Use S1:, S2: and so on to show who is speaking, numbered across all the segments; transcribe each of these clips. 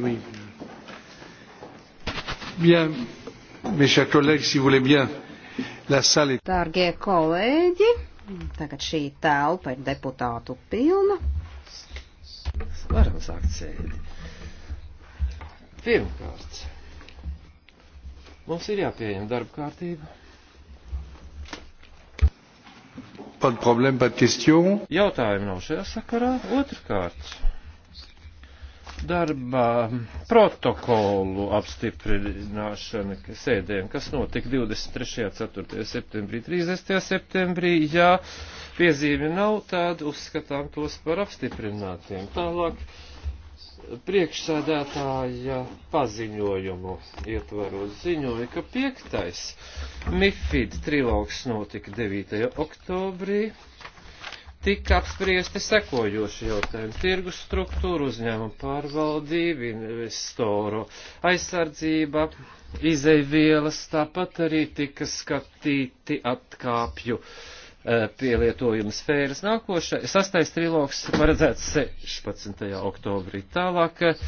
S1: Oui. Bien, mes chers collègues, si vous voulez bien, la salle est. Dārgie kolēģi, tagad šī telpa ir deputātu pilna. Varam sākt sēdi. Pirmkārt,
S2: mums ir jāpieņem darba kārtība. Pas de problème, pas de question. Jautājumu nav šajā sakarā. Otrkārt darbā protokolu apstiprināšana sēdēm, kas notika 23. 4. septembrī, 30. septembrī. Ja piezīme nav, tad uzskatām tos par apstiprinātiem. Tālāk priekšsēdētāja paziņojumu ietvaros ziņoja, ka piektais MIFID trilogs notika 9. oktobrī tika apspriesti sekojoši jautājumi - tirgus struktūra, uzņēmuma pārvaldība, investoru aizsardzība, izeivielas, tāpat arī tika skatīti atkāpju eh, pielietojuma sfēras. Nākošais, sastais trilogs paredzēts 16. oktobrī. Tālāk eh,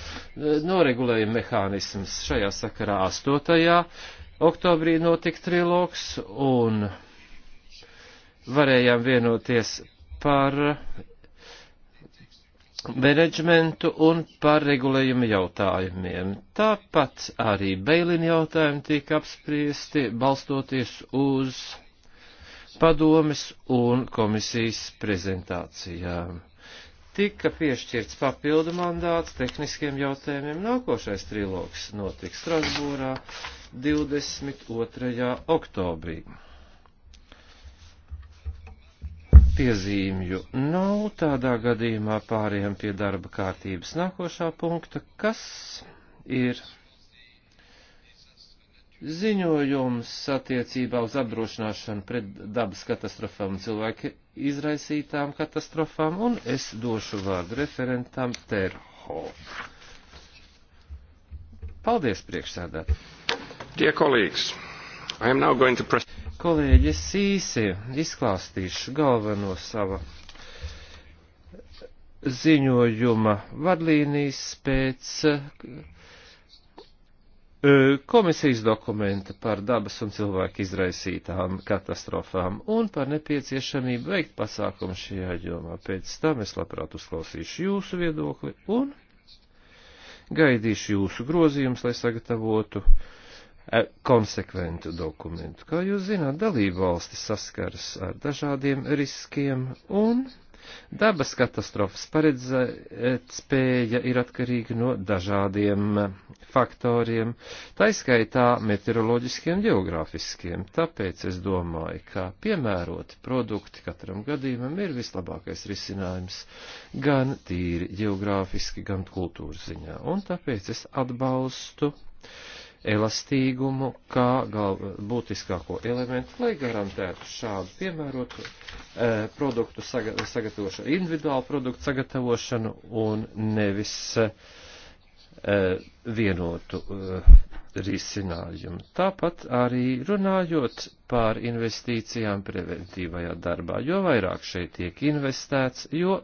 S2: noregulējuma mehānisms šajā sakarā 8. oktobrī notika trilogs un varējām vienoties par eh, menedžmentu un par regulējumu jautājumiem. Tāpat arī beilina jautājumi tika apspriesti balstoties uz padomes un komisijas prezentācijām. Tika piešķirts papildu mandāts tehniskiem jautājumiem. Nākošais trilogs notiks Strasbūrā 22. oktobrī. piezīmju nav, tādā gadījumā pāriem pie darba kārtības nākošā punkta, kas ir ziņojums attiecībā uz apdrošināšanu pret dabas katastrofām un cilvēku izraisītām katastrofām, un es došu vārdu referentam Terho. Paldies, priekšsēdētāji! Dear colleagues, I am now going to present. Kolēģi, es īsi izklāstīšu galveno sava ziņojuma vadlīnijas pēc eh, komisijas dokumenta par dabas un cilvēku izraisītām katastrofām un par nepieciešamību veikt pasākumu šajā jomā. Pēc tam es labprāt uzklausīšu jūsu viedokli un gaidīšu jūsu grozījumus, lai sagatavotu uh, E, konsekventu dokumentu. Kā jūs zināt, dalībvalstis saskaras ar dažādiem riskiem un dabas katastrofas paredzēt spēja ir atkarīga no dažādiem faktoriem, taiskaitā meteoroloģiskiem, geogrāfiskiem. Tāpēc es domāju, ka piemēroti produkti katram gadījumam ir vislabākais risinājums gan tīri geogrāfiski, gan kultūras ziņā. Un tāpēc es atbalstu elastīgumu kā gal, būtiskāko elementu, lai garantētu šādu piemērotu e, produktu saga, sagatavošanu, individuālu produktu sagatavošanu un nevis e, vienotu e, risinājumu. Tāpat arī runājot par investīcijām preventīvajā darbā, jo vairāk šeit tiek investēts, jo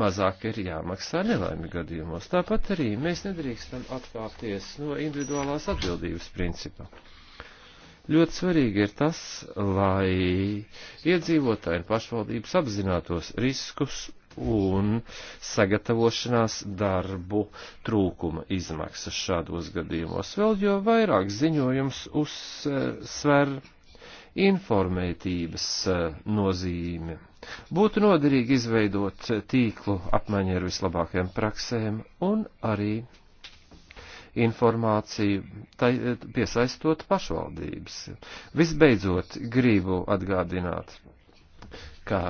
S2: mazāk ir jāmaksā nelaimi gadījumos. Tāpat arī mēs nedrīkstam atkāpties no individuālās atbildības principa. Ļoti svarīgi ir tas, lai iedzīvotāji un pašvaldības apzinātos riskus un sagatavošanās darbu trūkuma izmaksas šādos gadījumos. Vēl jo vairāk ziņojums uzsver informētības eh, nozīmi. Būtu noderīgi izveidot tīklu apmaiņu ar vislabākajām praksēm un arī informāciju tai, eh, piesaistot pašvaldības. Visbeidzot, gribu atgādināt, ka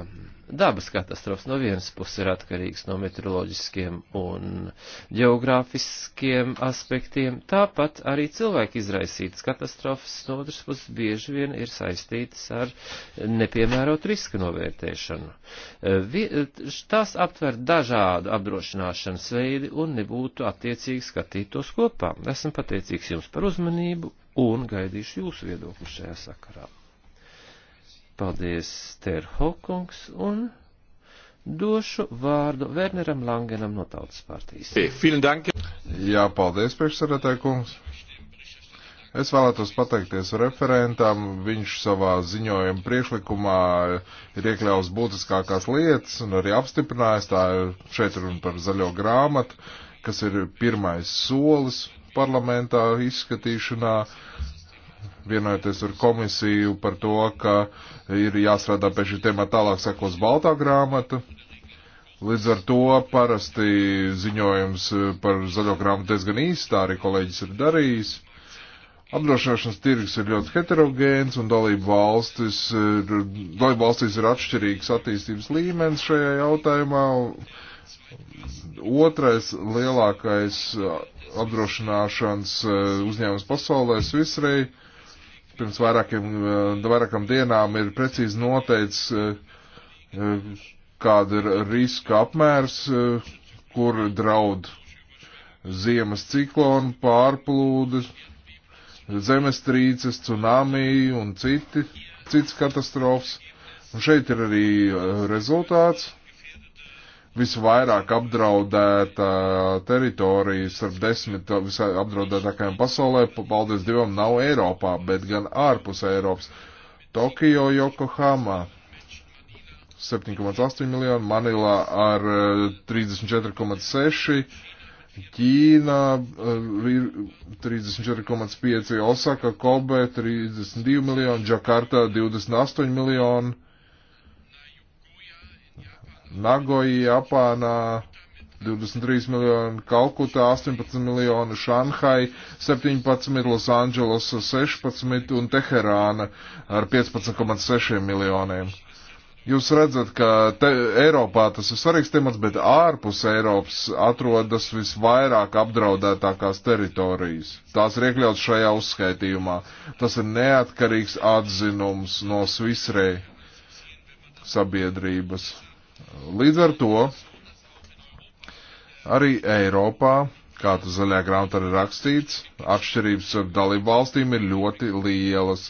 S2: Dabas katastrofas no vienas puses ir atkarīgs no meteoroloģiskiem un geogrāfiskiem aspektiem, tāpat arī cilvēku izraisītas katastrofas no otras puses bieži vien ir saistītas ar nepiemērotu riska novērtēšanu. Eh, eh, tās aptver dažādu apdrošināšanas veidi un nebūtu attiecīgi skatītos kopā. Esmu pateicīgs jums par uzmanību un gaidīšu jūsu viedokli šajā sakarā. Paldies, Terhokungs, un došu vārdu Werneram Langenam no Tautas
S3: partijas. Jā, paldies, priekšsarētāj kungs. Es vēlētos pateikties referentam. Viņš savā ziņojuma priekšlikumā ir iekļauts būtiskākās lietas un arī apstiprinājis. Tā ir šeit runa par zaļo grāmatu, kas ir pirmais solis parlamentā izskatīšanā vienojoties ar komisiju par to, ka ir jāstrādā pie šī tēmā tālāk sekos baltā grāmata. Līdz ar to parasti ziņojums par zaļo grāmatu diezgan īsti, tā arī kolēģis ir darījis. Apdrošināšanas tirgus ir ļoti heterogēns un dalību valstis, dalību valstīs ir atšķirīgs attīstības līmenis šajā jautājumā. Otrais lielākais apdrošināšanas uzņēmums pasaulē Svisrei pirms vairākiem, eh, vairākam dienām ir precīzi noteicis, eh, eh, kāda ir riska apmērs, kur draud ziemas ciklonu, pārplūdes, zemestrīces, tsunami un citi, cits katastrofas. Un šeit ir arī rezultāts visvairāk apdraudēta teritorija starp desmit visapdraudētākajām pasaulē, paldies Dievam, nav Eiropā, bet gan ārpus Eiropas. Tokijo, Jokohama 7,8 miljonu, Manilā ar 34,6, e, Ķīna e, ir 34,5, Osaka, Kobe 32 miljoni, Džakarta 28 miljoni Nagoji, Japānā 23 miljoni, Kalkutā 18 miljoni, Šanhai 17, Losandželos 16 un Teherāna ar 15,6 miljoniem. Jūs redzat, ka te, Eiropā tas ir svarīgs temats, bet ārpus Eiropas atrodas visvairāk apdraudētākās teritorijas. Tās ir iekļauts šajā uzskaitījumā. Tas ir neatkarīgs atzinums no Svisrei sabiedrības Līdz ar to arī Eiropā kā tas zaļā grāmatā ir rakstīts, atšķirības ar dalību valstīm ir ļoti lielas,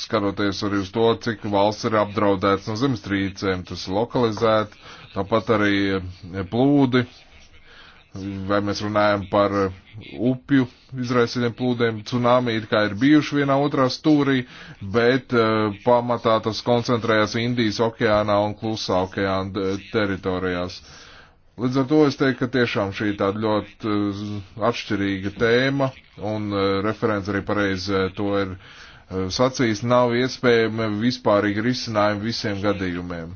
S3: skatoties arī uz to, cik valsts ir apdraudēts no zemestrīcēm, tas ir lokalizēti, tāpat arī plūdi, vai mēs runājam par eh, upju izraisītiem plūdiem, tsunami ir kā ir bijuši vienā otrā stūrī, bet uh, pamatā tas koncentrējās Indijas okeānā un klusā okeāna teritorijās. Līdz ar to es teiktu, ka tiešām šī tāda ļoti uh, atšķirīga tēma un uh, referents arī pareizi uh, to ir uh, sacījis, nav iespējama vispārīga risinājuma visiem gadījumiem.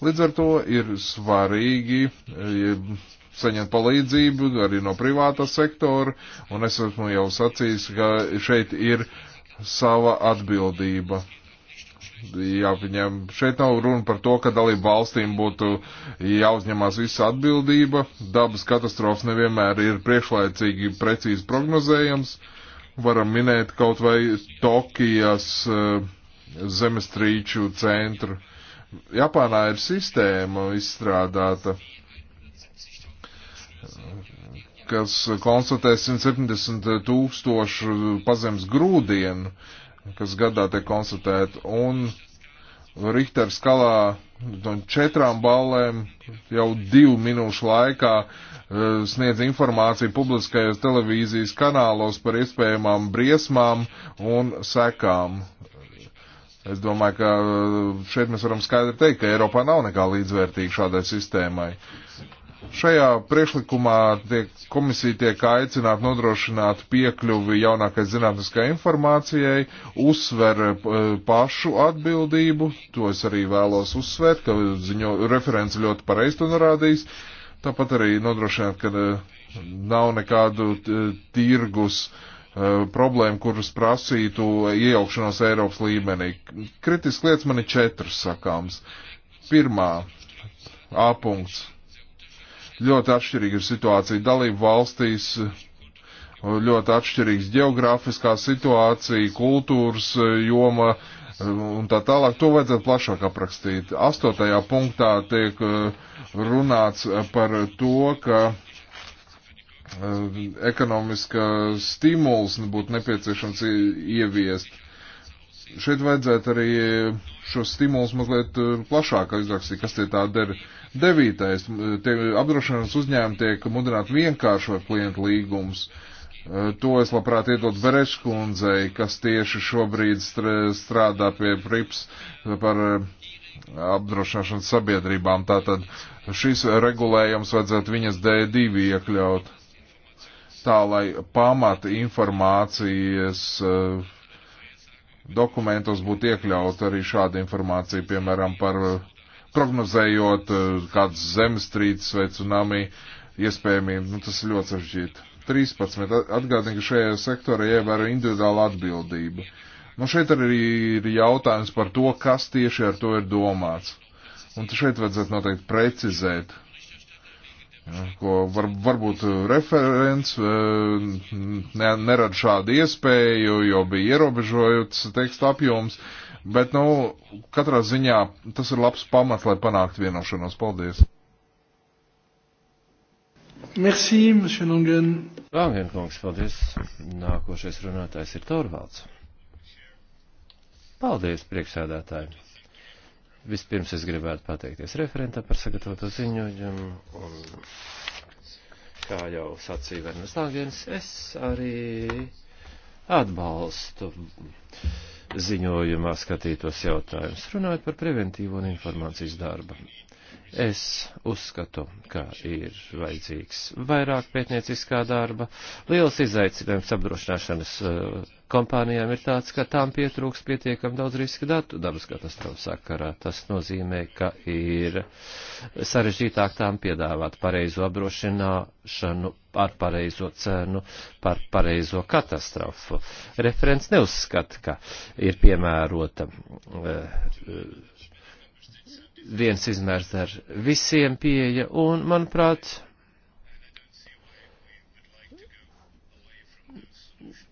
S3: Līdz ar to ir svarīgi. Uh, saņemt palīdzību arī no privāta sektora, un es esmu jau sacījis, ka šeit ir sava atbildība. Jā, viņam šeit nav runa par to, ka dalību valstīm būtu jāuzņemās visa atbildība. Dabas katastrofas nevienmēr ir priekšlaicīgi precīzi prognozējams. Varam minēt kaut vai Tokijas eh, zemestrīču centru. Japānā ir sistēma izstrādāta, kas konstatē 170 tūkstošu pazemes grūdienu, kas gadā tiek konstatēt, un Richter skalā no četrām ballēm jau divu minūšu laikā eh, sniedz informāciju publiskajos televīzijas kanālos par iespējamām briesmām un sekām. Es domāju, ka eh, šeit mēs varam skaidri teikt, ka Eiropā nav nekā līdzvērtīga šādai sistēmai. Uh, Šajā priekšlikumā tiek, komisija tiek aicināta nodrošināt piekļuvi jaunākai zinātniskai informācijai, uzsver eh, pašu atbildību, to es arī vēlos uzsvērt, ka ziņo, referents ļoti pareizi to norādījis, tāpat arī nodrošināt, ka eh, nav nekādu eh, tirgus problēmu, kuras prasītu iejaukšanos Eiropas līmenī. Kritiski lietas man ir četras sakāms. Pirmā, A punkts Ļoti atšķirīga ir situācija dalību valstīs, ļoti atšķirīgs geogrāfiskā situācija, kultūras e, joma e, un tā tālāk. To vajadzētu plašāk aprakstīt. Astotajā punktā tiek e, runāts par to, ka ekonomiska stimuls būtu nepieciešams ieviest. Šeit vajadzētu arī šos stimulus mazliet plašāk izrakstīt, kas tie tādi ir. Devītais, apdrošināšanas uzņēmumi tiek mudināti vienkāršot klientu līgumus. E, to es labprāt iedot Bereša kundzei, kas tieši šobrīd strādā pie prips par e, apdrošināšanas sabiedrībām. Tātad šis regulējums vajadzētu viņas D2 iekļaut. Tā, lai pamata informācijas e, dokumentos būtu iekļaut arī šāda informācija, piemēram, par prognozējot eh, kādas zemestrīces vai tsunami iespējamību. Nu, tas ir ļoti sarežģīti. 13. Atgādini, ka šajā sektorā ievēro individuāla atbildība. Nu, šeit arī ir jautājums par to, kas tieši ar to ir domāts. Un šeit vajadzētu noteikti precizēt, ko var, varbūt referents eh, ne, nerada šādu iespēju, jo bija ierobežojots teksta apjoms, Bet, nu, katrā ziņā tas ir labs pamats, lai panāktu vienošanos. Paldies!
S2: Merci, monsieur Langen. Langen, kungs, paldies. Nākošais runātājs ir Torvalds. Paldies, priekšsēdētāji. Vispirms es gribētu pateikties referentam par sagatavoto ziņojumu. Un, kā jau sacīja Vernas Langens, es arī atbalstu ziņojumā skatītos jautājumus, runājot par preventīvu un informācijas darbu. Es uzskatu, ka ir vajadzīgs vairāk pētnieciskā darba. Liels izaicinājums apdrošināšanas eh, kompānijām ir tāds, ka tām pietrūks pietiekam daudz riska datu dabas katastrofu sakarā. Tas nozīmē, ka ir sarežģītāk tām piedāvāt pareizo apdrošināšanu par pareizo cenu, par pareizo katastrofu. Referents neuzskata, ka ir piemērota. Uh, uh, viens izmērs ar visiem pieeja, un, manuprāt,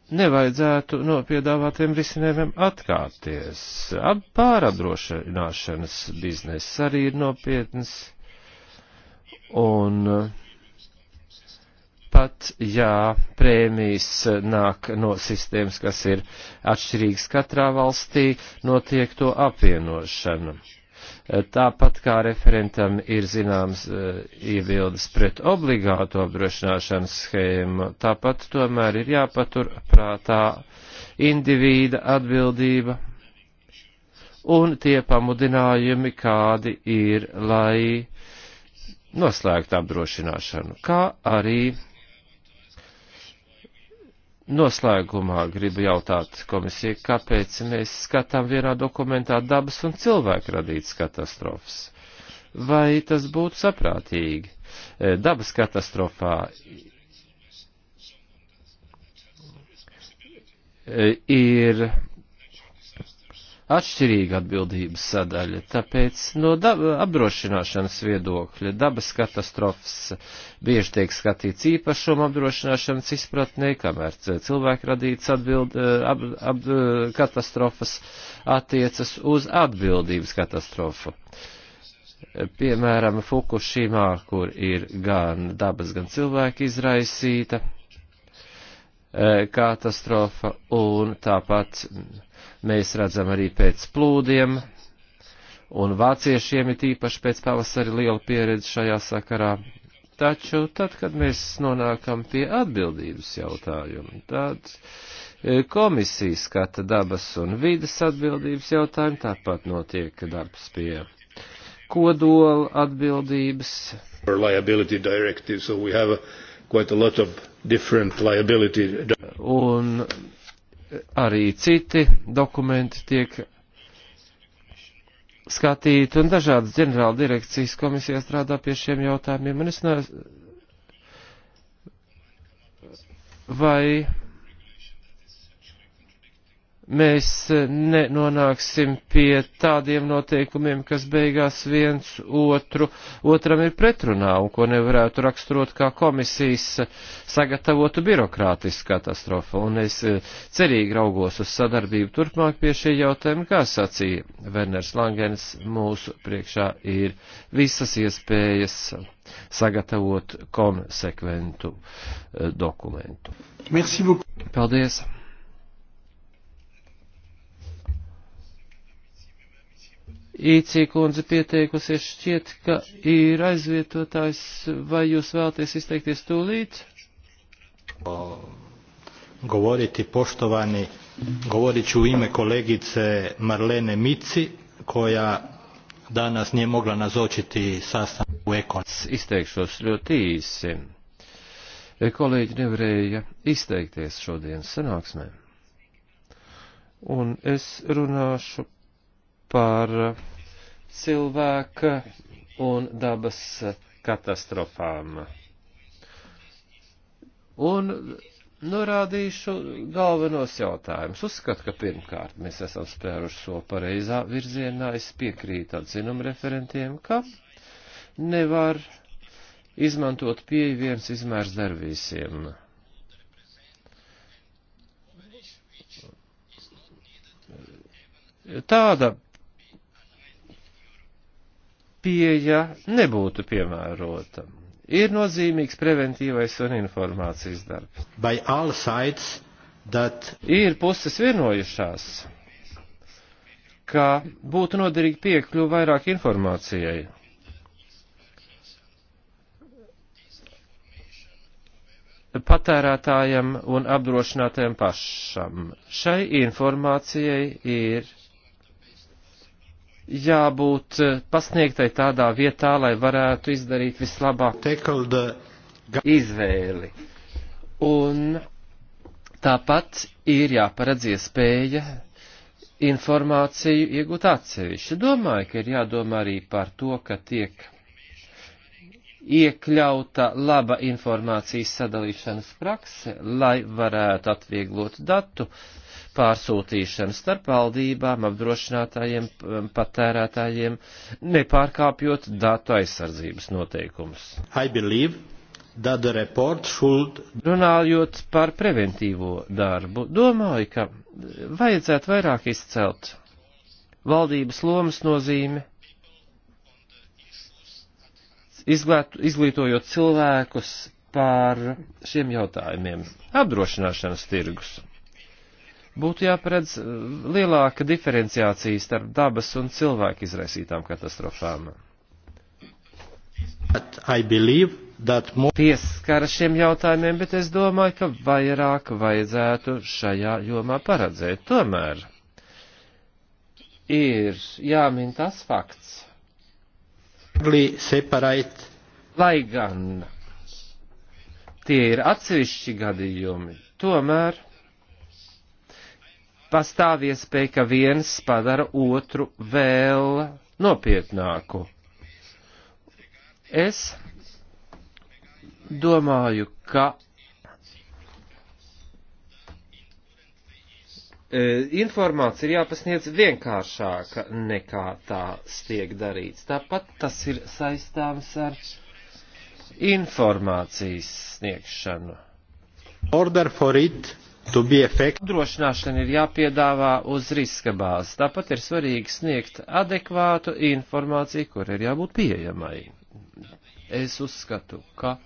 S2: nevajadzētu no piedāvātiem risinājumiem atkāpties. Pārapdrošināšanas bizness arī ir nopietns, un pat, jā, prēmijas nāk no sistēmas, kas ir atšķirīgas katrā valstī, notiek to apvienošana. Tāpat kā referentam ir zināms e, iebildes pret obligāto apdrošināšanas schēmu, tāpat tomēr ir jāpatur prātā indivīda atbildība un tie pamudinājumi, kādi ir, lai noslēgtu apdrošināšanu, kā arī Noslēgumā gribu jautāt komisijai, kāpēc mēs skatām vienā dokumentā dabas un cilvēku radītas katastrofas. Vai tas būtu saprātīgi? E, dabas katastrofā e, ir atšķirīga atbildības sadaļa, tāpēc no apdrošināšanas viedokļa dabas katastrofas bieži tiek skatīts īpašuma apdrošināšanas izpratnē, kamēr cilvēku radīts atbild, ap, e, ap, e, katastrofas attiecas uz atbildības katastrofu. Piemēram, Fukushimā, kur ir gan dabas, gan cilvēka izraisīta e, katastrofa un tāpat Mēs redzam arī pēc plūdiem, un vāciešiem ir īpaši pēc pavasara liela pieredze šajā sakarā. Taču tad, kad mēs nonākam pie atbildības jautājuma, tad e, komisija skata dabas un vidas atbildības jautājumu, tāpat notiek darbs pie kodola atbildības. So different liability. Un arī citi dokumenti tiek skatīti, un dažādas ģenerāla direkcijas komisijas strādā pie šiem jautājumiem, un es ne... vai mēs eh, nenonāksim pie tādiem noteikumiem, kas beigās viens otru, otram ir pretrunā un ko nevarētu raksturot kā komisijas sagatavotu birokrātisku katastrofu. Un es eh, cerīgi raugos uz sadarbību turpmāk pie šī jautājuma, kā sacīja Werners Langens, mūsu priekšā ir visas iespējas sagatavot konsekventu eh, dokumentu. Paldies! Īcī kundze pieteikusies šķiet, ka ir aizvietotājs, vai jūs vēlaties izteikties tūlīt? Govoriti poštovani, govorit ću u ime kolegice Marlene Mici, koja danas nije mogla nazočiti sastanku Ekon. Izteikšos ļoti īsi. Kolēģi nevarēja izteikties šodien sanāksmē. Un es runāšu par cilvēka un dabas katastrofām. Un norādīšu galvenos jautājumus. Uzskatu, ka pirmkārt mēs esam spēruši so pareizā virzienā. Es piekrītu atzinumu referentiem, ka nevar izmantot pieeja viens izmērs dar visiem. Tāda pieeja nebūtu piemērota. Ir nozīmīgs preventīvais un informācijas darbs. That... Ir puses vienojušās, ka būtu noderīgi piekļuvi vairāk informācijai. Patērētājam un apdrošinātājam pašam. Šai informācijai ir jābūt eh, pasniegtai tādā vietā, lai varētu izdarīt vislabāko izvēli. Un tāpat ir jāparedz iespēja informāciju iegūt atsevišķi. Domāju, ka ir jādomā arī par to, ka tiek iekļauta laba informācijas sadalīšanas prakse, lai varētu atvieglot datu uh, pārsūtīšana starp valdībām, apdrošinātājiem, um, patērētājiem, nepārkāpjot datu aizsardzības noteikumus. Should... Runājot par preventīvo darbu, domāju, ka vajadzētu vairāk izcelt valdības lomas nozīmi, izglītojot cilvēkus par šiem jautājumiem - apdrošināšanas tirgus būtu jāparedz eh, lielāka diferenciācija starp dabas un cilvēku izraisītām katastrofām. More... Pieskara šiem jautājumiem, bet es domāju, ka vairāk vajadzētu šajā jomā paredzēt. Tomēr ir jāmin tas fakts, lai gan tie ir atsevišķi gadījumi, tomēr pastāv iespēja, ka viens padara otru vēl nopietnāku. Es domāju, ka e, informācija ir jāpasniedz vienkāršāka nekā tā tiek darīts. Tāpat tas ir saistāms ar informācijas sniegšanu. Order for it Drošināšana ir jāpiedāvā uz riska bāzes. Tāpat ir svarīgi sniegt adekvātu informāciju, kur ir jābūt pieejamai. Es uzskatu, ka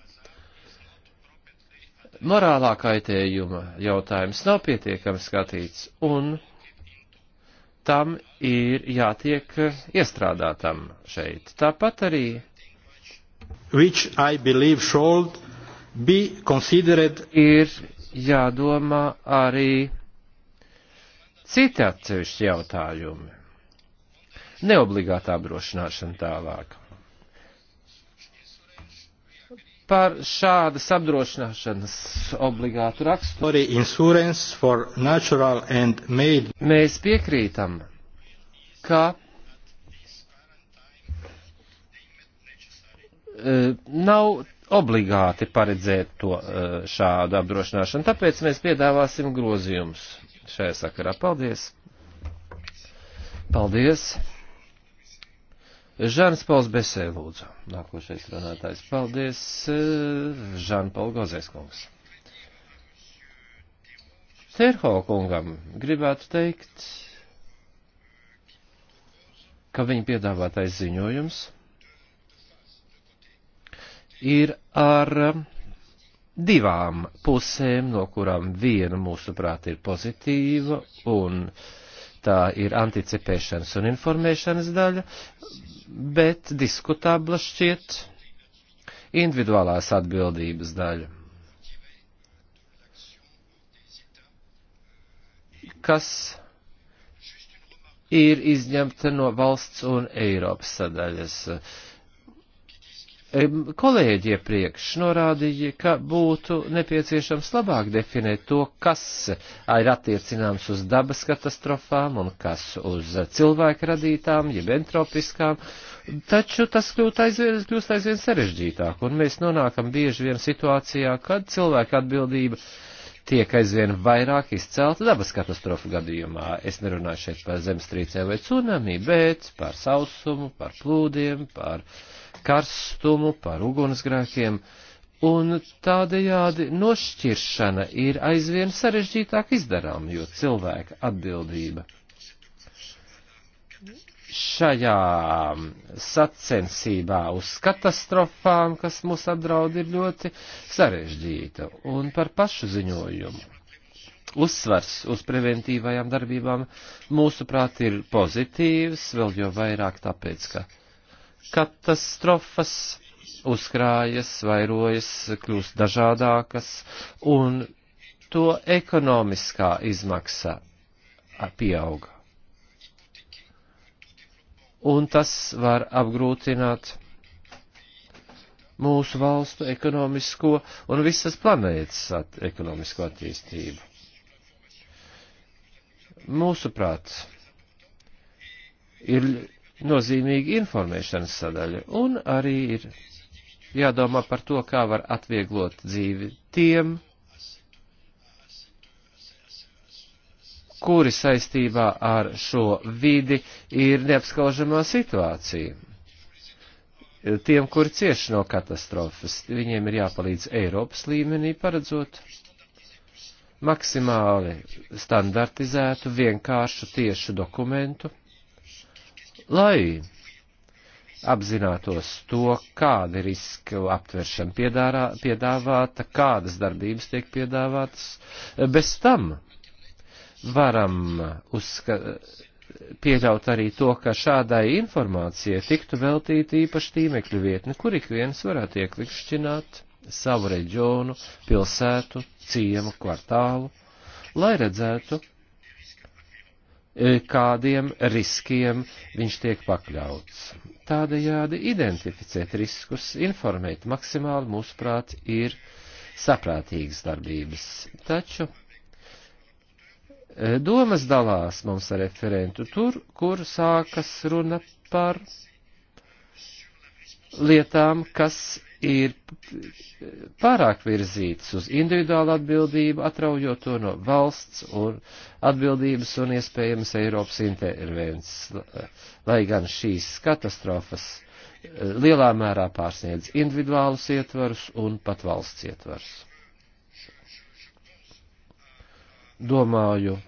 S2: morālā kaitējuma jautājums nav pietiekami skatīts, un tam ir jātiek iestrādātam šeit. Tāpat arī. Which I believe should be considered ir jādomā arī citi atsevišķi jautājumi. Neobligātā apdrošināšana tālāk. Par šādas apdrošināšanas obligātu raksturu mēs piekrītam, ka eh, nav obligāti paredzēt to eh, šādu apdrošināšanu. Tāpēc mēs piedāvāsim grozījumus šajā sakarā. Paldies! Paldies! Žāns Pauls Besē lūdzu. Nākošais runātājs. Paldies, eh, Žāna Paula Gozēs kungs. Terho kungam gribētu teikt, ka viņa piedāvātais ziņojums ir ar um, divām pusēm, no kurām viena mūsuprāt ir pozitīva un tā ir anticipēšanas un informēšanas daļa, bet diskutabla šķiet individuālās atbildības daļa. Kas ir izņemta no valsts un Eiropas sadaļas. Uh, Kolēģi iepriekš norādīja, ka būtu nepieciešams labāk definēt to, kas ir attiecināms uz dabas katastrofām un kas uz cilvēku radītām, jeb entropiskām, taču tas kļūst aizvien, kļūst aizvien sarežģītāk, un mēs nonākam bieži vien situācijā, kad cilvēka atbildība tiek aizvien vairāk izcelta dabas katastrofu gadījumā. Es nerunāju šeit par zemstrīcē vai cunami, bet par sausumu, par plūdiem, par. Uh, karstumu, par ugunsgrēkiem, un tādējādi nošķiršana ir aizvien sarežģītāk izdarām, jo cilvēka atbildība šajā sacensībā uz katastrofām, kas mūs apdraud, ir ļoti sarežģīta. Un par pašu ziņojumu. Uzsvars uz preventīvajām darbībām mūsuprāt ir pozitīvs, vēl jo vairāk tāpēc, ka katastrofas uzkrājas, vairojas, kļūst dažādākas, un to ekonomiskā izmaksa pieauga. Un tas var apgrūtināt mūsu valstu ekonomisko un visas planētas at ekonomisko attīstību. Mūsuprāt, ir nozīmīga informēšanas sadaļa, un arī ir jādomā par to, kā var atvieglot dzīvi tiem, kuri saistībā ar šo vidi ir neapskaužamā situācija. Tiem, kuri cieši no katastrofas, viņiem ir jāpalīdz Eiropas līmenī paredzot maksimāli standartizētu, vienkāršu, tiešu dokumentu lai apzinātos to, kāda riska aptveršana piedārā, piedāvāta, kādas darbības tiek piedāvātas. Bez tam varam uzska pieļaut arī to, ka šādai informācijai tiktu veltīta īpaši tīmekļu vietne, kur ik viens varētu ieklikšķināt savu reģionu, pilsētu, ciemu, kvartālu, lai redzētu, E, kādiem riskiem viņš tiek pakļauts. Tādējādi identificēt riskus, informēt maksimāli, mūsuprāt, ir saprātīgas darbības. Taču e, domas dalās mums ar referentu tur, kur sākas runa par lietām, kas ir pārāk virzīts uz individuālu atbildību, atraujot to no valsts un atbildības un iespējamas Eiropas intervences, lai gan šīs katastrofas eh, lielā mērā pārsniedz individuālus ietvarus un pat valsts ietvarus. Domāju,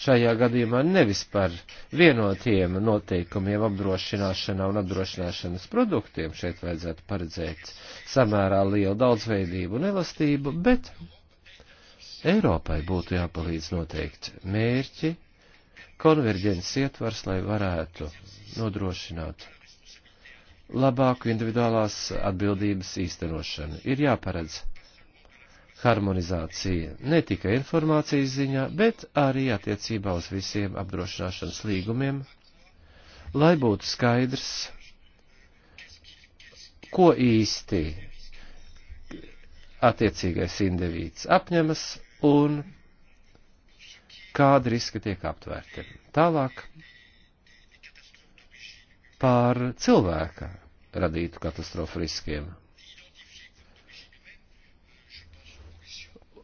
S2: šajā gadījumā nevis par vienotiem noteikumiem apdrošināšanā un apdrošināšanas produktiem. Šeit vajadzētu paredzēt samērā lielu daudzveidību un elastību, bet Eiropai būtu jāpalīdz noteikt mērķi, konverģences ietvars, lai varētu nodrošināt labāku individuālās atbildības īstenošanu. Ir jāparedz harmonizācija ne tikai informācijas ziņā, bet arī attiecībā uz visiem apdrošināšanas līgumiem, lai būtu skaidrs, ko īsti attiecīgais indivīds apņemas un kāda riska tiek aptvērta. Tālāk par cilvēka radītu katastrofu riskiem.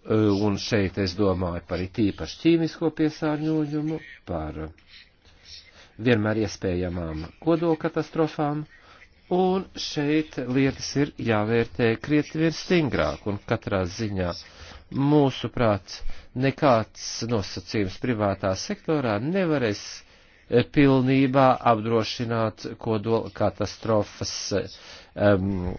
S2: Eh, un šeit es domāju par it īpaši ķīmisko piesārņojumu, par vienmēr iespējamām kodolkatastrofām, un šeit lietas ir jāvērtē krietni vien stingrāk, un katrā ziņā mūsu prāts nekāds nosacījums privātā sektorā nevarēs eh, pilnībā apdrošināt kodolkatastrofas um,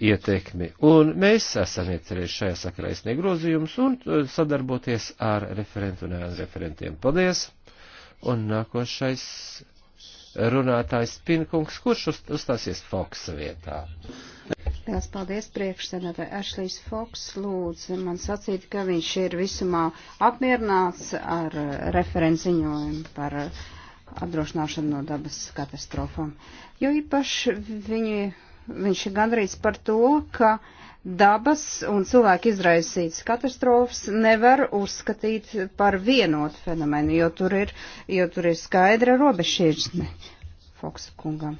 S2: ietekmi. Un mēs esam iecerējuši šajā sakarā izsniegt grozījumus un uh, sadarboties ar referentu un ar referentiem. Paldies! Un nākošais runātājs Pinkungs, kurš uz, uzstāsies Foksa vietā.
S1: Liels paldies priekšsēdētāji. Ašlijs Foks lūdzu man sacīt, ka viņš ir visumā apmierināts ar uh, referenciņojumu par uh, apdrošināšanu no dabas katastrofām. Jo īpaši viņi Viņš ir gandrīz par to, ka dabas un cilvēku izraisītas katastrofas nevar uzskatīt par vienotu fenomenu, jo tur ir, jo tur ir skaidra robežšķirtne Foksa kungam.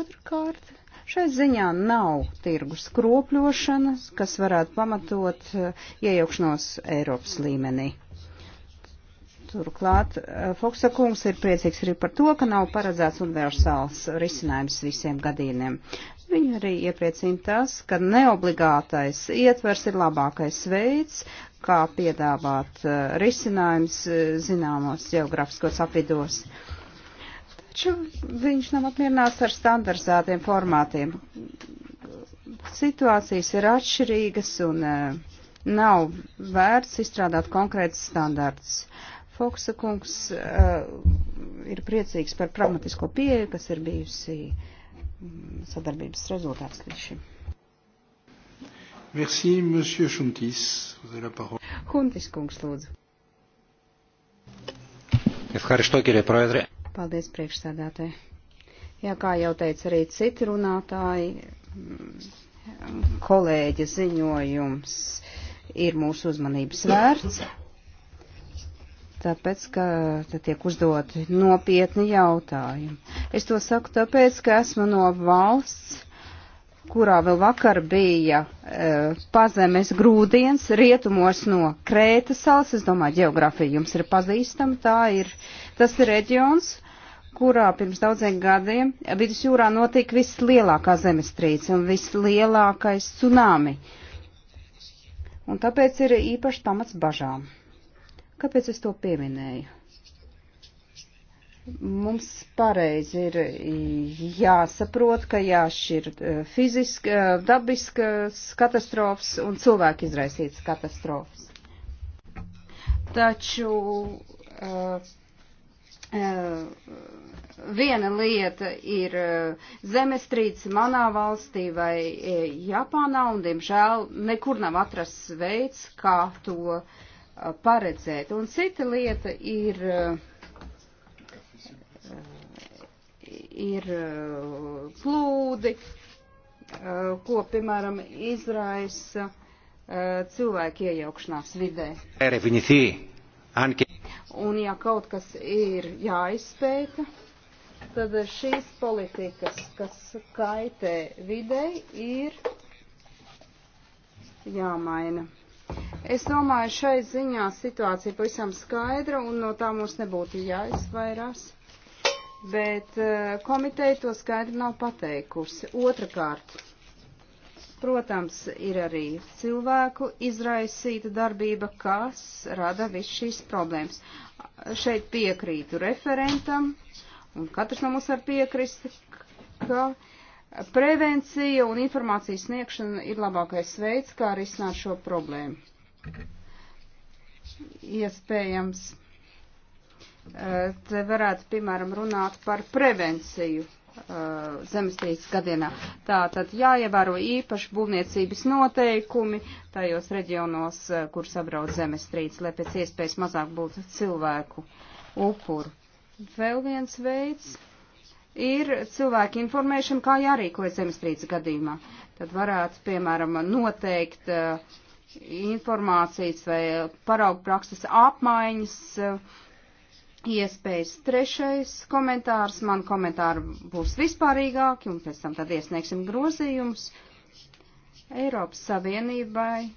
S1: Otrkārt, šai ziņā nav tirgus kropļošanas, kas varētu pamatot uh, iejaukšanos Eiropas līmenī. Turklāt eh, Foksa kungs ir priecīgs arī par to, ka nav paredzēts universāls risinājums visiem gadījumiem. Viņu arī iepriecina tas, ka neobligātais ietvers ir labākais veids, kā piedāvāt eh, risinājums eh, zināmos geografiskos apvidos. Taču viņš nav apmierināts ar standarzētiem formātiem. Situācijas ir atšķirīgas un nav vērts izstrādāt konkrētas standartas. Uh, Foksa kungs uh, ir priecīgs par pragmatisko pieeju, kas ir bijusi mm, sadarbības rezultāts līdz šim. Merci, monsieur Šuntis. Vous avez la parole. Huntis kungs, lūdzu. Paldies, priekšsēdētāji. Jā, kā jau teica arī citi runātāji, mm, kolēģa ziņojums ir mūsu uzmanības vērts tāpēc, ka te tiek uzdoti nopietni jautājumi. Es to saku tāpēc, ka esmu no valsts, kurā vēl vakar bija e, pazemes grūdienas rietumos no Krētas salas. Es domāju, geografija jums ir pazīstama. Tā ir, tas ir reģions, kurā pirms daudziem gadiem vidusjūrā notika vislielākā zemestrīce un vislielākais tsunami. Un tāpēc ir īpaši pamats bažām. Kāpēc es to pieminēju? Mums pareizi ir jāsaprot, ka jāšķir e, fiziska, e, dabiskas katastrofas un cilvēku izraisītas katastrofas. Taču uh, viena lieta ir zemestrīce manā valstī vai Japānā, un, diemžēl, nekur nav atrasts veids, kā to Uh, paredzēt. Un cita lieta ir, uh, ir uh, plūdi, ko, piemēram, izraisa cilvēku iejaukšanās vidē. Un ja kaut kas ir jāizpēta, tad šīs politikas, kas kaitē videi, ir jāmaina. Es domāju, šai ziņā situācija pavisam skaidra un no tā mums nebūtu jāizvairās. Bet eh, komiteja to skaidri nav pateikusi. Otrakārt, protams, ir arī cilvēku izraisīta darbība, kas rada visu šīs problēmas. Šeit piekrītu referentam, un katrs no mums var piekrist, ka Prevencija un informācijas sniegšana ir labākais veids, kā risināt šo problēmu. Iespējams, eh, te varētu, piemēram, runāt par prevenciju eh, zemestīces gadienā. Tātad jāievēro īpaši būvniecības noteikumi tajos reģionos, eh, kur sabrauc zemestrīces, lai pēc iespējas mazāk būtu cilvēku upuru. Vēl viens veids ir cilvēki informēšana, kā jārīkojas zemestrīces gadījumā. Tad varētu, piemēram, noteikt eh, informācijas vai paraugu prakses apmaiņas eh, iespējas. Trešais komentārs, man komentāri būs vispārīgāki un pēc tam tad iesniegsim grozījumus Eiropas Savienībai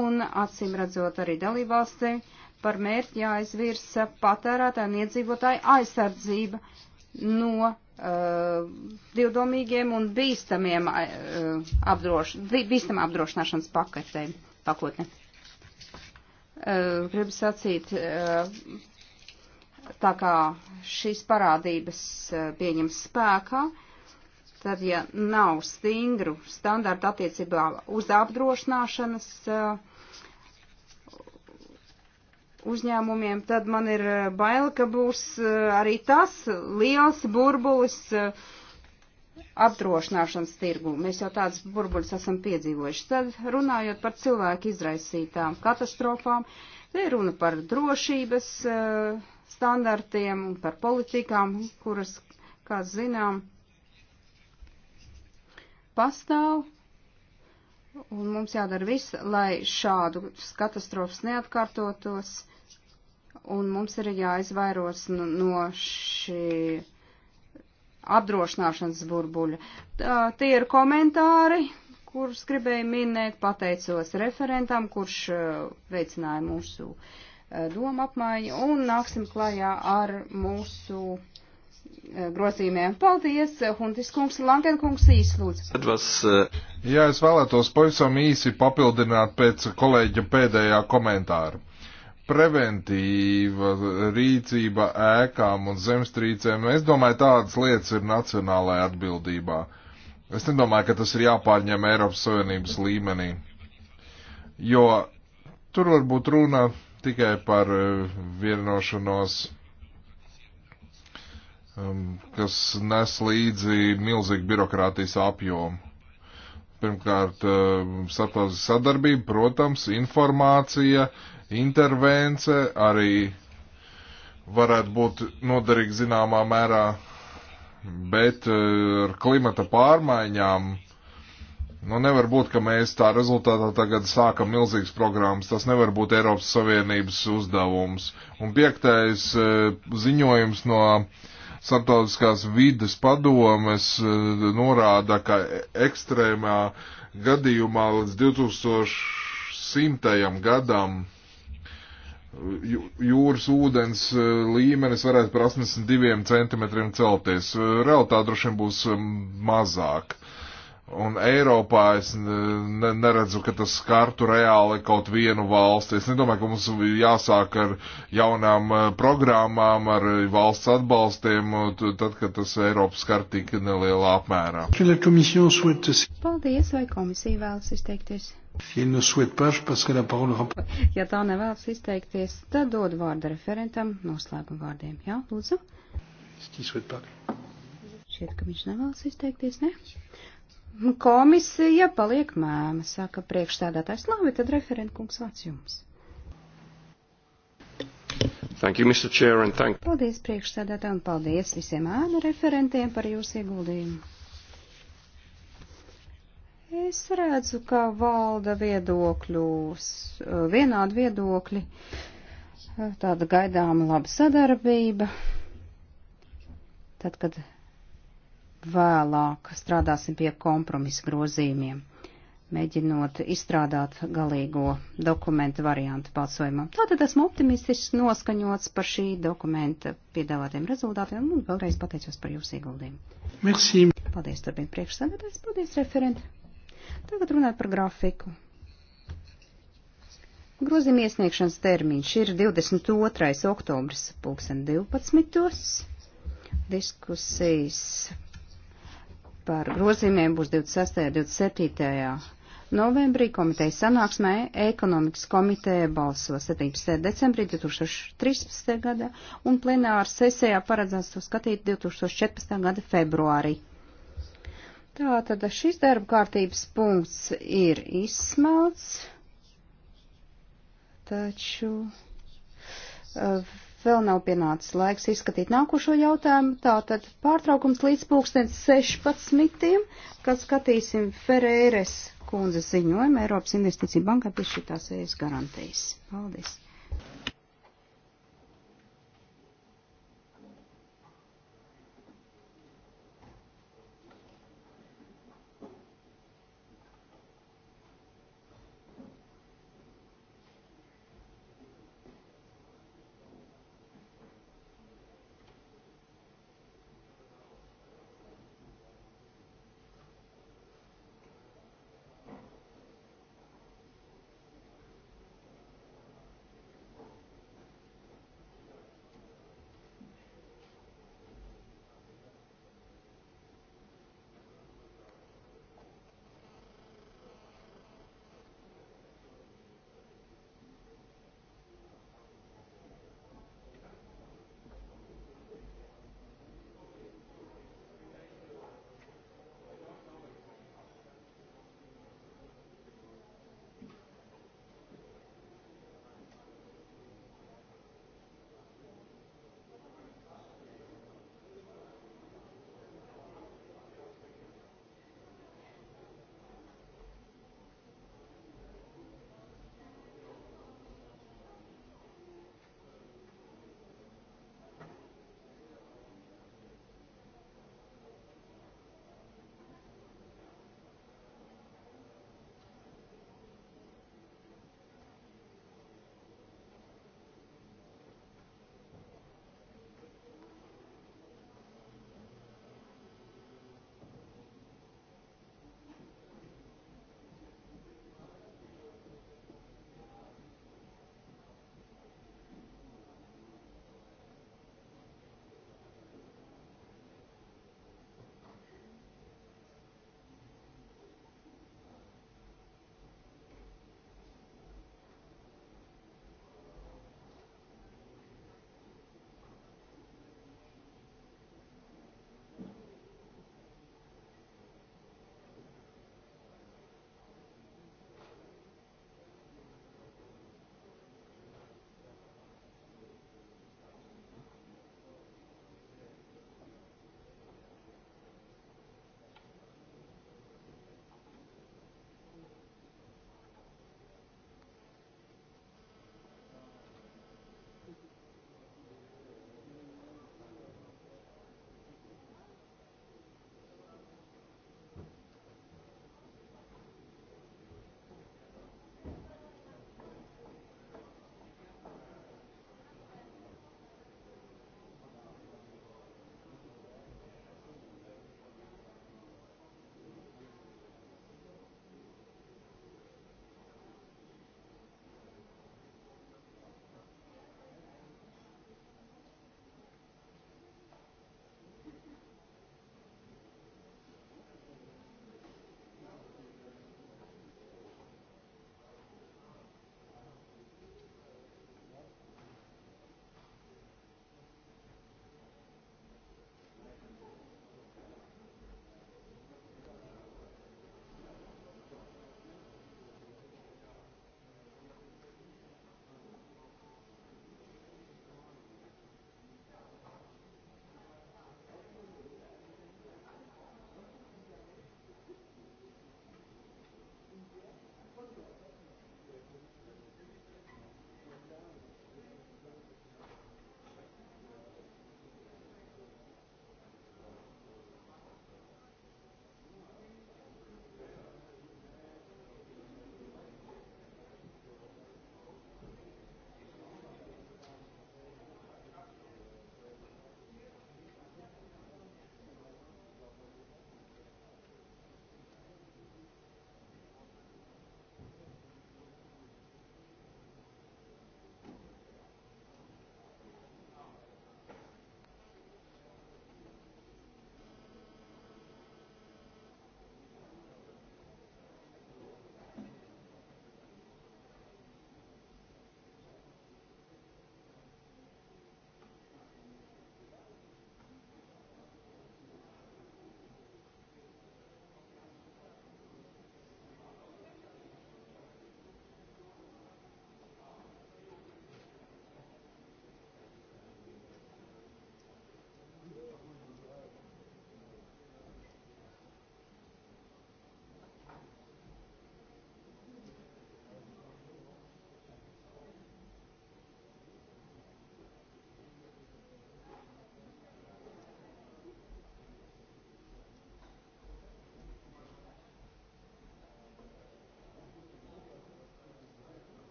S1: un acīm redzot arī dalībvalstī par mērķi jāizvirsa patērētāju un iedzīvotāju aizsardzība no uh, divdomīgiem un bīstamiem uh, apdroš, bīstam apdrošināšanas paketēm pakotne. Uh, gribu sacīt, uh, tā kā šīs parādības uh, pieņem spēkā, tad, ja nav stingru standartu attiecībā uz apdrošināšanas uh, uzņēmumiem, tad man ir eh, bail, ka būs eh, arī tas liels burbulis eh, apdrošināšanas tirgu. Mēs jau tādas burbuļus esam piedzīvojuši. Tad runājot par cilvēku izraisītām katastrofām, te ir runa par drošības standartiem un par politikām, kuras, kā zinām, pastāv. Un mums jādara viss, lai šādu katastrofas neatkārtotos un mums ir jāizvairos no šī apdrošināšanas burbuļa. Tā, tie ir komentāri, kurus gribēju minēt, pateicos referentam, kurš uh, veicināja mūsu uh, domu apmaiņu, un nāksim klajā ar mūsu uh, grozījumiem. Paldies, Huntis kungs, Langen kungs īslūdz.
S3: Jā, es vēlētos pavisam īsi papildināt pēc kolēģa pēdējā komentāra preventīva rīcība ēkām un zemstrīcēm. Nu, es domāju, tādas lietas ir nacionālajā atbildībā. Es nedomāju, ka tas ir jāpārņem Eiropas Savienības līmenī, jo tur var būt runa tikai par eh, vienošanos, um, kas nes līdzi milzīgu birokrātijas apjomu. Pirmkārt, eh, starptautiskā sadarbība, protams, informācija, uh, intervence arī varētu būt noderīga zināmā mērā, bet eh, ar klimata pārmaiņām nu nevar būt, ka mēs tā rezultātā tagad sākam milzīgas programmas. Tas nevar būt Eiropas Savienības uzdevums. Un piektais eh, ziņojums no Startautiskās vides padomes eh, norāda, ka ekstrēmā gadījumā līdz 2100. gadam jūras ūdens eh, līmenis varētu par 82 centimetriem celties. Eh, Realtāte droši vien būs eh, mazāk. Un Eiropā es ne, neredzu, ka tas skartu reāli kaut vienu valsti. Es nedomāju, ka mums jāsāk ar jaunām programmām, ar valsts atbalstiem, tad, kad tas Eiropas skar tik nelielā apmērā. Paldies,
S1: vai komisija vēlas izteikties? Ja tā nevēlas izteikties, tad dod vārdu referentam noslēguma vārdiem. Jā, lūdzu. Šķiet, ka viņš nevēlas izteikties, ne? Komisija paliek mēma, saka priekšstādātājs. Labi, tad referentkungs vārds jums.
S2: Thank you, Mr. Chair, and thank...
S1: Paldies priekšstādātājiem, paldies visiem ēnu referentiem par jūsu ieguldījumu. Es redzu, ka valda viedokļus, eh, vienādi viedokļi, eh, tāda gaidāma laba sadarbība. Tad, kad vēlāk strādāsim pie kompromisa grozījumiem, mēģinot izstrādāt galīgo dokumentu variantu balsojumam. Tātad esmu optimistisks noskaņots par šī dokumenta piedāvātiem rezultātiem un vēlreiz pateicos par jūsu ieguldījumu. Merci. Paldies, turpin priekšsēdētājs, paldies, referenti. Tagad runāt par grafiku. Grozījuma iesniegšanas termiņš ir 22. oktobris 2012. Diskusijas par grozījumiem būs 26. un 27. novembrī komitejas sanāksmē ekonomikas komiteja balso 17. decembrī 2013. gadā un plenāra sesijā paredzēts to skatīt 2014. gada februārī. Tātad šis darba kārtības punkts ir izsmelts, taču eh, vēl nav pienācis laiks izskatīt nākošo jautājumu. Tātad pārtraukums līdz pulkstens 16, kad skatīsim Ferēres kundzes ziņojumu Eiropas Investīcija bankai piešķirtās ES garantijas. Paldies!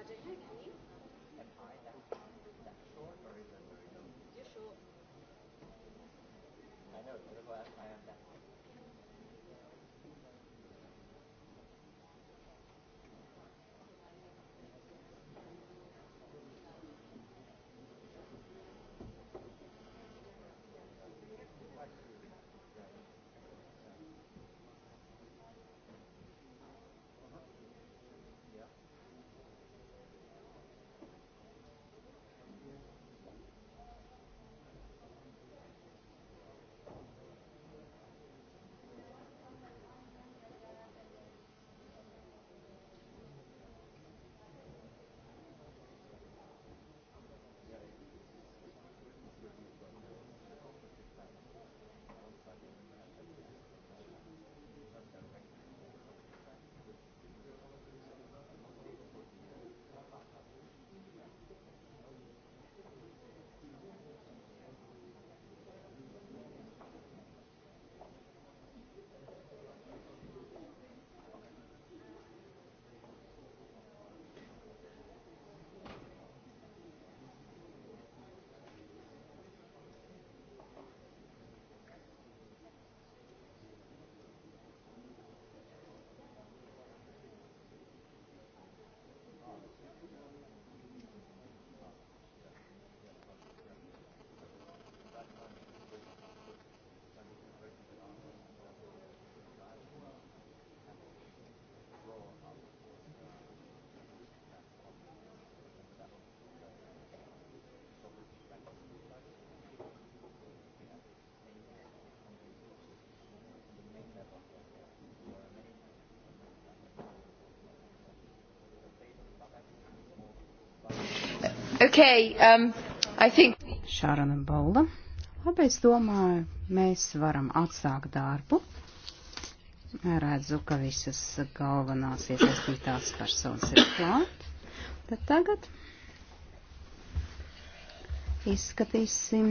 S4: I know,
S3: it's going to go out.
S1: Okay, um, I think... Šārana Balda. Labi, es domāju, mēs varam atsākt darbu. Redzu, ka visas galvenās iesaistītās personas ir klāt. Tad tagad izskatīsim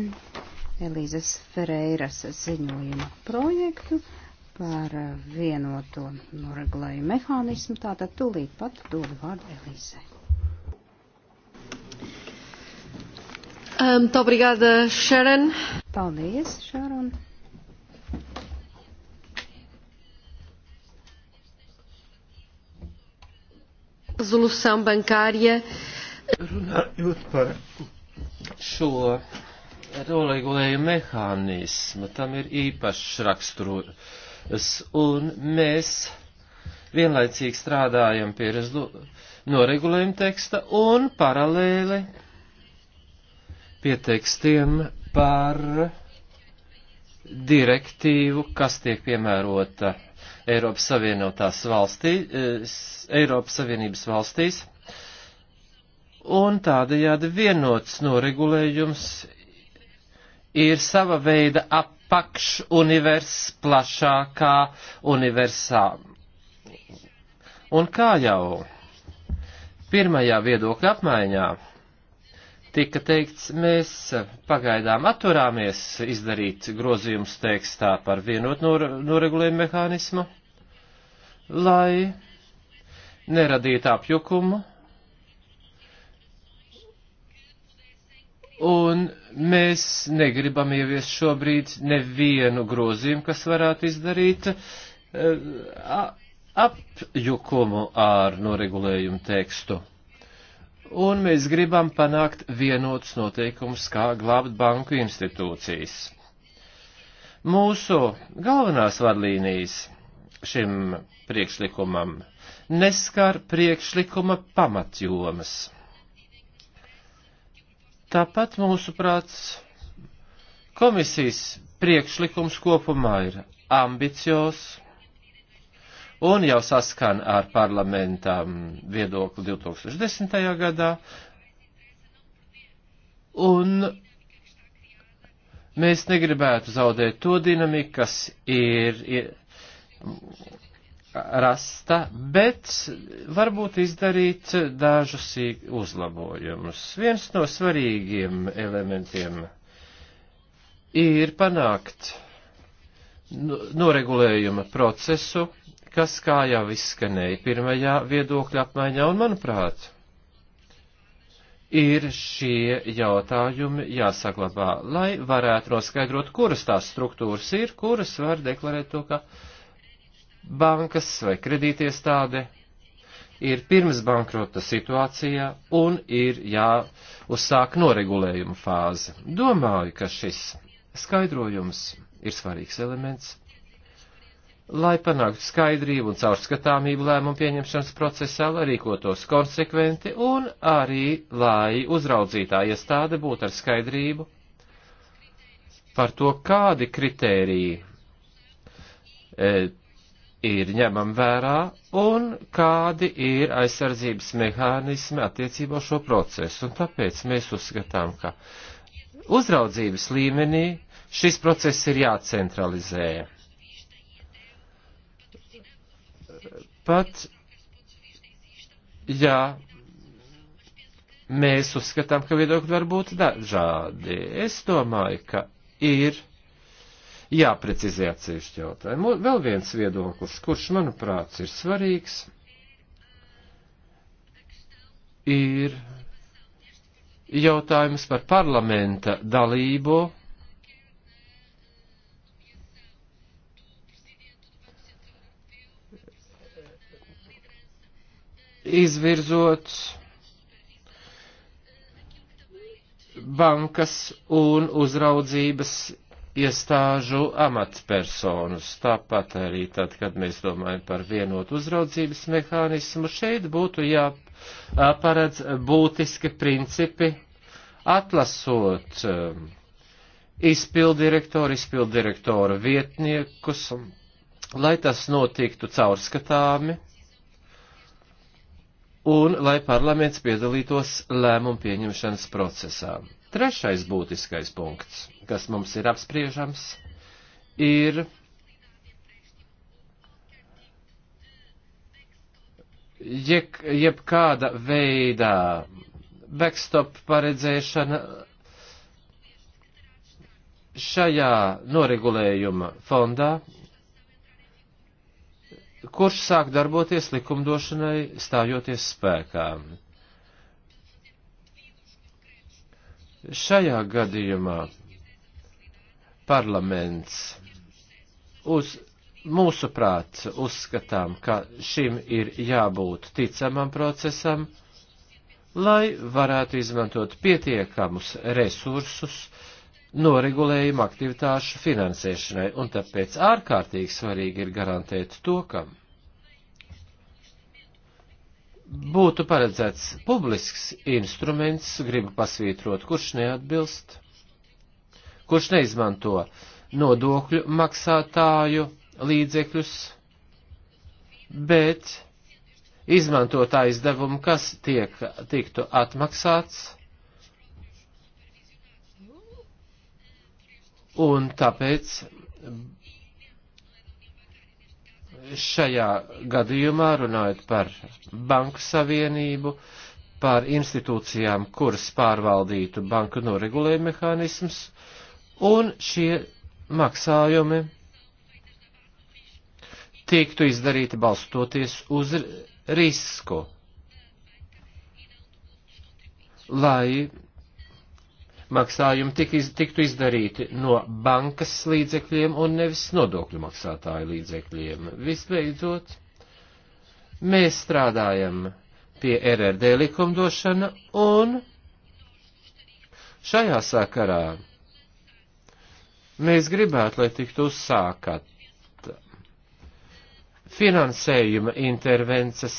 S1: Elīzes Ferreiras ziņojuma projektu par vienoto noregulēju mehānismu. Tātad tūlīt pat dodu vārdu Elīzei. Um, muito obrigada, Sharon. Paldies, Sharon. Resolução bancária.
S2: Runājot par šo regulējumu mehānismu, tam ir īpašs raksturs, un mēs vienlaicīgi strādājam pie noregulējuma teksta un paralēli pie tekstiem par direktīvu, kas tiek piemērota Eiropas Savienotās valstīs, Eiropas Savienības valstīs, un tādējādi vienots noregulējums ir sava veida apakš universs plašākā universā. Un kā jau pirmajā viedokļa apmaiņā tika teikts, mēs pagaidām atturāmies izdarīt grozījums tekstā par vienot noregulējumu mehānismu, lai neradītu apjukumu. Un mēs negribam ieviest šobrīd nevienu grozījumu, kas varētu izdarīt eh, apjukumu ar noregulējumu tekstu un mēs gribam panākt vienotus noteikumus, kā glābt banku institūcijas. Mūsu galvenās vadlīnijas šim priekšlikumam neskar priekšlikuma pamatjomas. Tāpat mūsu prāts komisijas priekšlikums kopumā ir ambiciozs un jau saskan ar parlamentam viedokli 2010. gadā. Un mēs negribētu zaudēt to dinamiku, kas ir, ir rasta, bet varbūt izdarīt dažus uzlabojumus. Viens no svarīgiem elementiem ir panākt noregulējuma procesu, kas, kā jau izskanēja pirmajā viedokļa apmaiņā, un manuprāt, ir šie jautājumi jāsaglabā, lai varētu noskaidrot, kuras tās struktūras ir, kuras var deklarēt to, ka bankas vai kredītiestāde ir pirms bankrota situācijā un ir jāuzsāk noregulējuma fāze. Domāju, ka šis skaidrojums ir svarīgs elements lai panāktu skaidrību un caurskatāmību lēmumu pieņemšanas procesā, lai rīkotos konsekventi un arī, lai uzraudzītā iestāde būtu ar skaidrību par to, kādi kritēriji e, ir ņemam vērā un kādi ir aizsardzības mehānismi attiecībā šo procesu. Un tāpēc mēs uzskatām, ka uzraudzības līmenī šis process ir jācentralizē Pat, jā, mēs uzskatām, ka viedokļi var būt dažādi. Es domāju, ka ir jāprecizē atsevišķi jautājumi. Vēl viens viedoklis, kurš, manuprāt, ir svarīgs, ir jautājums par parlamenta dalību izvirzot bankas un uzraudzības iestāžu amatpersonus. Tāpat arī tad, kad mēs domājam par vienotu uzraudzības mehānismu, šeit būtu jāparedz būtiski principi atlasot um, izpildirektoru, izpildirektoru vietniekus, lai tas notiktu caurskatāmi un lai parlaments piedalītos lēmumu pieņemšanas procesā. Trešais būtiskais punkts, kas mums ir apspriežams, ir jeb, jebkāda veidā backstop paredzēšana šajā noregulējuma fondā, kurš sāk darboties likumdošanai stājoties spēkā. Šajā gadījumā parlaments uz mūsu prāt uzskatām, ka šim ir jābūt ticamam procesam, lai varētu izmantot pietiekamus resursus, noregulējuma aktivitāšu finansēšanai, un tāpēc ārkārtīgi svarīgi ir garantēt to, ka būtu paredzēts publisks instruments, gribu pasvītrot, kurš neatbilst, kurš neizmanto nodokļu maksātāju līdzekļus, bet izmanto tā izdevumu, kas tiek, tiktu atmaksāts Un tāpēc šajā gadījumā runājot par banku savienību, par institūcijām, kuras pārvaldītu banku noregulējuma mehānisms, un šie maksājumi tiktu izdarīti balstoties uz risku, lai maksājumi tik iz, tiktu izdarīti no bankas līdzekļiem un nevis nodokļu maksātāju līdzekļiem. Visbeidzot, mēs strādājam pie RRD likumdošana un šajā sakarā mēs gribētu, lai tiktu uzsākat finansējuma intervences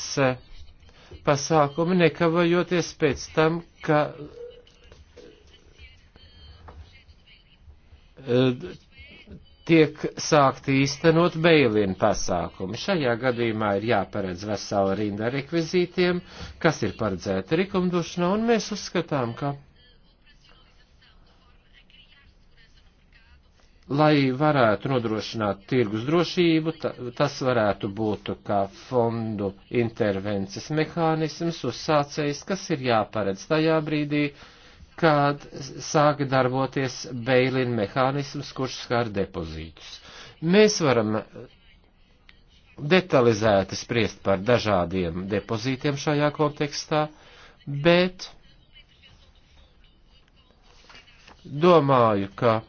S2: pasākumi, nekavējoties pēc tam, ka tiek sākti īstenot beilina pasākumi. Šajā gadījumā ir jāparedz vesela rinda rekvizītiem, kas ir paredzēta likumdošanā, un mēs uzskatām, ka, lai varētu nodrošināt tirgus drošību, ta, tas varētu būt kā fondu intervences mehānisms uzsācējs, kas ir jāparedz tajā brīdī, uh, kad sāka darboties beilin mehānisms, kurš skar depozītus. Mēs varam detalizēti spriest par dažādiem depozītiem šajā kontekstā, bet domāju, ka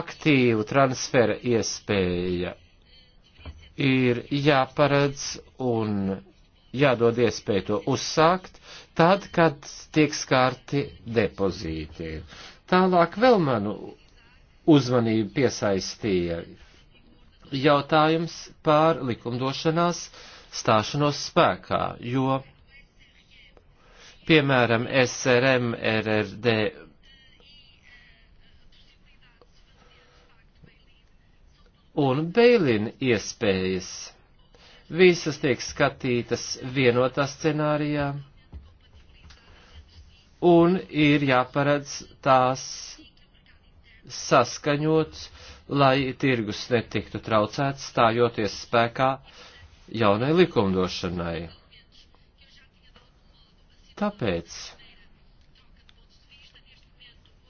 S2: aktīvu transfera iespēja ir jāparedz un jādod iespēju to uzsākt, tad, kad tiek skārti depozīti. Tālāk vēl manu uzmanību piesaistīja jautājums pār likumdošanās stāšanos spēkā, jo, piemēram, SRM, RRD un Beilin iespējas visas tiek skatītas vienotā scenārijā un ir jāparedz tās saskaņots, lai tirgus netiktu traucēts, stājoties spēkā jaunai likumdošanai. Tāpēc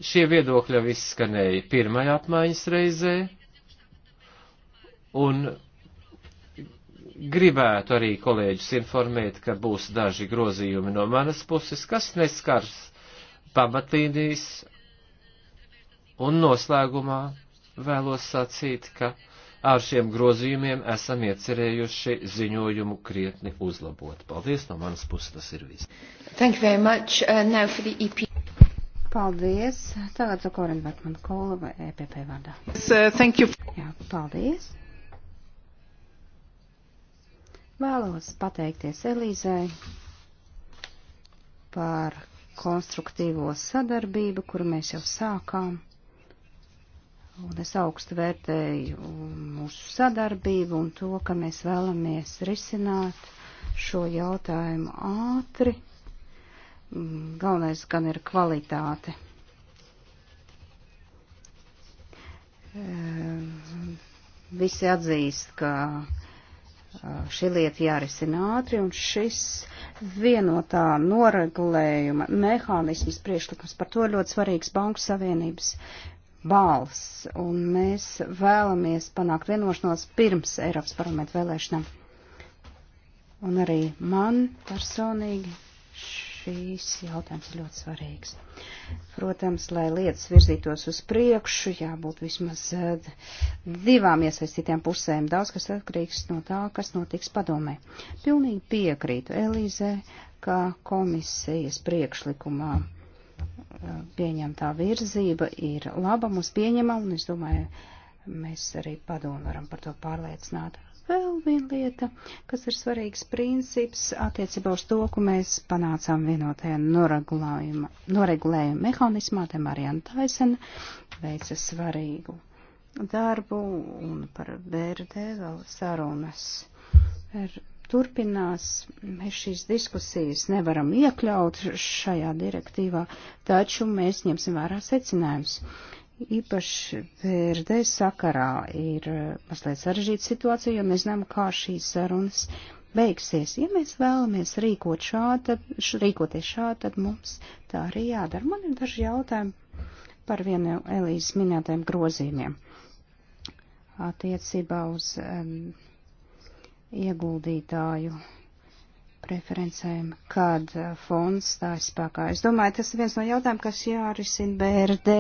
S2: šie viedokļi jau izskanēja pirmajā apmaiņas reizē, un gribētu arī kolēģis informēt, ka būs daži grozījumi no manas puses, kas neskars pamatlīnijas, un noslēgumā vēlos sacīt, ka ar šiem grozījumiem esam iecerējuši ziņojumu krietni uzlabot. Paldies no manas puses, tas
S1: ir viss. Thank you very much. Uh, now for the EP. Paldies. Tagad Zokorin Batman Kola vai EPP vārdā. Yes, uh, thank you. Jā, paldies. Vēlos pateikties Elīzai par konstruktīvo sadarbību, kuru mēs jau sākām. Un es augstu vērtēju mūsu sadarbību un to, ka mēs vēlamies risināt šo jautājumu ātri. Galvenais gan ir kvalitāte. Ehm, visi atzīst, ka Eh, šī lieta jārisina ātri, un šis vienotā noregulējuma mehānisms priekšlikums par to ir ļoti svarīgs Banku Savienības balss, un mēs vēlamies panākt vienošanos pirms Eiropas parlamenta vēlēšanām. Un arī man personīgi šīs jautājums ir ļoti svarīgs. Protams, lai lietas virzītos uz priekšu, jābūt vismaz eh, divām iesaistītām pusēm. Daudz kas atkarīgs no tā, kas notiks padomē. Pilnīgi piekrītu Elīzē, ka komisijas priekšlikumā eh, pieņemtā virzība ir laba, mums pieņemama, un es domāju, mēs arī padomu varam par to pārliecināt. Vēl viena lieta, kas ir svarīgs princips attiecībā uz to, ko mēs panācām vienotajā noregulējuma mehānismā, te Marijana Taisena veica svarīgu darbu un par BRD vēl sarunas. Er, turpinās, mēs šīs diskusijas nevaram iekļaut šajā direktīvā, taču mēs ņemsim vērā secinājumus īpaši vērdē sakarā ir eh, mazliet sarežģīta situācija, jo mēs zinām, kā šīs sarunas beigsies. Ja mēs vēlamies rīkot šādi, rīkoties šādi, tad mums tā arī jādara. Man ir daži jautājumi par vienu Elīzes minētajiem grozījumiem attiecībā uz um, ieguldītāju preferencēm, kad eh, fonds stājas spēkā. Es domāju, tas ir viens no jautājumiem, kas jārisina BRD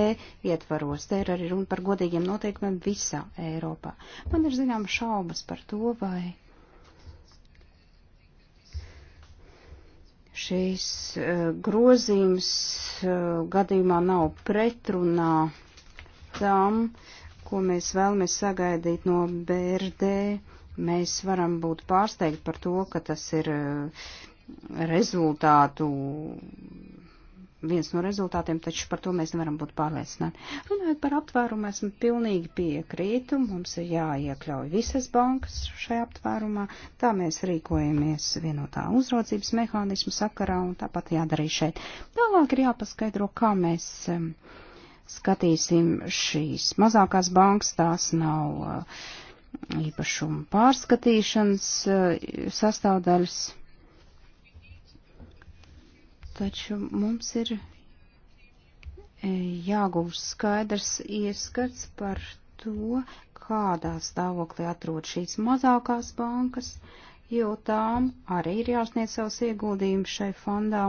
S1: ietvaros. Te ir arī runa par godīgiem noteikumiem visā Eiropā. Man ir zinām šaubas par to, vai šīs uh, eh, grozījums uh, gadījumā nav pretrunā tam, ko mēs vēlamies sagaidīt no BRD Mēs varam būt pārsteigti par to, ka tas ir eh, rezultātu, viens no rezultātiem, taču par to mēs nevaram būt pārliecināti. Runājot par aptvērumu, esmu pilnīgi piekrītu, mums ir jāiekļauj visas bankas šajā aptvērumā, tā mēs rīkojamies vienotā uzraudzības mehānismu sakarā un tāpat jādara šeit. Tālāk ir jāpaskaidro, kā mēs skatīsim šīs mazākās bankas, tās nav uh, īpašumu pārskatīšanas eh, sastāvdaļas. Taču mums ir eh, jāgūst skaidrs ieskats par to, kādā stāvoklī atrod šīs mazākās bankas, jo tām arī ir jāsniedz savus ieguldījumus šai fondā,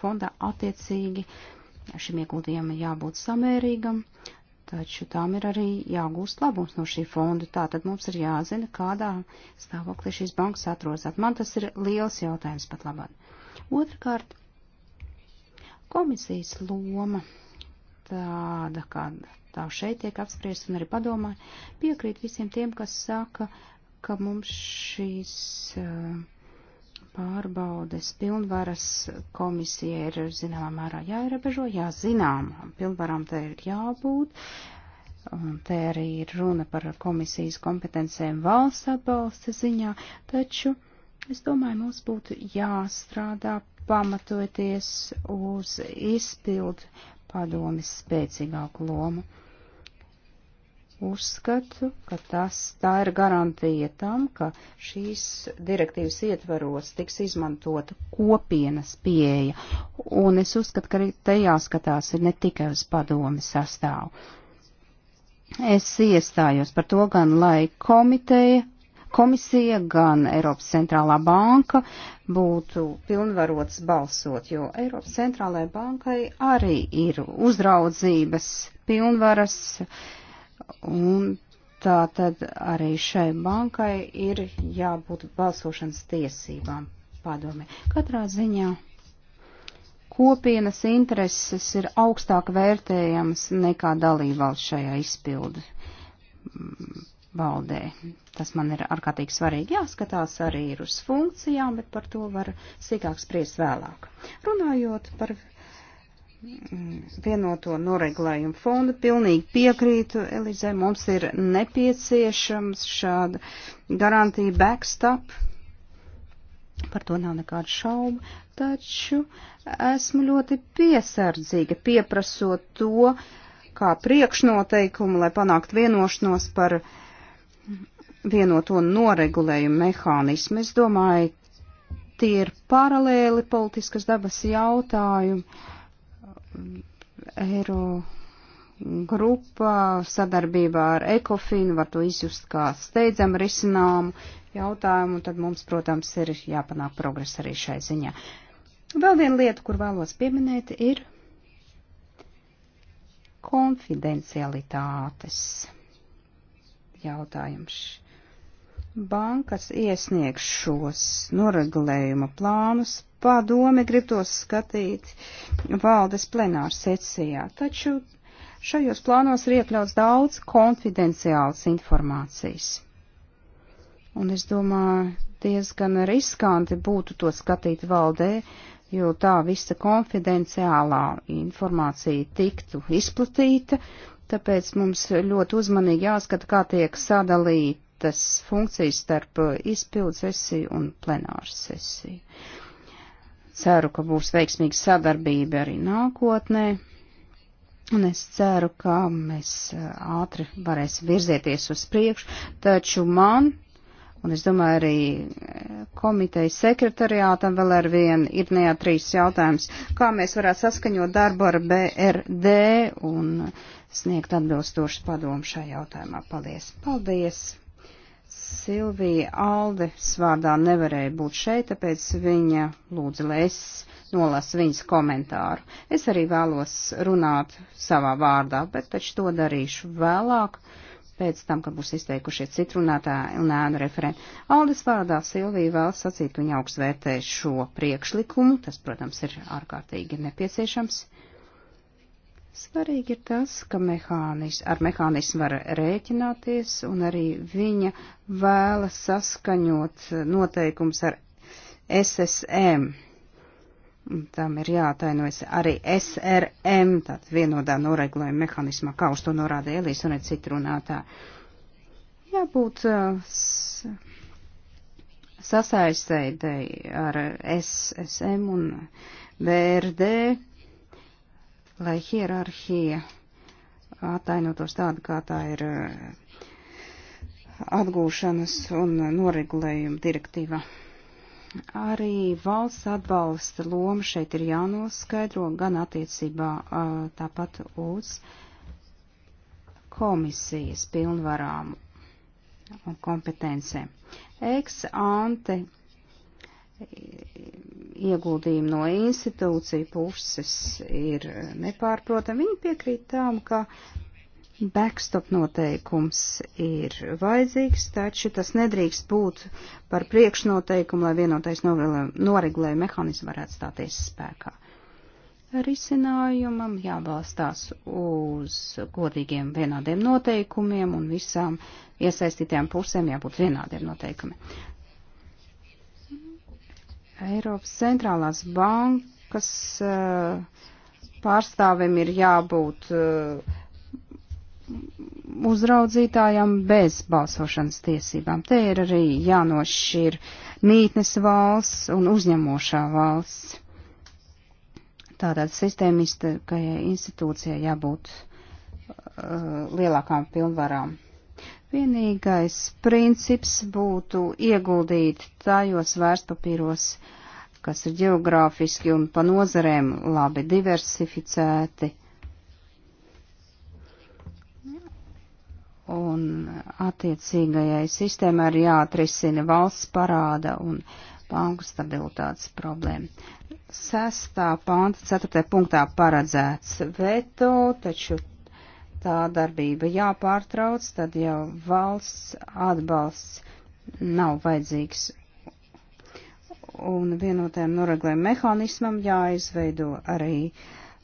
S1: fondā attiecīgi. Šim ieguldījumam jābūt samērīgam, taču tām ir arī jāgūst labums no šī fonda. Tātad mums ir jāzina, kādā stāvoklī šīs bankas atrodas. Man tas ir liels jautājums pat labāk. Otrakārt, komisijas loma tāda, kāda tā šeit tiek apspriest un arī padomā, piekrīt visiem tiem, kas saka, ka mums šīs. Uh, pārbaudes pilnvaras komisija ir zināmā mērā jāierobežo, jā, zināmām pilnvarām te ir jābūt. Un te arī ir runa par komisijas kompetencēm valsts atbalsta ziņā, taču es domāju, mums būtu jāstrādā pamatoties uz izpildu padomis spēcīgāku lomu uzskatu, ka tas, tā ir garantija tam, ka šīs direktīvas ietvaros tiks izmantota kopienas pieeja. Un es uzskatu, ka arī te jāskatās ir ne tikai uz padomi sastāvu. Es iestājos par to gan, lai komiteja, komisija, gan Eiropas centrālā banka būtu pilnvarots balsot, jo Eiropas centrālajai bankai arī ir uzraudzības pilnvaras, uh, Un tā tad arī šai bankai ir jābūt balsošanas tiesībām padomē. Katrā ziņā kopienas intereses ir augstāk vērtējamas nekā dalībvalsts šajā izpildu mm, valdē. Tas man ir ārkārtīgi svarīgi jāskatās arī ir uz funkcijām, bet par to var sīkāk spriest vēlāk. Runājot par vienoto noreglējumu fondu. Pilnīgi piekrītu, Elizē, mums ir nepieciešams šāda garantija backstop. Par to nav nekādu šaubu, taču esmu ļoti piesardzīga pieprasot to kā priekšnoteikumu, lai panāktu vienošanos par vienoto noregulējumu mehānismu. Es domāju, tie ir paralēli politiskas dabas jautājumi Eiro grupā sadarbībā ar Ekofinu var to izjust kā steidzam risinām jautājumu, tad mums, protams, ir jāpanāk progres arī šai ziņā. Vēl viena lieta, kur vēlos pieminēt, ir konfidencialitātes jautājums. Bankas iesniegs šos noregulējuma plānus padome grib tos skatīt valdes plenāru sesijā, taču šajos plānos ir iekļauts daudz konfidenciāls informācijas. Un es domāju, diezgan riskanti būtu to skatīt valdē, jo tā visa konfidenciālā informācija tiktu izplatīta, tāpēc mums ļoti uzmanīgi jāskata, kā tiek sadalītas funkcijas starp izpildu sesiju un plenāru sesiju. Ceru, ka būs veiksmīga sadarbība arī nākotnē. Un es ceru, ka mēs eh, ātri varēsim virzieties uz priekšu, taču man, un es domāju arī eh, komitejas sekretariātam vēl ar vienu ir neatrīs jautājums, kā mēs varētu saskaņot darbu ar BRD un sniegt atbilstošas padomu šajā jautājumā. Paldies! Paldies! Silvija Alde svārdā nevarēja būt šeit, tāpēc viņa lūdza, lai es nolasu viņas komentāru. Es arī vēlos runāt savā vārdā, bet taču to darīšu vēlāk, pēc tam, kad būs izteikušie citrunātāji un ēnu referenti. Aldes vārdā Silvija vēl sacīt, ka viņa augsts vērtē šo priekšlikumu, tas, protams, ir ārkārtīgi nepieciešams. Svarīgi ir tas, ka mehānis, ar mehānismu var rēķināties un arī viņa vēla saskaņot noteikums ar SSM. Tam ir jātainojas arī SRM, tātad vienodā noregulējuma mehānismā, kā uz to norādīja Elīs un citu runātā. Jābūt uh, sasaistēji ar SSM un BRD lai hierarhija attainotos tāda, kā tā ir eh, atgūšanas un noregulējuma direktīva. Arī valsts atbalsta loma šeit ir jānoskaidro gan attiecībā eh, tāpat uz komisijas pilnvarām un kompetencēm. Ex ante ieguldījumi no institūciju puses ir nepārprotami. Viņi piekrīt tām, ka backstop noteikums ir vajadzīgs, taču tas nedrīkst būt par priekšnoteikumu, lai vienotais noregulē mehānismu varētu stāties spēkā. Risinājumam jābalstās uz godīgiem vienādiem noteikumiem un visām iesaistītajām pusēm jābūt vienādiem noteikumiem. Eiropas centrālās bankas eh, pārstāvim ir jābūt eh, uzraudzītājam bez balsošanas tiesībām. Te ir arī jānošķir mītnes valsts un uzņemošā valsts. Tātad sistēmiskajai institūcijai jābūt uh, lielākām pilnvarām. Vienīgais princips būtu ieguldīt tajos vērtspapīros, kas ir geogrāfiski un pa nozarēm labi diversificēti. Un attiecīgajai sistēmai ir jāatrisina valsts parāda un banku stabilitātes problēma. Sestā panta, ceturtajā punktā paredzēts veto, taču tā darbība jāpārtrauc, tad jau valsts atbalsts nav vajadzīgs. Un vienotajam noraglēm mehānismam jāizveido arī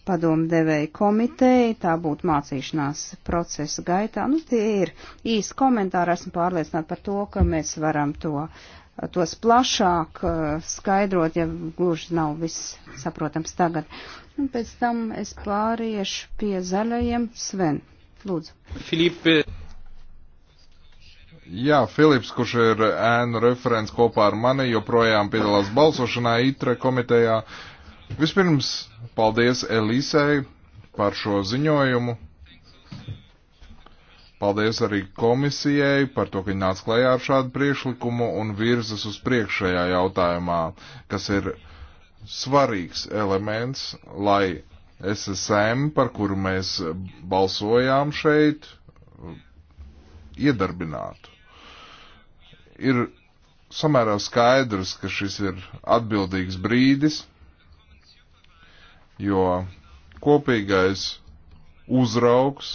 S1: padomdevēja komiteja, tā būtu mācīšanās procesa gaitā. Nu, tie ir īsti komentāri, esmu pārliecināta par to, ka mēs varam to, tos plašāk uh, skaidrot, ja gluži nav viss saprotams tagad. Uh, un pēc tam es pāriešu pie zaļajiem Sven. Lūdzu.
S3: Filipe. Jā, Filips, kurš ir ēnu referents kopā ar mani, joprojām piedalās balsošanā ITRE komitejā. Vispirms, paldies Elisei par šo ziņojumu. Paldies arī komisijai par to, ka viņi nāca klajā ar šādu priekšlikumu un virzas uz priekšējā jautājumā, kas ir uh, svarīgs elements, lai SSM, par kuru mēs balsojām šeit, iedarbinātu. Ir samērā skaidrs, ka šis ir atbildīgs brīdis, jo kopīgais uzraugs,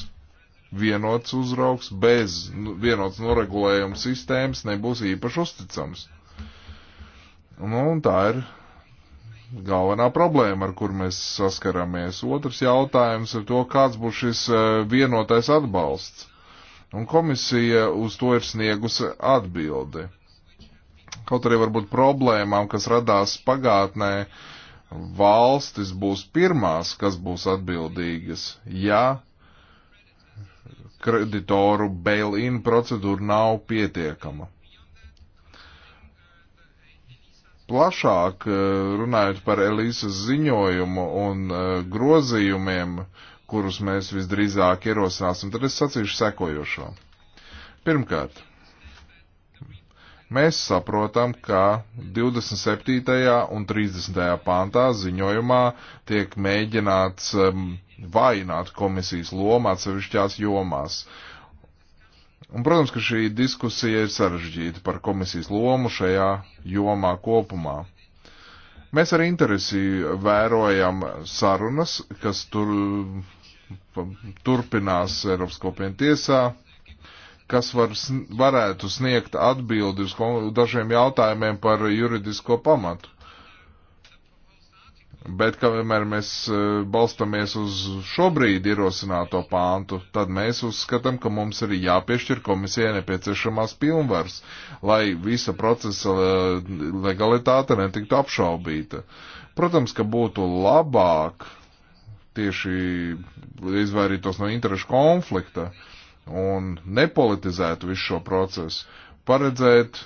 S3: vienots uzraugs bez nu, vienots noregulējuma sistēmas nebūs īpaši uzticams. Nu, un tā ir galvenā problēma, ar kur mēs saskaramies. Otrs jautājums ir to, kāds būs šis eh, vienotais atbalsts. Un komisija uz to ir sniegusi atbildi. Kaut arī varbūt problēmām, kas radās pagātnē, valstis būs pirmās, kas būs atbildīgas, ja kreditoru bail-in procedūra nav pietiekama. plašāk eh, runājot par Elīzes ziņojumu un eh, grozījumiem, kurus mēs visdrīzāk ierosināsim, tad es sacīšu sekojošo. Pirmkārt, mēs saprotam, ka 27. un 30. pāntā ziņojumā tiek mēģināts eh, vainot komisijas lomu atsevišķās jomās. Uh, Un, protams, ka šī diskusija ir sarežģīta par komisijas lomu šajā jomā kopumā. Mēs ar interesi vērojam sarunas, kas tur, turpinās Eiropas kopienu tiesā, kas var, varētu sniegt atbildi uz dažiem jautājumiem par juridisko pamatu. Bet kamēr mēs e, balstamies uz šobrīd ierosināto pāntu, tad mēs uzskatām, ka mums ir jāpiešķir komisijai nepieciešamās pilnvars, lai visa procesa e, legalitāte netiktu apšaubīta. Protams, ka būtu labāk tieši izvairītos no interešu konflikta un nepolitizētu visu šo procesu, paredzēt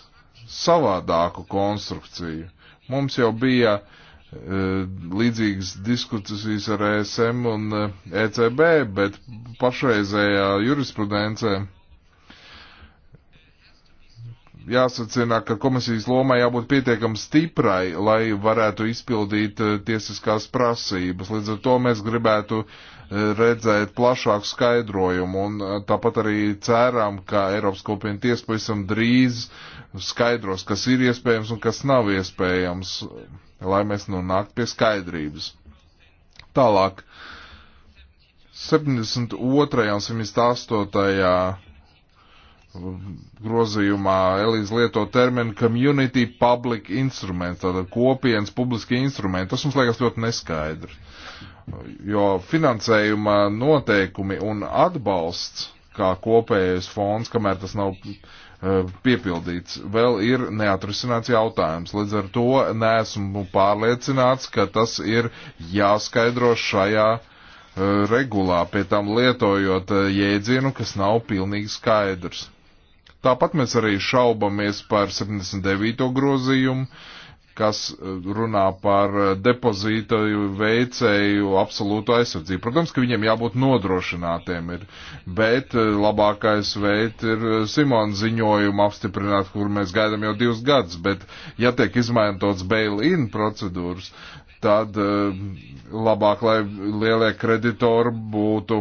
S3: savādāku konstrukciju. Mums jau bija uh, Eh, līdzīgas diskusijas ar ESM un ECB, eh, e bet pašreizējā jurisprudencē jāsacina, ka komisijas lomai jābūt pietiekami stiprai, lai varētu izpildīt eh, tiesiskās prasības. Līdz ar to mēs gribētu redzēt plašāku skaidrojumu un tāpat arī ceram, ka Eiropas kopiena tiesa pavisam drīz skaidros, kas ir iespējams un kas nav iespējams lai mēs nonāktu pie skaidrības. Tālāk, 72. un 78 grozījumā Elīze lieto terminu community public instruments, tātad kopienas publiski instrumenti. Tas mums liekas ļoti neskaidri, jo finansējuma noteikumi un atbalsts kā kopējais fonds, kamēr tas nav Uh, piepildīts. Vēl ir neatrisināts jautājums. Līdz ar to neesmu pārliecināts, ka tas ir jāskaidro šajā uh, regulā, pie tam lietojot uh, jēdzienu, kas nav pilnīgi skaidrs. Tāpat mēs arī šaubamies par 79. grozījumu, kas eh, runā par eh, depozītoju veicēju absolūtu aizsardzību. Protams, ka viņiem jābūt nodrošinātiem, ir, bet eh, labākais veids ir Simona ziņojuma apstiprināt, kur mēs gaidām jau divus gadus, bet ja tiek izmantots bail-in procedūras, tad labāk, lai lielie kreditori būtu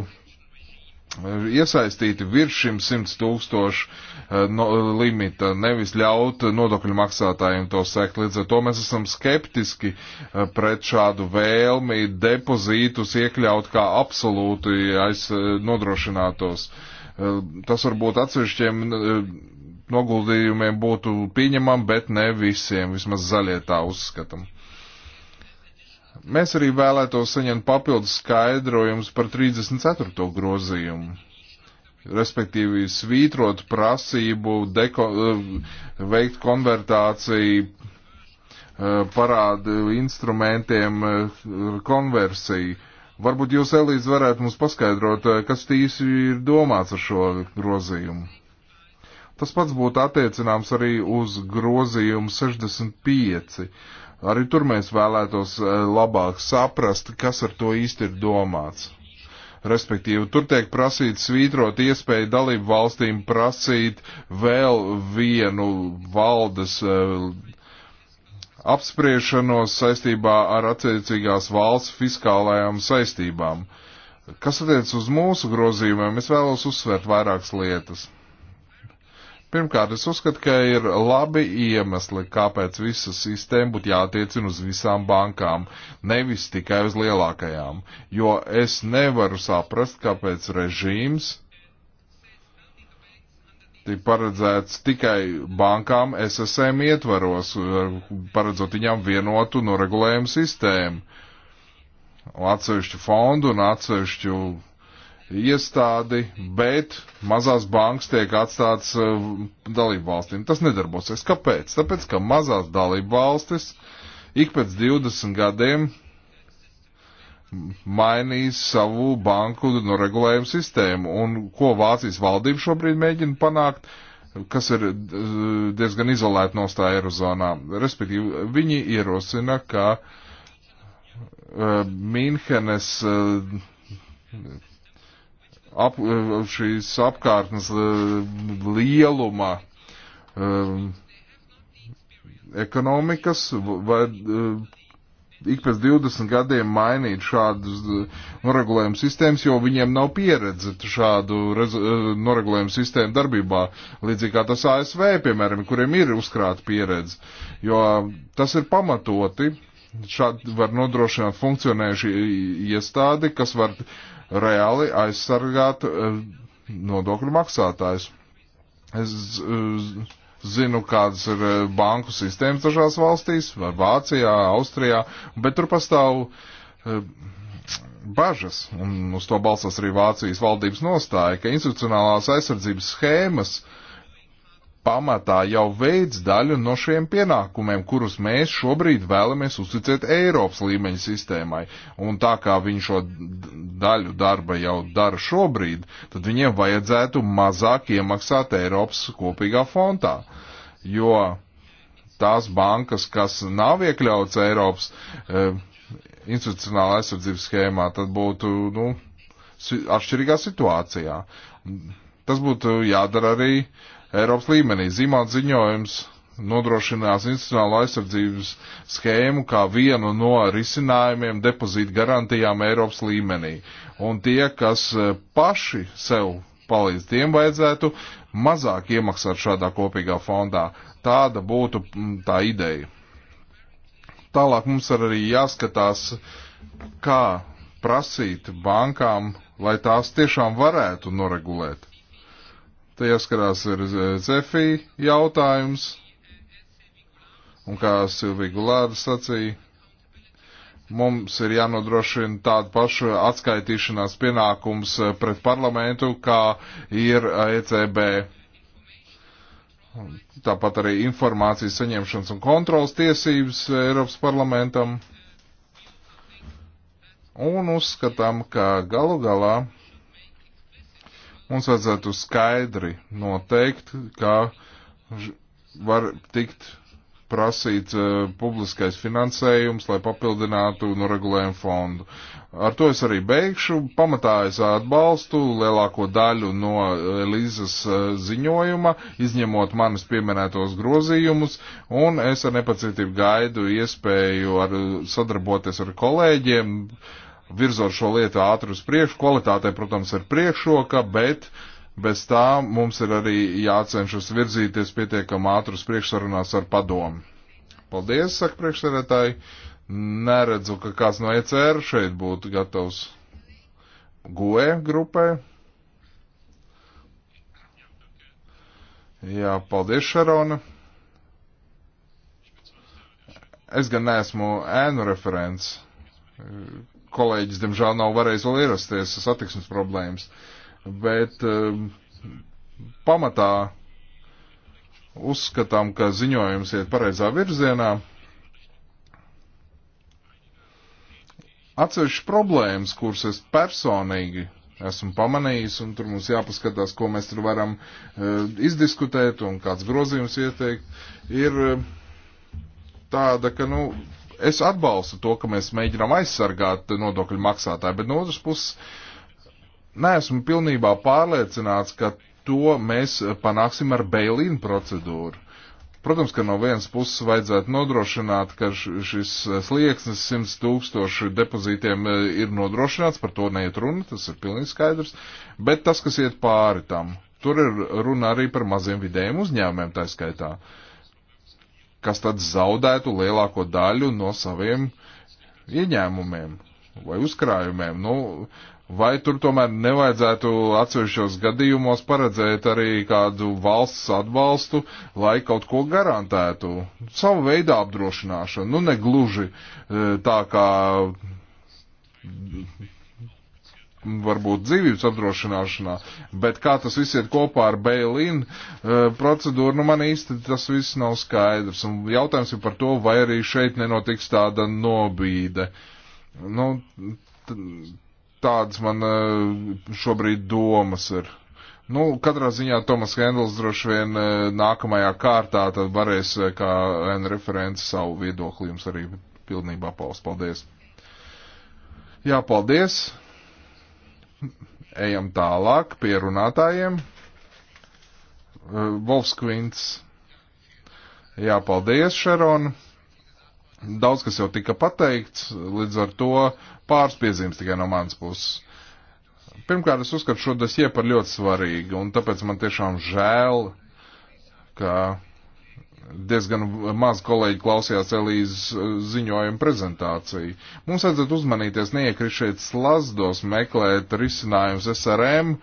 S3: iesaistīti virs šim 100 tūkstošu eh, no, limita, nevis ļaut nodokļu maksātājiem to sekt. Līdz ar to mēs esam skeptiski eh, pret šādu vēlmi depozītus iekļaut kā absolūti aiz eh, nodrošinātos. Tas varbūt atsevišķiem noguldījumiem būtu pieņemam, bet ne visiem, vismaz zaļie tā uzskatam. Mēs arī vēlētos saņemt papildus skaidrojumus par 34. grozījumu, respektīvi svītrot prasību, deko, eh, veikt konvertāciju eh, parādu instrumentiem eh, konversiju. Varbūt jūs, Elīze, varētu mums paskaidrot, kas tīsi ir domāts ar šo grozījumu. Tas pats būtu attiecināms arī uz grozījumu 65. Arī tur mēs vēlētos eh, labāk saprast, kas ar to īsti ir domāts. Respektīvi, tur tiek prasīts svītrot iespēju dalību valstīm prasīt vēl vienu valdes eh, apspriešanos saistībā ar attiecīgās valsts fiskālajām saistībām. Kas attiec uz mūsu grozījumiem, es vēlos uzsvērt vairākas lietas. Pirmkārt, es uzskatu, ka ir labi iemesli, kāpēc visa sistēma būtu jātiecina uz visām bankām, nevis tikai uz lielākajām, jo es nevaru saprast, kāpēc režīms tika paredzēts tikai bankām SSM ietvaros, paredzot viņām vienotu noregulējumu sistēmu. Atsevišķu fondu un atsevišķu iestādi, bet mazās bankas tiek atstātas eh, dalību valstīm. Tas nedarbosies. Kāpēc? Tāpēc, ka mazās dalību valstis ik pēc 20 gadiem mainīs savu banku noregulējumu sistēmu. Un ko Vācijas valdība šobrīd mēģina panākt, kas ir eh, diezgan izolēta nostāja Eirozonā. Respektīvi, viņi ierosina, ka uh, eh, Mīnhenes uh, ap, šīs apkārtnes e, lieluma e, ekonomikas, vai e, ik pēc 20 gadiem mainīt šādus noregulējumu sistēmas, jo viņiem nav pieredze šādu noregulējumu sistēmu darbībā, līdzīgi kā tas ASV, piemēram, kuriem ir uzkrāta pieredze, jo tas ir pamatoti. Šādi var nodrošināt funkcionējuši iestādi, kas var uh, reāli aizsargāt eh, nodokļu maksātājus. Es zinu, kādas ir eh, banku sistēmas dažās valstīs, vai Vācijā, Austrijā, bet tur pastāv eh, bažas, un uz to balsas arī Vācijas valdības nostāja, ka institucionālās aizsardzības schēmas uh, pamatā jau veids daļu no šiem pienākumiem, kurus mēs šobrīd vēlamies uzticēt Eiropas līmeņa sistēmai. Un tā kā viņi šo daļu darba jau dara šobrīd, tad viņiem vajadzētu mazāk iemaksāt Eiropas kopīgā fontā. Jo tās bankas, kas nav iekļauts Eiropas e, institucionāla aizsardzības schēmā, tad būtu, nu, atšķirīgā situācijā. Tas būtu jādara arī uh, Eiropas līmenī. Zīmāts ziņojums nodrošinās institucionālo aizsardzības schēmu kā vienu no risinājumiem depozīta garantijām Eiropas līmenī. Un tie, kas eh, paši sev palīdz, tiem vajadzētu mazāk iemaksāt šādā kopīgā fondā. Tāda būtu mm, tā ideja. Tālāk mums ir arī jāskatās, kā prasīt bankām, lai tās tiešām varētu noregulēt Te jāskarās ir e, Zefija jautājums, un kā Silvija Gulāra sacīja, mums ir jānodrošina tādu pašu atskaitīšanās pienākums e, pret parlamentu, kā ir ECB. E tāpat arī informācijas saņemšanas un kontrolas tiesības Eiropas parlamentam. Un uzskatām, ka galu galā Mums vajadzētu skaidri noteikt, ka var tikt prasīts uh, publiskais finansējums, lai papildinātu no regulējumu fondu. Ar to es arī beigšu. Pamatā es atbalstu lielāko daļu no e, Elīzas uh, e, ziņojuma, izņemot manis pieminētos grozījumus, un es ar nepacietību gaidu iespēju ar, sadarboties ar kolēģiem. Uh, virzot šo lietu ātri uz priekšu. Kvalitātei, protams, ir priekšroka, bet bez tā mums ir arī jācenšas virzīties pietiekam ātri uz priekšsarunās ar padomu. Paldies, saka priekšsarētāji. Neredzu, ka kāds no ECR šeit būtu gatavs GUE grupai. Jā, paldies, Šarona. Es gan neesmu ēnu referents kolēģis, diemžēl, nav varējis vēl ierasties satiksmes problēmas. Bet um, pamatā uzskatām, ka ziņojums iet pareizā virzienā. Atsevišķi problēmas, kuras es personīgi esmu pamanījis, un tur mums jāpaskatās, ko mēs tur varam uh, izdiskutēt un kāds grozījums ieteikt, ir uh, tāda, ka, nu, es atbalstu to, ka mēs mēģinām aizsargāt nodokļu maksātāju, bet no otras puses neesmu pilnībā pārliecināts, ka to mēs panāksim ar bail-in procedūru. Protams, ka no vienas puses vajadzētu nodrošināt, ka šis slieksnis 100 tūkstoši depozītiem e, ir nodrošināts, par to neiet runa, tas ir pilnīgi skaidrs, bet tas, kas iet pāri tam, tur ir runa arī par maziem vidējiem uzņēmumiem tā skaitā. Uh, kas tad zaudētu lielāko daļu no saviem ieņēmumiem vai uzkrājumiem. Nu, vai tur tomēr nevajadzētu atsevišķos gadījumos paredzēt arī kādu valsts atbalstu, lai kaut ko garantētu? Savu veidu apdrošināšanu, nu negluži e, tā kā varbūt dzīvības apdrošināšanā, bet kā tas viss iet kopā ar bail-in eh, procedūru, nu man īsti tas viss nav skaidrs. Un jautājums ir par to, vai arī šeit nenotiks tāda nobīde. Nu, tādas man eh, šobrīd domas ir. Nu, katrā ziņā Tomas Hendels droši vien eh, nākamajā kārtā tad varēs kā N referents savu viedokli jums arī pilnībā paust. Paldies! Jā, paldies! Ejam tālāk pie runātājiem. Volfs eh, Kvints. Jā, paldies, Šerona. Daudz kas jau tika pateikts, līdz ar to pāris piezīmes tikai no manas puses. Pirmkārt, es uzskatu šo dosie par ļoti svarīgu, un tāpēc man tiešām žēl, ka diezgan maz kolēģi klausījās Elīzes eh, ziņojuma prezentāciju. Mums vajadzētu uzmanīties neiekrist šeit slazdos meklēt risinājumus SRM,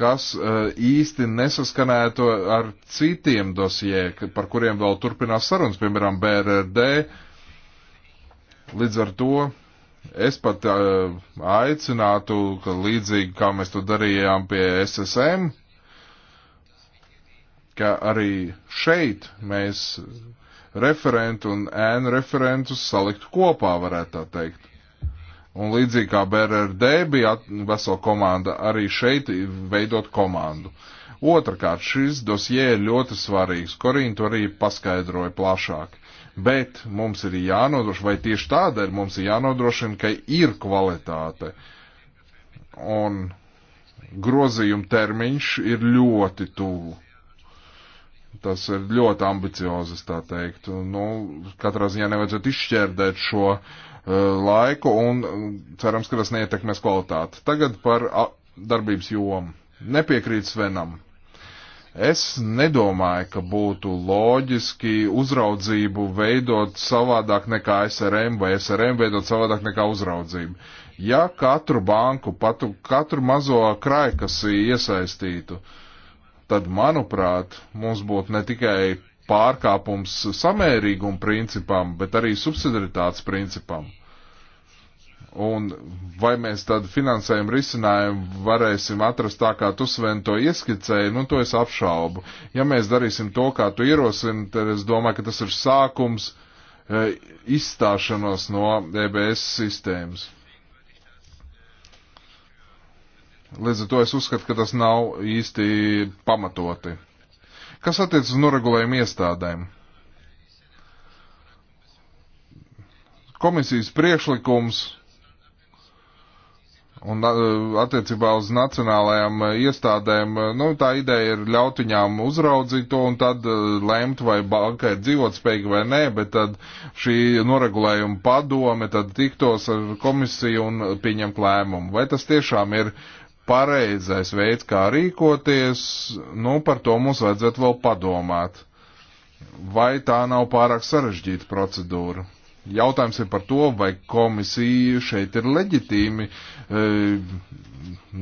S3: kas eh, īsti nesaskanētu ar citiem dosijē, par kuriem vēl turpinās sarunas, piemēram, BRD. Līdz ar to es pat eh, aicinātu, ka līdzīgi kā mēs to darījām pie SSM, ka arī šeit mēs referentu un ēnu referentus salikt kopā, varētu tā teikt. Un līdzīgi kā BRD bija vesela komanda, arī šeit veidot komandu. Otrakārt, šis dosie ir ļoti svarīgs. Korīna to arī paskaidroja plašāk. Bet mums ir jānodrošina, vai tieši tādēļ mums ir jānodrošina, ka ir kvalitāte. Un grozījuma termiņš ir ļoti tuvu. Tas ir ļoti ambiciozas, tā teikt. Nu, katrā ziņā nevajadzētu izšķērdēt šo uh, laiku un eh, cerams, ka tas neietekmēs kvalitāti. Tagad par uh, darbības jomu. Nepiekrīt Svenam. Es nedomāju, ka būtu loģiski uzraudzību veidot savādāk nekā SRM vai SRM veidot savādāk nekā uzraudzību. Ja katru banku, patu, katru mazo krājkasi iesaistītu, uh, tad, manuprāt, mums būtu ne tikai pārkāpums samērīguma principam, bet arī subsidiaritātes principam. Un vai mēs tad finansējumu risinājumu varēsim atrast tā, kā tu Sven to ieskicēji, nu to es apšaubu. Ja mēs darīsim to, kā tu ierosini, tad es domāju, ka tas ir sākums e, izstāšanos no EBS sistēmas. Līdz ar to es uzskatu, ka tas nav īsti pamatoti. Kas attiec uz noregulējumu iestādēm? Komisijas priekšlikums un uh, attiecībā uz nacionālajām uh, iestādēm, uh, nu, tā ideja ir ļaut viņām uzraudzīt to un tad lemt, vai banka ir dzīvotspējīga vai nē, bet tad šī noregulējuma padome tad tiktos ar komisiju un pieņemt lēmumu. Vai tas tiešām ir uh, pareizais veids, kā rīkoties, nu, par to mums vajadzētu vēl padomāt. Vai tā nav pārāk sarežģīta procedūra? Jautājums ir par to, vai komisija šeit ir leģitīmi e,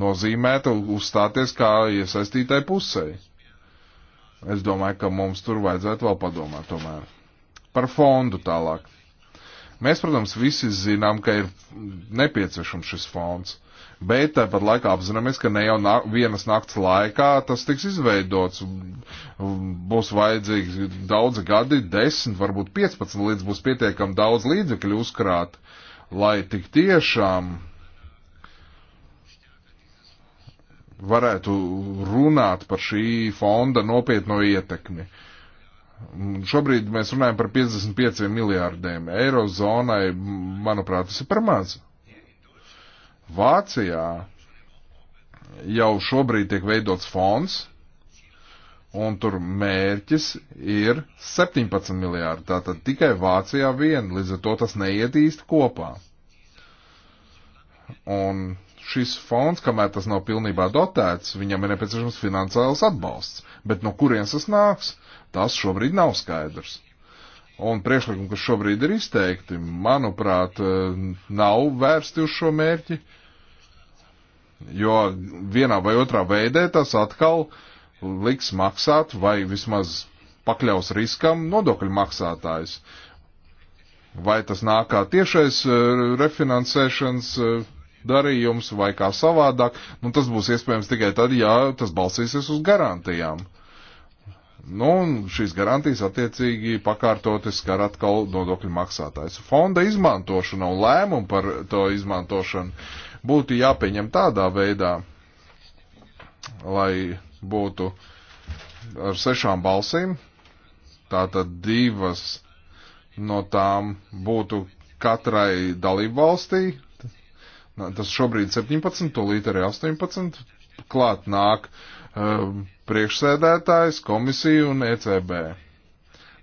S3: nozīmēta uzstāties kā iesaistītai pusē. Es domāju, ka mums tur vajadzētu vēl padomāt tomēr. Par fondu tālāk. Mēs, protams, visi zinām, ka ir nepieciešams šis fonds bet tāpat laikā apzināmies, ka ne jau na vienas nakts laikā tas tiks izveidots. Būs vajadzīgi daudzi gadi, 10, varbūt 15, līdz būs pietiekami daudz līdzekļu uzkrāt, lai tik tiešām varētu runāt par šī fonda nopietno ietekmi. Šobrīd mēs runājam par 55 miljārdiem. Eirozonai, manuprāt, tas ir par mazu. Vācijā jau šobrīd tiek veidots fonds, un tur mērķis ir 17 miljārdi. Tātad tikai Vācijā vien, līdz ar to tas neietīst kopā. Un šis fonds, kamēr tas nav pilnībā dotēts, viņam ir nepieciešams finansiāls atbalsts. Bet no kurienes tas nāks, tas šobrīd nav skaidrs. Un priekšlikumi, kas šobrīd ir izteikti, manuprāt, eh, nav vērsti uz šo mērķi. Uh, jo vienā vai otrā veidē tas atkal liks maksāt vai vismaz pakļaus riskam nodokļu maksātājs. Vai tas nāk kā tiešais e, refinansēšanas e, darījums vai kā savādāk, nu tas būs iespējams tikai tad, ja tas balsīsies uz garantijām. Nu, un šīs garantijas attiecīgi pakārtoti skar atkal nodokļu maksātājs. Fonda izmantošana un lēmumu par to izmantošanu būtu jāpieņem tādā veidā, lai būtu ar sešām balsīm, tātad divas no tām būtu katrai dalību valstī, tas šobrīd 17, tūlīt arī 18, klāt nāk um, priekšsēdētājs, komisija un ECB.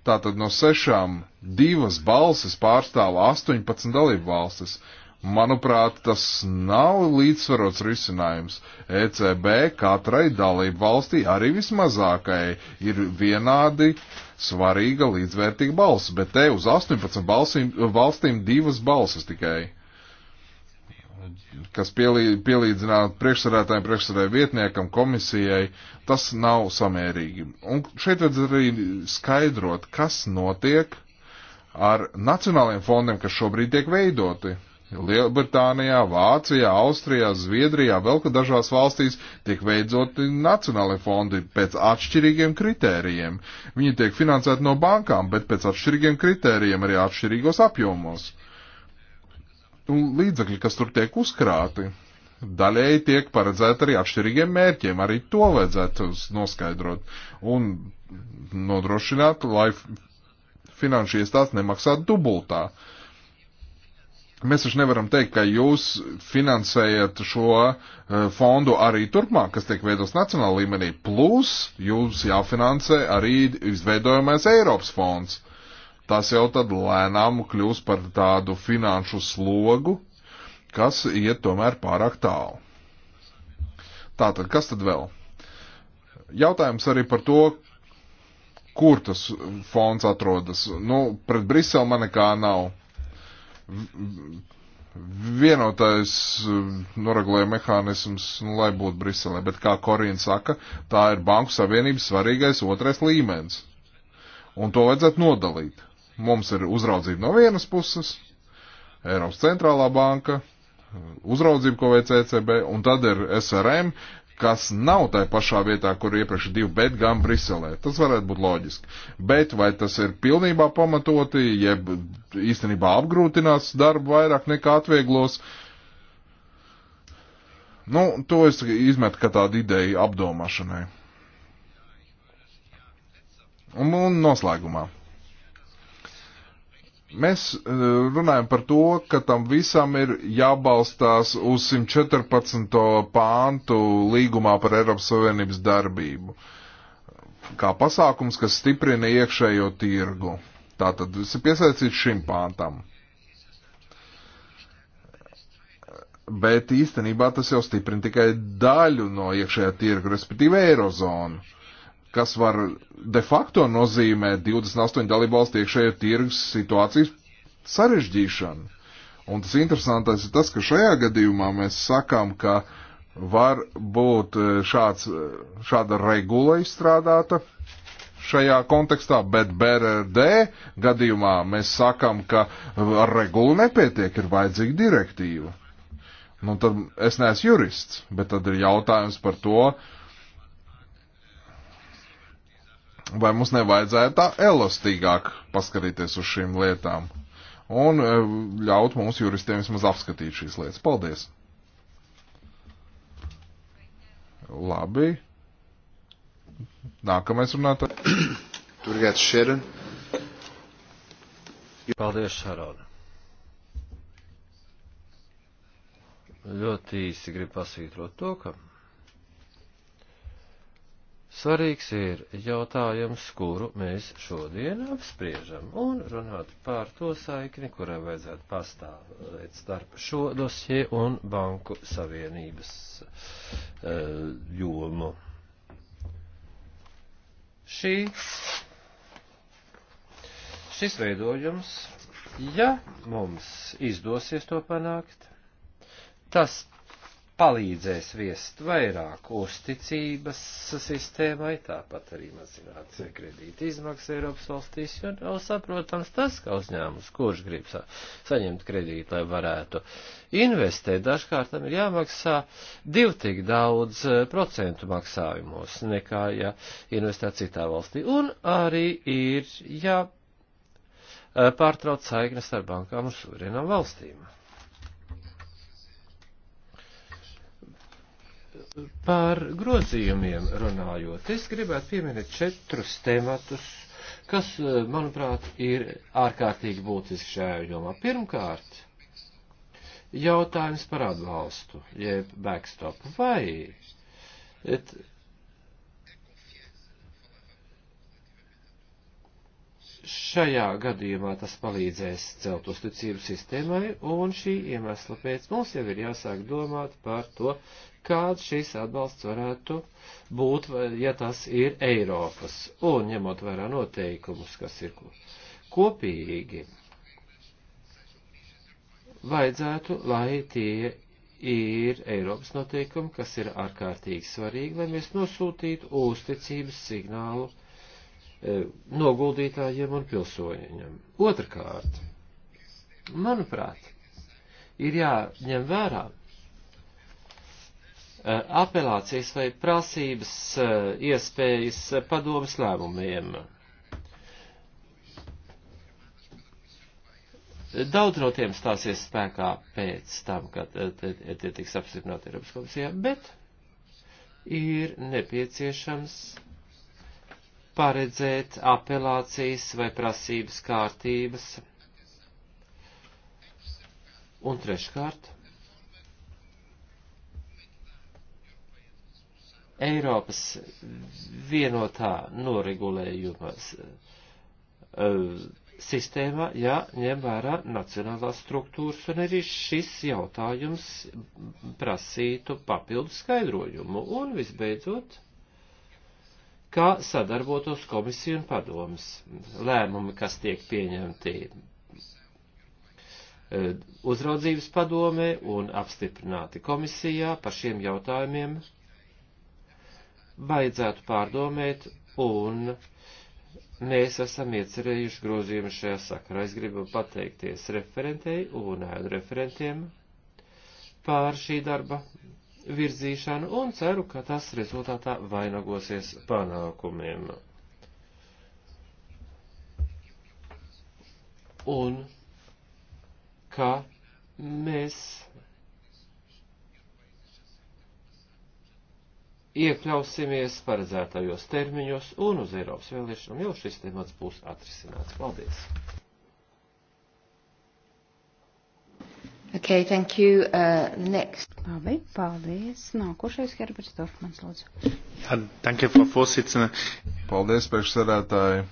S3: Tātad no sešām divas balsis pārstāv 18 dalību valstis. Manuprāt, tas nav līdzsvarots risinājums. ECB katrai dalību valstī, arī vismazākajai, ir vienādi svarīga līdzvērtīga balss, bet te uz 18 balsīm, valstīm divas balsis tikai kas pielī, pielīdzinātu priekšsarētājiem, priekšsarētāju vietniekam, komisijai, tas nav samērīgi. Un šeit vajadz arī skaidrot, kas notiek ar nacionālajiem fondiem, kas šobrīd tiek veidoti Lielbritānijā, Vācijā, Austrijā, Zviedrijā, vēl ka dažās valstīs tiek veidzot nacionālai fondi pēc atšķirīgiem kritērijiem. Viņi tiek finansēti no bankām, bet pēc atšķirīgiem kritērijiem arī atšķirīgos apjomos. Un līdzekļi, kas tur tiek uzkrāti, daļēji tiek paredzēti arī atšķirīgiem mērķiem, arī to vajadzētu noskaidrot un nodrošināt, lai finanšu iestādes nemaksātu dubultā. Uh, Mēs taču nevaram teikt, ka jūs finansējat šo eh, fondu arī turpmāk, kas tiek veidots nacionāla līmenī, plus jums jāfinansē arī izveidojamais Eiropas fonds. Tas jau tad lēnām kļūs par tādu finanšu slogu, kas iet tomēr pārāk tālu. Tātad, kas tad vēl? Jautājums arī par to, kur tas fonds atrodas. Nu, pret Briselu man nekā nav vienotais um, noregulējuma mehānisms, nu, lai būtu Briselē, bet kā Korīna saka, tā ir Banku Savienības svarīgais otrais līmenis. Un to vajadzētu nodalīt. Mums ir uzraudzība no vienas puses, Eiropas centrālā banka, uzraudzība, ko veic ECB, un tad ir SRM, kas nav tajā pašā vietā, kur iepriekš divi, bet gan Briselē. Tas varētu būt loģiski. Bet vai tas ir pilnībā pamatoti, jeb īstenībā apgrūtinās darbu vairāk nekā atvieglos? Nu, to es izmetu kā tādu ideju apdomāšanai. Un, un noslēgumā. Mēs eh, runājam par to, ka tam visam ir jābalstās uz 114. pāntu līgumā par Eiropas Savienības darbību, kā pasākums, kas stiprina iekšējo tirgu. Tātad viss ir piesaistīts šim pāntam. Bet īstenībā tas jau stiprina tikai daļu no iekšējā tirgu, respektīvi Eirozonu kas var de facto nozīmēt 28 dalībvalstu iekšējā tirgus situācijas sarežģīšanu. Un tas interesantais ir tas, ka šajā gadījumā mēs sakām, ka var būt e, šāds, e, šāda regula izstrādāta šajā kontekstā, bet BRD gadījumā mēs sakām, ka ar regulu nepietiek, ir vajadzīga direktīva. Nu, tad es neesmu jurists, bet tad ir jautājums par to, uh, vai mums nevajadzētu tā elastīgāk paskatīties uz šīm lietām un e, ļaut mums juristiem vismaz apskatīt šīs lietas. Paldies! Labi. Nākamais runātājs. Tur gāds Šeran.
S2: Paldies, Šarona. Ļoti īsi gribu pasvītrot to, ka Svarīgs ir jautājums, kuru mēs šodien apspriežam, un runāt par to saikni, kurai vajadzētu pastāvēt starp šo dosie un Banku Savienības uh, jomu. Šī, šis veidojums, ja mums izdosies to panākt, tas palīdzēs viest vairāk uzticības sistēmai, tāpat arī mazināt kredīti izmaksas Eiropas valstīs, jo nav nu, saprotams tas, ka uzņēmums, kurš grib sa saņemt kredītu, lai varētu investēt, dažkārt tam ir jāmaksā div tik daudz eh, procentu maksājumos, nekā ja investē citā valstī. Un arī ir jāpārtrauc ja, eh, saiknes ar bankām un suverēnām valstīm. Par grozījumiem runājot, es gribētu pieminēt četrus tematus, kas, eh, manuprāt, ir ārkārtīgi būtiski šajā jomā. Pirmkārt, jautājums par atbalstu, jeb backstop. Vai et, šajā gadījumā tas palīdzēs celt uzticību sistēmai, un šī iemesla pēc mums jau ir jāsāk domāt par to, kāds šīs atbalsts varētu būt, ja tas ir Eiropas. Un ņemot vērā noteikumus, kas ir kopīgi, vajadzētu, lai tie ir Eiropas noteikumi, kas ir ārkārtīgi svarīgi, lai mēs nosūtītu uzticības signālu e, noguldītājiem un pilsoņiem. Otrakārt, manuprāt, ir jāņem vērā Eh, apelācijas vai prasības eh, iespējas eh, padomas lēmumiem. Daudz no tiem stāsies spēkā pēc tam, kad tie tiks apstiprināti Eiropas komisijā, bet ir nepieciešams paredzēt apelācijas vai prasības kārtības. Un treškārt, Eiropas vienotā noregulējuma e, sistēmā jāņem vērā nacionālās struktūras, un arī šis jautājums prasītu papildu skaidrojumu. Un visbeidzot, kā sadarbotos komisija un padomas lēmumi, kas tiek pieņemti e, uzraudzības padomē un apstiprināti komisijā par šiem jautājumiem vajadzētu pārdomēt, un mēs esam iecerējuši grozījumu šajā sakarā. Es gribu pateikties referentei un ēnu referentiem pār šī darba virzīšanu un ceru, ka tas rezultātā vainagosies panākumiem. Un ka mēs iekļausimies paredzētajos termiņos un uz Eiropas vēlēšanām jau šis temats būs atrisināts. Paldies!
S1: Okay, thank you. Uh, next. Labi, paldies. Nākošais Herberts Dorfmans, lūdzu.
S3: Jā, danke, Frau Vorsitzende. Paldies, priekšsēdētāji.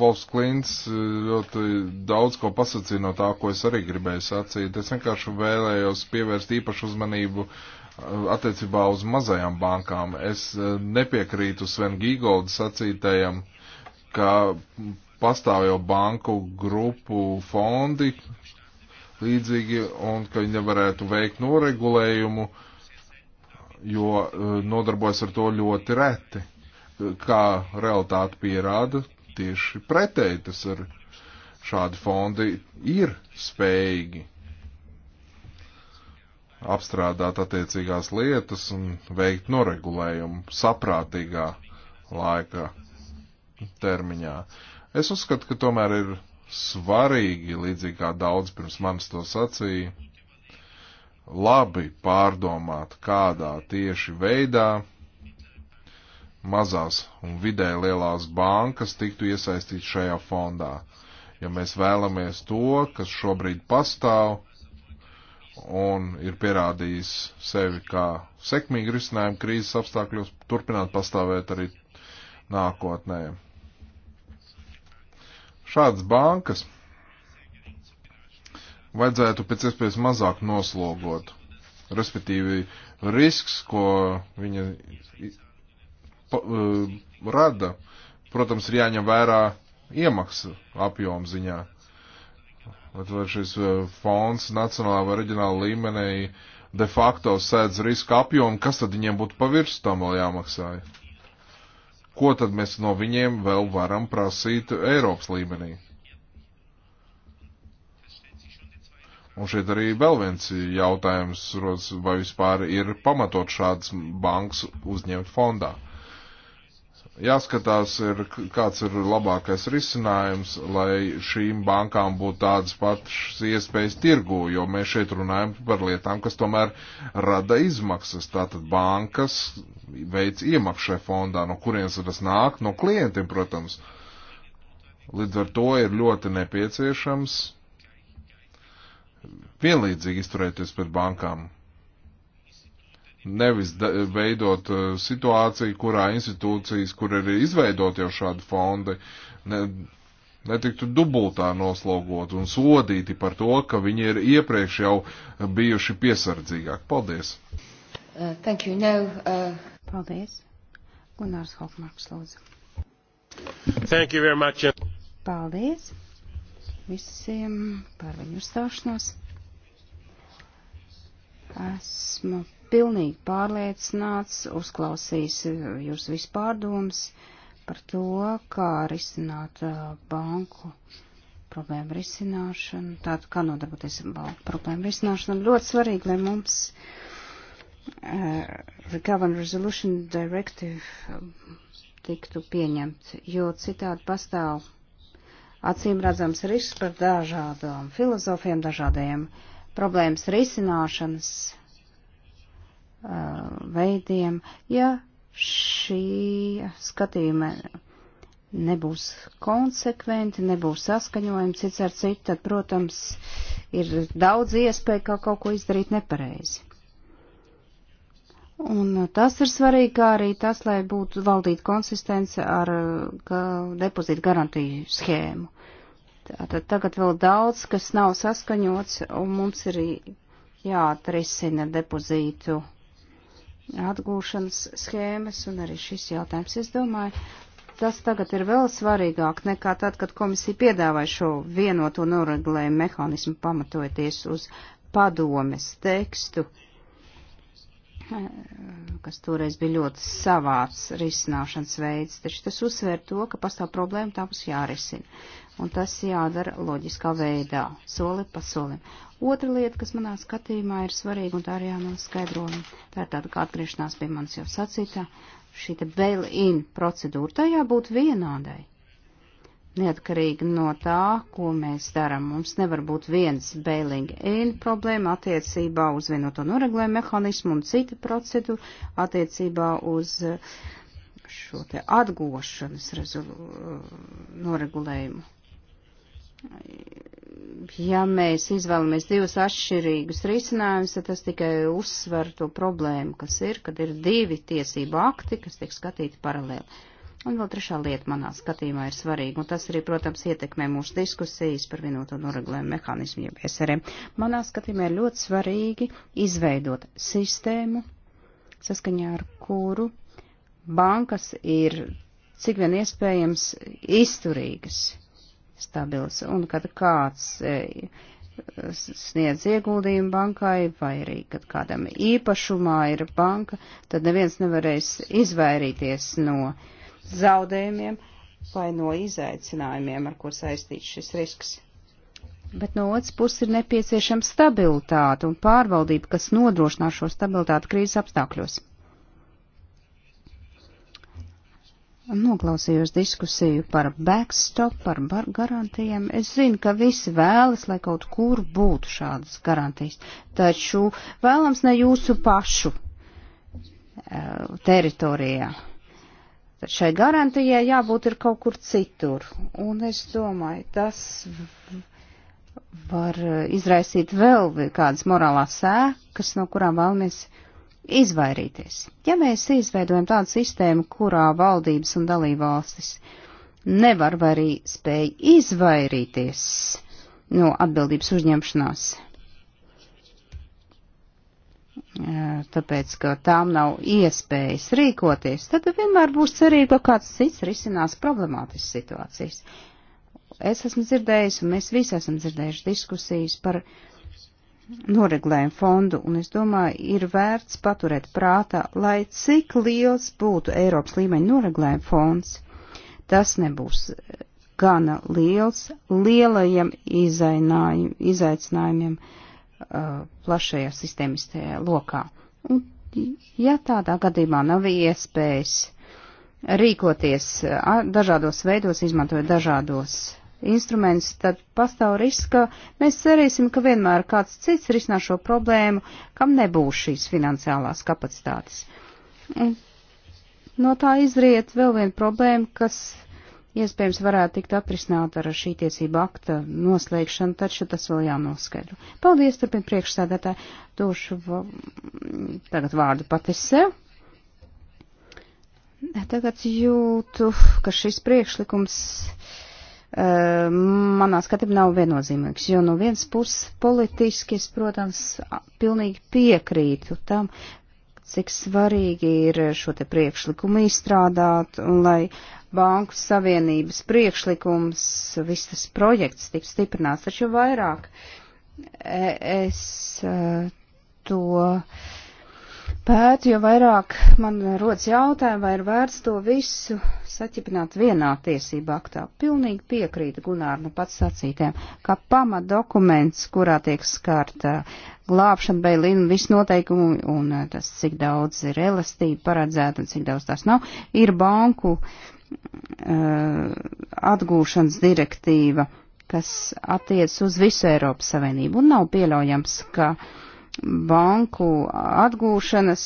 S3: Volfs uh, Klints uh, ļoti daudz ko pasacīja no tā, ko es arī gribēju sacīt. Es vienkārši vēlējos pievērst īpašu uzmanību uh, attiecībā uz mazajām bankām. Es eh, nepiekrītu Sven Gīgolda sacītajam, ka pastāv jau banku grupu fondi līdzīgi un ka viņi varētu veikt noregulējumu, jo eh, nodarbojas ar to ļoti reti. Kā realitāte pierāda, tieši pretēji tas ir. Šādi fondi ir spējīgi apstrādāt attiecīgās lietas un veikt noregulējumu saprātīgā laika termiņā. Es uzskatu, ka tomēr ir svarīgi, līdzīgi kā daudz pirms manis to sacīja, labi pārdomāt, kādā tieši veidā mazās un vidē lielās bankas tiktu iesaistīts šajā fondā. Ja mēs vēlamies to, kas šobrīd pastāv, un ir pierādījis sevi kā sekmīgi risinājumu krīzes apstākļos, turpināt pastāvēt arī nākotnē. Šādas bankas vajadzētu pēc iespējas mazāk noslogot. Respektīvi, risks, ko viņa pa, e, rada, protams, ir jāņem vērā iemaksu apjomu ziņā vai šis eh, fonds nacionālā vai reģionāla līmenī de facto sēdz riska apjomu, kas tad viņiem būtu pavirs tam vēl jāmaksāja? Ko tad mēs no viņiem vēl varam prasīt Eiropas līmenī? Un šeit arī vēl viens jautājums, vai vispār ir pamatot šādas bankas uzņemt fondā jāskatās, ir, kāds ir labākais risinājums, lai šīm bankām būtu tādas pašas iespējas tirgū, jo mēs šeit runājam par lietām, kas tomēr rada izmaksas. Tātad bankas veids iemaksai fondā, no kurienes tas nāk, no klientiem, protams. Līdz ar to ir ļoti nepieciešams vienlīdzīgi izturēties pret bankām. Nevis da, veidot uh, situāciju, kurā institūcijas, kur ir izveidot jau šādi fondi, ne, netiktu dubultā noslogot un sodīti par to, ka viņi ir iepriekš jau bijuši piesardzīgāki. Paldies!
S1: Uh, thank you. No, uh... Paldies! Gunārs Hofmarks, lūdzu.
S4: Thank you very much.
S1: Paldies visiem par viņu uzstāšanos. Esmu pilnīgi pārliecināts, uzklausījis eh, jūs vispārdomas par to, kā risināt eh, banku problēmu risināšanu, tātad kā nodarboties ar banku problēmu risināšanu. Ļoti svarīgi, lai mums uh, eh, Recovery Resolution Directive tiktu pieņemt, jo citādi pastāv acīm redzams risks par dažādām filozofiem, dažādiem problēmas risināšanas veidiem, ja šī skatījuma nebūs konsekventi, nebūs saskaņojumi cits ar citu, tad, protams, ir daudz iespēju kā kaut ko izdarīt nepareizi. Un tas ir svarīgi, kā arī tas, lai būtu valdīta konsistence ar ka, depozītu garantiju schēmu. Tātad tagad vēl daudz, kas nav saskaņots, un mums ir jāatrisina depozītu atgūšanas schēmas un arī šis jautājums, es domāju, tas tagad ir vēl svarīgāk nekā tad, kad komisija piedāvāja šo vienoto noregulējumu mehānismu pamatojoties uz padomes tekstu, kas toreiz bija ļoti savāds risināšanas veids, taču tas uzsver to, ka pastāv problēma, tā mums jārisina. Un tas jādara loģiskā veidā, soli pa solim. Otra lieta, kas manā skatījumā ir svarīga, un tā ir jānoskaidro, tā ir tāda kā atgriešanās pie manis jau sacītā, šī te bail-in procedūra, tā jābūt vienādai. Neatkarīgi no tā, ko mēs darām, mums nevar būt viens bail-in problēma attiecībā uz vienoto noregulējumu mehānismu un cita procedūra attiecībā uz uh, šo te atgošanas uh, noregulējumu ja mēs izvēlamies divus atšķirīgus risinājumus, tad tas tikai uzsver to problēmu, kas ir, kad ir divi tiesību akti, kas tiek skatīti paralēli. Un vēl trešā lieta manā skatījumā ir svarīga, un tas arī, protams, ietekmē mūsu diskusijas par vienoto noregulējumu mehānismu, jeb SRM. Manā skatījumā ir ļoti svarīgi izveidot sistēmu, saskaņā ar kuru bankas ir cik vien iespējams izturīgas stabils. Un kad kāds e, sniedz ieguldījumu bankai vai arī, kad kādam īpašumā ir banka, tad neviens nevarēs izvairīties no zaudējumiem vai no izaicinājumiem, ar kur saistīts šis risks. Bet no otras puses ir nepieciešama stabilitāte un pārvaldība, kas nodrošinā šo stabilitāti krīzes apstākļos. Noklausījos diskusiju par backstop, par garantijām. Es zinu, ka visi vēlas, lai kaut kur būtu šādas garantijas, taču vēlams ne jūsu pašu eh, teritorijā. Tad šai garantijai jābūt ir kaut kur citur. Un es domāju, tas var izraisīt vēl kādas morālās sēkas, no kurām vēlamies izvairīties. Ja mēs izveidojam tādu sistēmu, kurā valdības un dalībvalstis nevar vai arī spēj izvairīties no atbildības uzņemšanās, tāpēc, ka tām nav iespējas rīkoties, tad vienmēr būs cerība, ka kāds cits risinās problemātiskas situācijas. Es esmu dzirdējis, un mēs visi esam dzirdējuši diskusijas par uh, noreglējumu fondu, un es domāju, ir vērts paturēt prātā, lai cik liels būtu Eiropas līmeņa noreglējuma fonds, tas nebūs gana liels lielajiem izaicinājumiem uh, plašajā sistēmistajā lokā. Un, ja tādā gadījumā nav iespējas rīkoties dažādos veidos, izmantojot dažādos instruments, tad pastāv risks, ka mēs cerēsim, ka vienmēr kāds cits risinās šo problēmu, kam nebūs šīs finansiālās kapacitātes. Un no tā izriet vēl viena problēma, kas iespējams varētu tikt atrisināt ar šī tiesība akta noslēgšanu, taču tas vēl jānoskaidro. Paldies, turpin priekšsēdētāji. Došu va... tagad vārdu pati sev. Tagad jūtu, ka šis priekšlikums Eh, manā skatījumā nav viennozīmīgs, jo no vienas puses politiski es, protams, pilnīgi piekrītu tam, cik svarīgi ir šo te priekšlikumu izstrādāt, un lai Banku Savienības priekšlikums, viss tas projekts tik stiprināts, taču vairāk eh, es eh, to pētu, jo vairāk man rodas jautājumi, vai ir vērts to visu saķipināt vienā tiesību aktā. Pilnīgi piekrītu Gunārnu nu pats sacītēm, ka pamat dokuments, kurā tiek skārta glābšana, beilina, visu noteikumu un eh, tas, cik daudz ir elastība paredzēta un cik daudz tās nav, ir banku uh, atgūšanas direktīva, kas attiec uz visu Eiropas Savienību un nav pieļaujams, ka uh, banku atgūšanas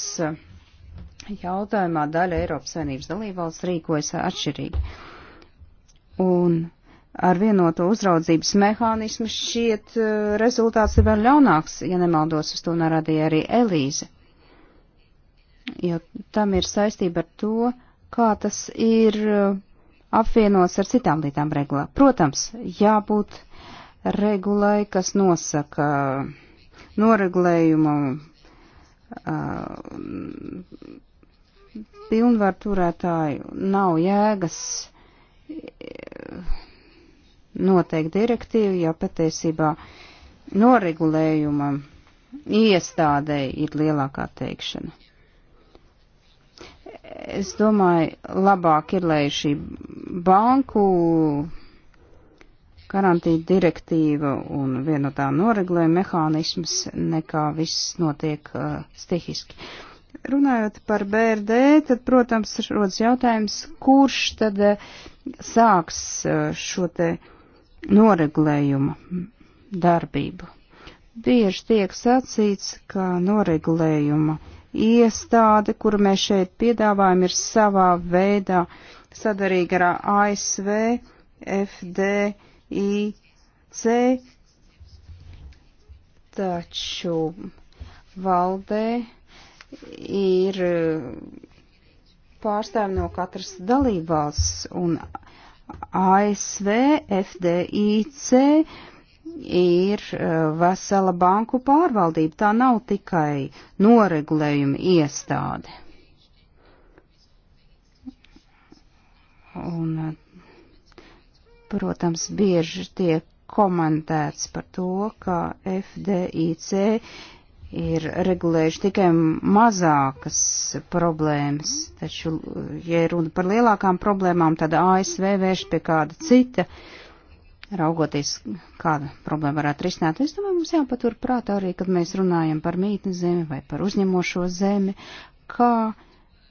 S1: jautājumā daļa Eiropas Savienības dalībvalsts rīkojas atšķirīgi. Un ar vienoto uzraudzības mehānismu šķiet eh, rezultāts ir vēl ļaunāks, ja nemaldos, uz to norādīja arī Elīze. Jo tam ir saistība ar to, kā tas ir eh, apvienots ar citām lietām regulā. Protams, jābūt regulai, kas nosaka uh, noregulējuma pilnvaru turētāju nav jēgas noteikt direktīvu, ja patiesībā noregulējuma iestādē ir lielākā teikšana. Es domāju, labāk ir, lai šī banku garantija direktīva un viena no tām noreglē mehānisms, nekā viss notiek uh, stihiski. Runājot par BRD, tad, protams, rodas jautājums, kurš tad uh, sāks uh, šo te noreglējumu darbību. Bieži tiek sacīts, ka noreglējuma iestāde, kuru mēs šeit piedāvājam, ir savā veidā sadarīga ar ASV, FD, uh, IC, taču valdē ir uh, pārstāvi no katras dalībvalsts un ASV FDIC ir uh, vesela banku pārvaldība. Tā nav tikai noregulējuma iestāde. Un uh, protams, bieži tiek komentēts par to, ka FDIC ir regulējuši tikai mazākas problēmas, taču, ja runa par lielākām problēmām, tad ASV vērš pie kāda cita, raugoties, kāda problēma varētu risināt. Es domāju, mums jāpatur prātā arī, kad mēs runājam par mītnes zemi vai par uzņemošo zemi, kā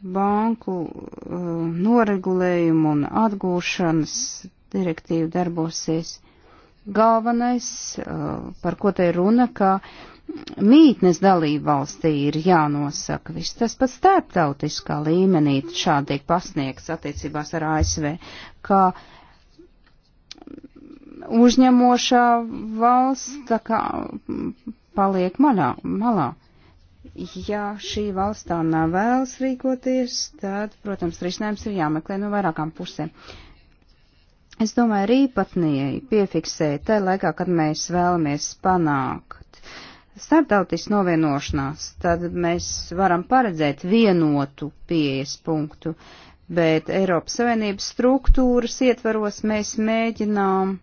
S1: banku uh, noregulējumu un atgūšanas direktīva darbosies. Galvenais, par ko te ir runa, ka mītnes dalība valstī ir jānosaka. Viss tas pat starptautiskā līmenī šādi tiek pasniegts attiecībās ar ASV, ka uzņemošā valsts tā kā paliek malā. malā. Ja šī valstā nav vēlas rīkoties, tad, protams, risinājums ir jāmeklē no vairākām pusēm. Uh, es domāju, ir īpatnēji piefiksēt tajā laikā, kad mēs vēlamies panākt starptautis novienošanās, tad mēs varam paredzēt vienotu pieejas punktu, bet Eiropas Savienības struktūras ietvaros mēs mēģinām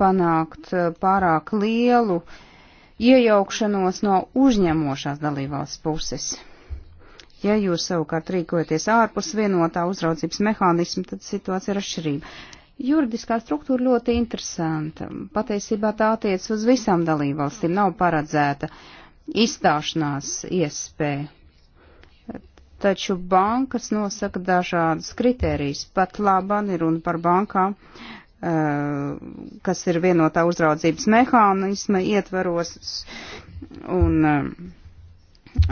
S1: panākt eh, pārāk lielu iejaukšanos no uzņemošās dalībvalsts puses. Ja jūs savukārt rīkojaties ārpus vienotā uzraudzības mehānisma, tad situācija ir atšķirība. Juridiskā struktūra ļoti interesanta. Patiesībā tā attiec uz visām dalībvalstīm. Nav paredzēta izstāšanās iespēja. Taču bankas nosaka dažādas kritērijas. Pat labāk ir runa par bankām, eh, kas ir vienotā uzraudzības mehānisma ietvaros. Un, eh,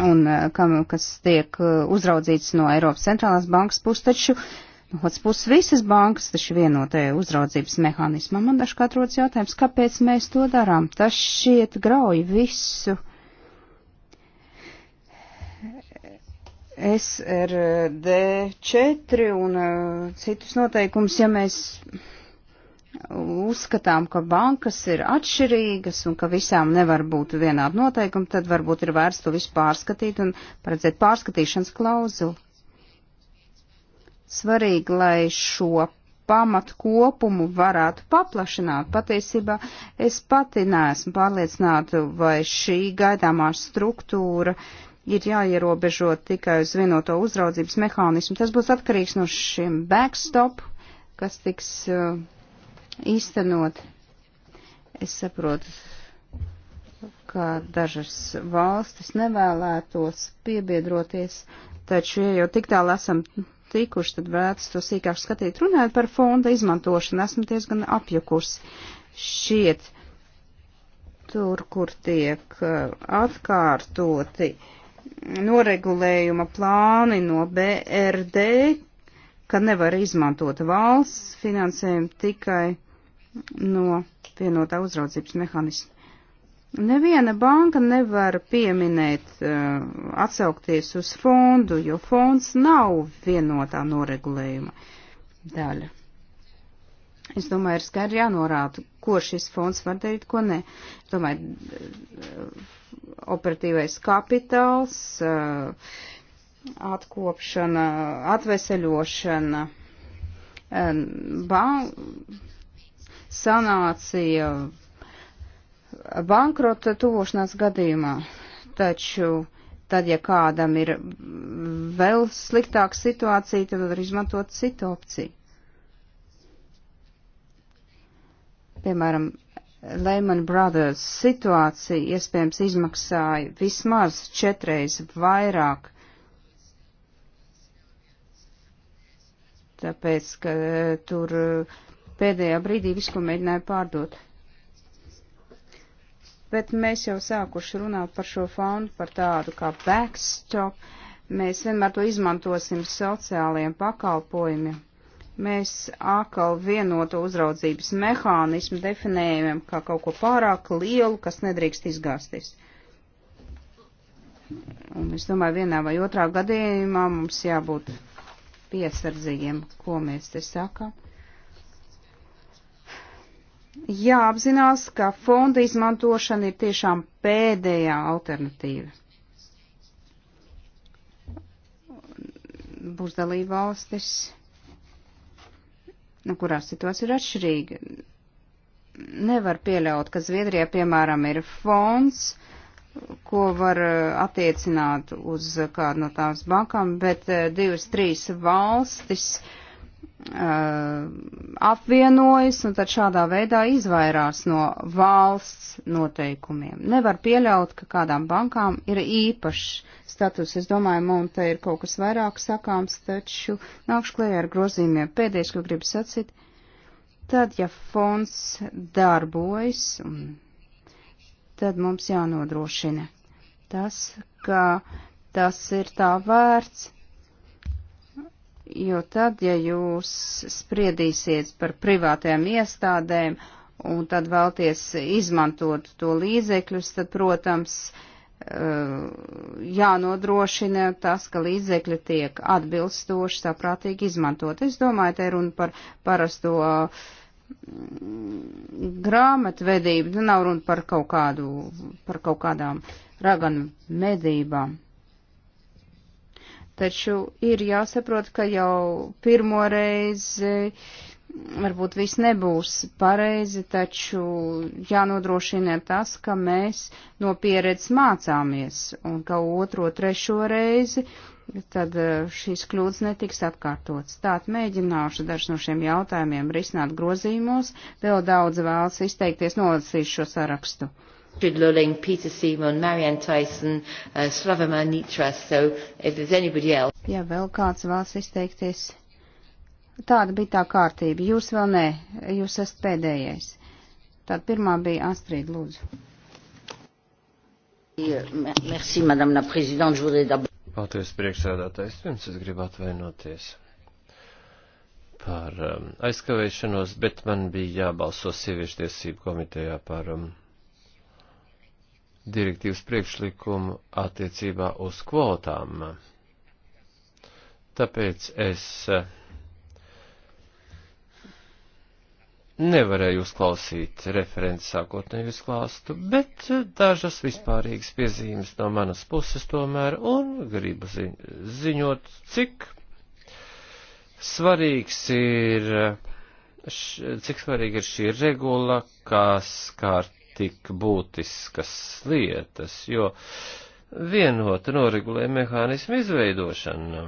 S1: un eh, kam, kas tiek eh, uzraudzīts no Eiropas centrālās bankas puses, taču no otras puses visas bankas, taču vienotajai uzraudzības mehānismam. Man dažkārt rodas jautājums, kāpēc mēs to darām? Tas šiet grauj visu. SRD4 un uh, citus noteikumus, ja mēs uzskatām, ka bankas ir atšķirīgas un ka visām nevar būt vienāda noteikuma, tad varbūt ir vērts to visu pārskatīt un paredzēt pārskatīšanas klauzulu. Svarīgi, lai šo pamatu kopumu varētu paplašināt. Patiesībā es pati neesmu pārliecināta, vai šī gaidāmā struktūra ir jāierobežo tikai uz vienoto uzraudzības mehānismu. Tas būs atkarīgs no šiem backstop, kas tiks uh, īstenot. Es saprotu, ka dažas valstis nevēlētos piebiedroties, taču, ja jau tik tālu esam tikuši, tad vērts to sīkāk skatīt. Runājot par fonda izmantošanu, esmu diezgan apjukusi. Šiet tur, kur tiek uh, atkārtoti noregulējuma plāni no BRD, ka nevar izmantot valsts finansējumu tikai no vienotā uzraudzības mehānisma. Neviena banka nevar pieminēt, uh, atsaukties uz fondu, jo fonds nav vienotā noregulējuma daļa. Es domāju, ir skaidri jānorāda, ko šis fonds var darīt, ko nē. Es domāju, eh, operatīvais kapitāls, uh, atkopšana, atveseļošana, uh, banka sanācija bankrota tuvošanās gadījumā. Taču tad, ja kādam ir vēl sliktāka situācija, tad var izmantot citu opciju. Piemēram, Lehman Brothers situācija iespējams izmaksāja vismaz četreiz vairāk, tāpēc, ka eh, tur uh, pēdējā brīdī visu, ko mēģināja pārdot. Bet mēs jau sākuši runāt par šo fondu, par tādu kā backstop. Mēs vienmēr to izmantosim sociālajiem pakalpojumiem. Mēs atkal vienoto uzraudzības mehānismu definējam kā kaut ko pārāk lielu, kas nedrīkst izgāsties. Un es domāju, vienā vai otrā gadījumā mums jābūt piesardzīgiem, ko mēs te sakām jāapzinās, ka fonda izmantošana ir tiešām pēdējā alternatīva. Būs dalība valstis, no nu, kurās situācija ir atšķirīga. Nevar pieļaut, ka Zviedrijā, piemēram, ir fonds, ko var eh, attiecināt uz kādu no tās bankām, bet eh, divas, trīs valstis uh, Uh, apvienojas un tad šādā veidā izvairās no valsts noteikumiem. Nevar pieļaut, ka kādām bankām ir īpašs status. Es domāju, mums te ir kaut kas vairāk sakāms, taču nākšu klējā ar grozījumiem. Pēdējais, ko gribu sacīt, tad, ja fonds darbojas, tad mums jānodrošina tas, ka tas ir tā vērts jo tad, ja jūs spriedīsiet par privātajām iestādēm un tad vēlties izmantot to līdzekļus, tad, protams, eh, jānodrošina tas, ka līdzekļi tiek atbilstoši, saprātīgi izmantot. Es domāju, te runa par parasto mm, grāmatvedību, nu, nav runa par kaut kādu, par kaut kādām raganu medībām. Taču ir jāsaprot, ka jau pirmo reizi varbūt viss nebūs pareizi, taču jānodrošina tas, ka mēs no pieredzes mācāmies un ka otro, trešo reizi tad e, šīs kļūdas netiks atkārtotas. Tātad mēģināšu dažs no šiem jautājumiem risināt grozījumos, vēl daudz vēlas izteikties nolasīšu šo sarakstu. Richard Lulling, Peter Simon, Marianne Tyson, uh, Slavama Nitra, so if there's anybody else. Ja vēl kāds vēlas izteikties, tāda bija tā kārtība. Jūs vēl nē, jūs esat pēdējais. Tad pirmā bija Astrid Lūdzu. Merci, madame la présidente, je voudrais d'abord.
S2: Paldies, priekšsēdātājs. Pirms es gribu atvainoties par um, aizkavēšanos, bet man bija jābalso sieviešu tiesību komitejā par um, direktīvas priekšlikumu attiecībā uz kvotām. Tāpēc es eh, nevarēju uzklausīt referents sākotnēju izklāstu, bet eh, dažas vispārīgas piezīmes no manas puses tomēr un gribu ziņot, cik svarīgs ir, eh, cik svarīga ir šī regula, kas skār tik būtiskas lietas, jo vienota noregulē mehānismu izveidošana.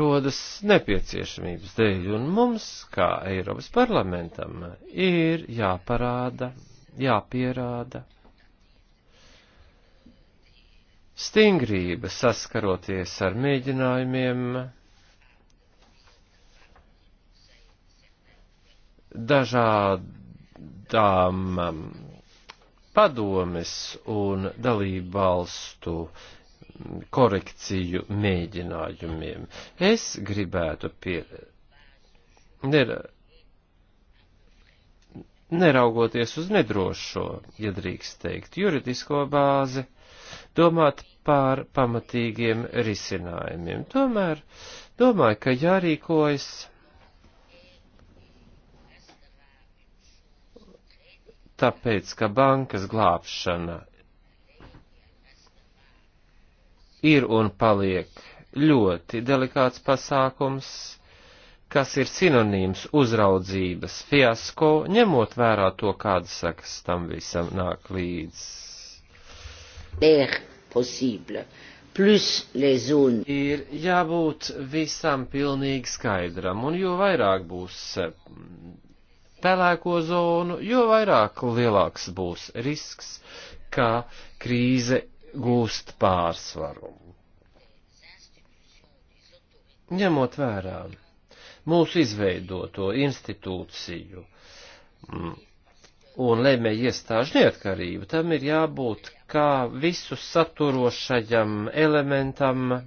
S2: rodas nepieciešamības dēļ, un mums, kā Eiropas parlamentam, ir jāparāda, jāpierāda stingrība saskaroties ar mēģinājumiem dažādām um, padomes un dalību valstu korekciju mēģinājumiem. Es gribētu pie. Ner, neraugoties uz nedrošo, ja drīkst teikt, juridisko bāzi, domāt pār pamatīgiem risinājumiem. Tomēr domāju, ka jārīkojas tāpēc, ka bankas glābšana ir un paliek ļoti delikāts pasākums, kas ir sinonīms uzraudzības fiasko, ņemot vērā to, kādas sakas tam visam nāk līdz. Ir jābūt visam pilnīgi skaidram, un jo vairāk būs pelēko zonu, jo vairāk lielāks būs risks, ka krīze gūst pārsvaru. Ņemot vērā mūsu izveidoto institūciju mm, un lēmēja iestāžu neatkarību, tam ir jābūt kā visu saturošajam elementam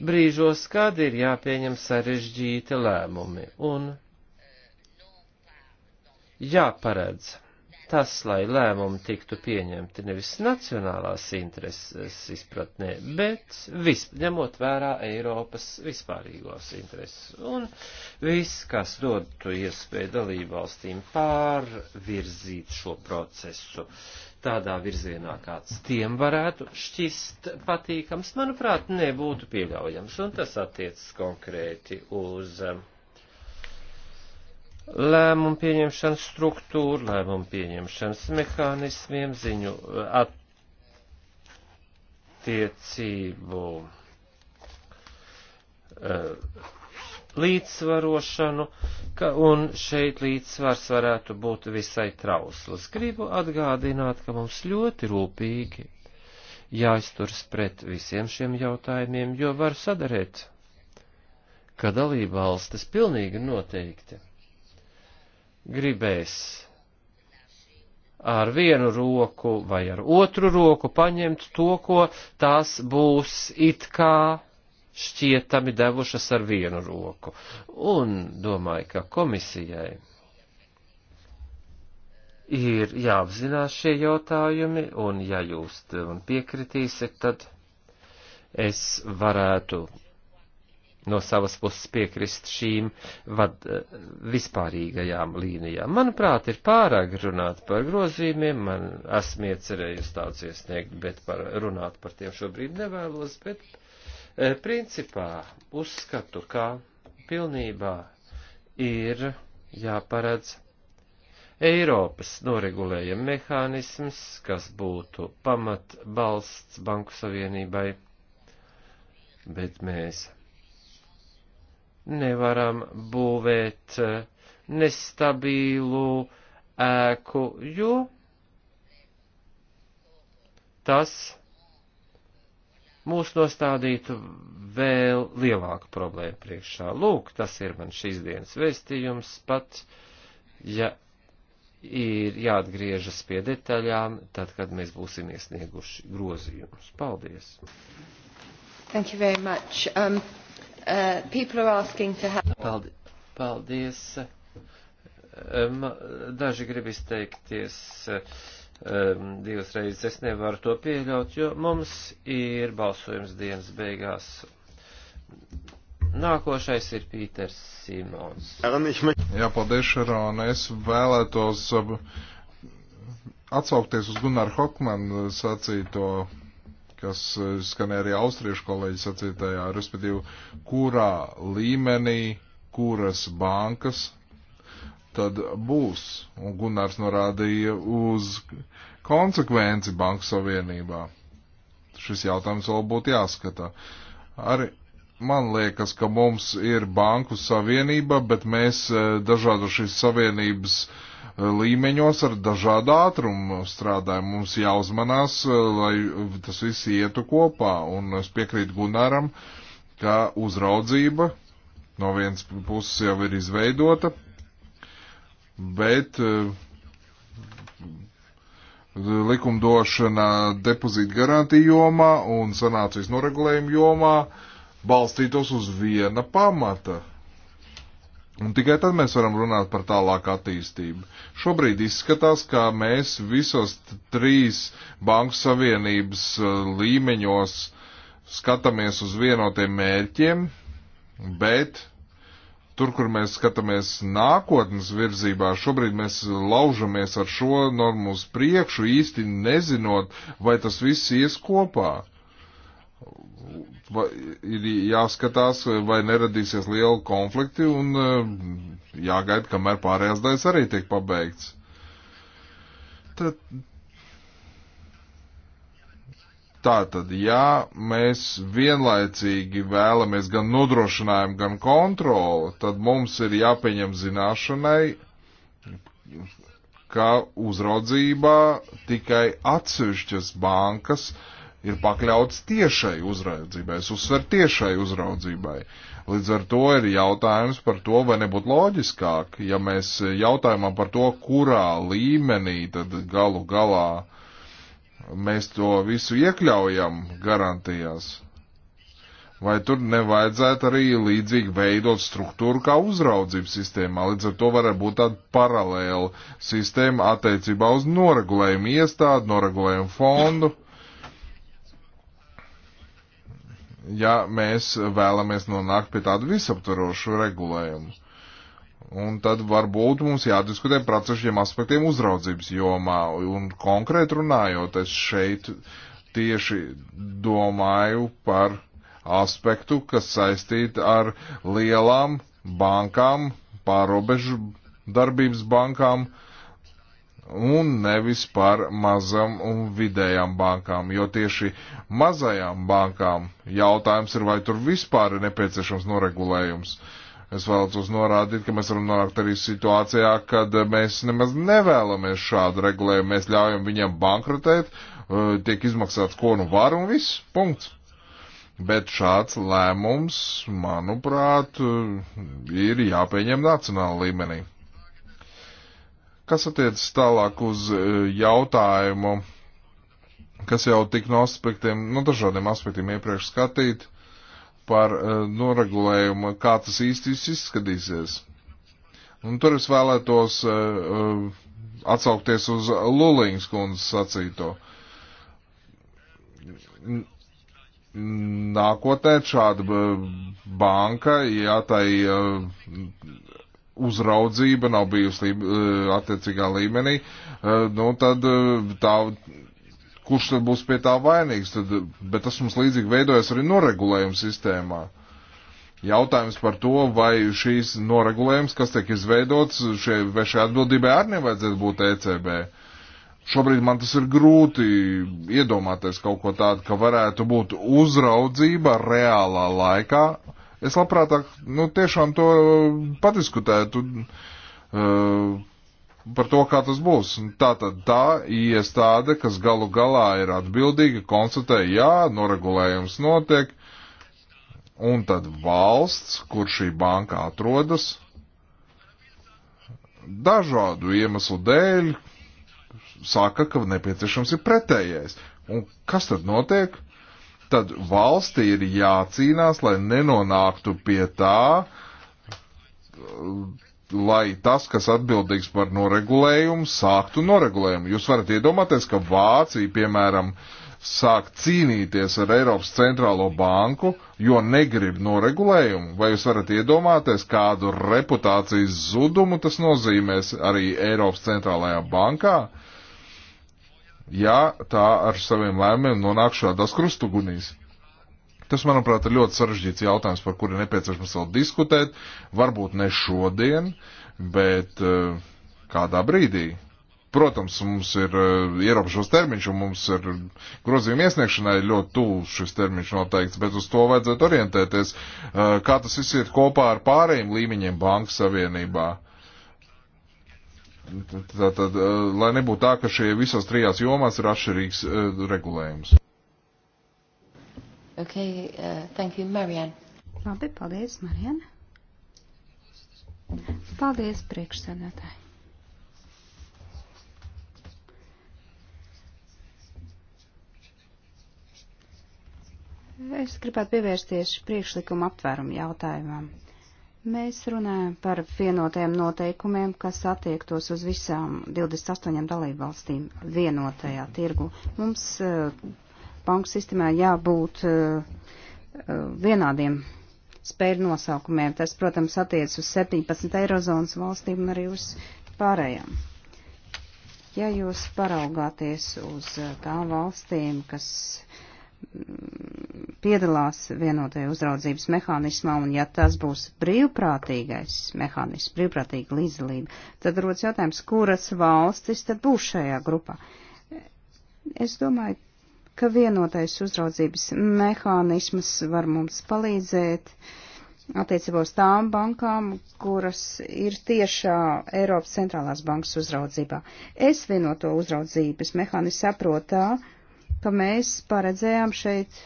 S2: brīžos, kad ir jāpieņem sarežģīti lēmumi. Un jāparedz tas, lai lēmumi tiktu pieņemti nevis nacionālās intereses izpratnē, bet vis, ņemot vērā Eiropas vispārīgos intereses. Un viss, kas dotu iespēju dalībvalstīm pārvirzīt šo procesu tādā virzienā, kāds tiem varētu šķist patīkams, manuprāt, nebūtu pieļaujams. Un tas attiecas konkrēti uz. Um, lēmumu pieņemšanas struktūru, lēmumu pieņemšanas mehānismiem, ziņu eh, attiecību eh, līdzsvarošanu, ka, un šeit līdzsvars varētu būt visai trausls. Gribu atgādināt, ka mums ļoti rūpīgi jāizturas pret visiem šiem jautājumiem, jo var sadarēt, ka dalība valstis pilnīgi noteikti gribēs ar vienu roku vai ar otru roku paņemt to, ko tās būs it kā šķietami devušas ar vienu roku. Un domāju, ka komisijai ir jāapzinās šie jautājumi, un ja jūs man piekritīsiet, tad es varētu no savas puses piekrist šīm vad, vispārīgajām līnijām. Manuprāt, ir pārāk runāt par grozījumiem, man esmu iecerējusi tāds iesniegt, bet par, runāt par tiem šobrīd nevēlos, bet e, principā uzskatu, ka pilnībā ir jāparedz Eiropas noregulējuma mehānisms, kas būtu pamatbalsts Banku Savienībai, bet mēs nevaram būvēt eh, nestabilu ēku, jo tas mūs nostādītu vēl lielāku problēmu priekšā. Lūk, tas ir man šīs dienas vēstījums, pat ja ir jāatgriežas pie detaļām, tad, kad mēs būsim iesnieguši grozījumus. Paldies!
S1: Thank you very much. Um... Uh, people are asking to have...
S2: Paldies. Paldies. Um, daži grib izteikties um, divas reizes. Es nevaru to pieļaut, jo mums ir balsojums dienas beigās. Nākošais ir Pīters Simons.
S3: Jā, paldies, Šarona. Es vēlētos um, atsaukties uz Gunāru Hokmanu sacīto kas eh, skanēja arī austriešu kolēģi sacītajā, respektīvi, kurā līmenī, kuras bankas tad būs. Un Gunārs norādīja uz konsekvenci Banku Savienībā. Šis jautājums vēl būtu jāskata. Arī Man liekas, ka mums ir banku savienība, bet mēs eh, dažādu šīs savienības eh, līmeņos ar dažādu ātrumu strādājam. Mums jāuzmanās, eh, lai tas viss ietu kopā. Un es piekrītu Gunaram, ka uzraudzība no vienas puses jau ir izveidota, bet likumdošana depozīta garantiju jomā un sanācijas noregulējuma jomā uh, balstītos uz viena pamata. Un tikai tad mēs varam runāt par tālāku attīstību. Šobrīd izskatās, ka mēs visos trīs banku savienības uh, līmeņos skatāmies uz vienotiem mērķiem, bet tur, kur mēs skatāmies nākotnes virzībā, šobrīd mēs laužamies ar šo normu uz priekšu, īsti nezinot, vai tas viss ies kopā vai, ir jāskatās, vai neradīsies liela konflikti un eh, jāgaida, kamēr pārējās daļas arī tiek pabeigts. Tad, tā tad, ja mēs vienlaicīgi vēlamies gan nodrošinājumu, gan kontroli, tad mums ir jāpieņem zināšanai, ka uzraudzībā tikai atsevišķas bankas uh, ir pakļauts tiešai uzraudzībai, es uzsveru tiešai uzraudzībai. Līdz ar to ir jautājums par to, vai nebūtu loģiskāk, ja mēs jautājumā par to, kurā līmenī tad galu galā mēs to visu iekļaujam garantijās, vai tur nevajadzētu arī līdzīgi veidot struktūru kā uzraudzības sistēmā. Līdz ar to varētu būt tāda paralēla sistēma attiecībā uz noregulējumu iestādi, noregulējumu fondu. ja mēs vēlamies nonākt pie tādu visaptvarošu regulējumu. Un tad varbūt mums jādiskutē par atsevišķiem aspektiem uzraudzības jomā. Un konkrēti runājot, es šeit tieši domāju par aspektu, kas saistīta ar lielām bankām, pārobežu darbības bankām, uh, un nevis par mazam un vidējām bankām, jo tieši mazajām bankām jautājums ir, vai tur vispār ir nepieciešams noregulējums. Es vēlos norādīt, ka mēs varam nonākt arī situācijā, kad mēs nemaz nevēlamies šādu regulējumu, mēs ļaujam viņiem bankrotēt, e, tiek izmaksāts, ko nu var un viss, punkts. Bet šāds lēmums, manuprāt, e, ir jāpieņem nacionāla līmenī. Kas attiecas tālāk uz e, jautājumu, kas jau tik no aspektiem, no dažādiem aspektiem iepriekš skatīt par e, noregulējumu, kā tas īsti izskatīsies. Un tur es vēlētos e, atsaukties uz Lulīngas kundzes sacīto. Nākotnē šāda banka, ja tai uzraudzība nav bijusi līb, e, attiecīgā līmenī, e, nu tad e, tā, kurš tad būs pie tā vainīgs, tad, bet tas mums līdzīgi veidojas arī noregulējuma sistēmā. Jautājums par to, vai šīs noregulējums, kas tiek izveidots, šie, vai šai atbildībai arī nevajadzētu būt ECB. Šobrīd man tas ir grūti iedomāties kaut ko tādu, ka varētu būt uzraudzība reālā laikā, uh, Es labprātāk, nu, tiešām to padiskutētu uh, par to, kā tas būs. Tā tad tā iestāde, kas galu galā ir atbildīga, konstatē, jā, noregulējums notiek, un tad valsts, kur šī banka atrodas, dažādu iemeslu dēļ saka, ka nepieciešams ir pretējais. Un kas tad notiek? tad valstī ir jācīnās, lai nenonāktu pie tā, lai tas, kas atbildīgs par noregulējumu, sāktu noregulējumu. Jūs varat iedomāties, ka Vācija, piemēram, sāk cīnīties ar Eiropas centrālo banku, jo negrib noregulējumu, vai jūs varat iedomāties, kādu reputācijas zudumu tas nozīmēs arī Eiropas centrālajā bankā? Uh, ja tā ar saviem lēmumiem nonāk šādās krustugunīs. Tas, manuprāt, ir ļoti sarežģīts jautājums, par kuru nepieciešams vēl diskutēt. Varbūt ne šodien, bet eh, kādā brīdī. Protams, mums ir eh, ierobežots termiņš, un mums ir grozījuma iesniegšanai ļoti tuvu šis termiņš noteikts, bet uz to vajadzētu orientēties, eh, kā tas viss ir kopā ar pārējiem līmeņiem Banka Savienībā Tātad, eh, lai nebūtu tā, ka šie visos trijās jomās ir atšķirīgs uh, regulējums.
S1: Okay, uh, thank you, Marianne. Labi, paldies, Marianne. Paldies, priekšsēdētāji. Es gribētu pievērsties priekšlikuma aptvērumu jautājumam. Mēs runājam par vienotajiem noteikumiem, kas attiektos uz visām 28 dalību valstīm vienotajā tirgu. Mums uh, banku sistēmā jābūt uh, vienādiem spēļu nosaukumiem. Tas, protams, attiec uz 17 eirozonas valstīm un arī uz pārējām. Ja jūs paraugāties uz eh, tām valstīm, kas uh, piedalās vienotajā uzraudzības mehānismā, un ja tas būs brīvprātīgais mehānisms, brīvprātīga līdzdalība, tad rodas jautājums, kuras valstis tad būs šajā grupā. Es domāju, ka vienotais uzraudzības mehānisms var mums palīdzēt attiecībā uz tām bankām, kuras ir tiešā Eiropas centrālās bankas uzraudzībā. Es vienoto uzraudzības mehānismu saprotu tā, ka mēs paredzējām šeit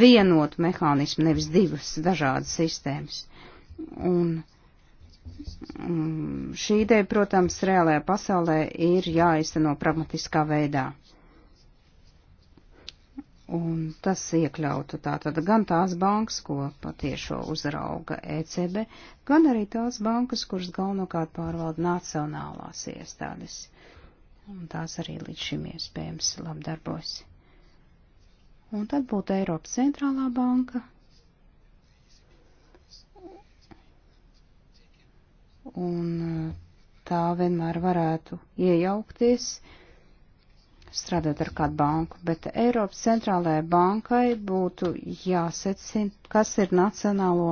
S1: vienotu mehānismu, nevis divas dažādas sistēmas. Un šī ideja, protams, reālajā pasaulē ir jāizteno pragmatiskā veidā. Un tas iekļautu tātad gan tās bankas, ko patiešo uzrauga ECB, gan arī tās bankas, kuras galvenokārt pārvalda nacionālās iestādes. Un tās arī līdz šim iespējams labdarbojas. Un tad būtu Eiropas centrālā banka. Un eh, tā vienmēr varētu iejaukties, strādāt ar kādu banku, bet Eiropas centrālajai bankai būtu jāsecina, kas ir nacionālo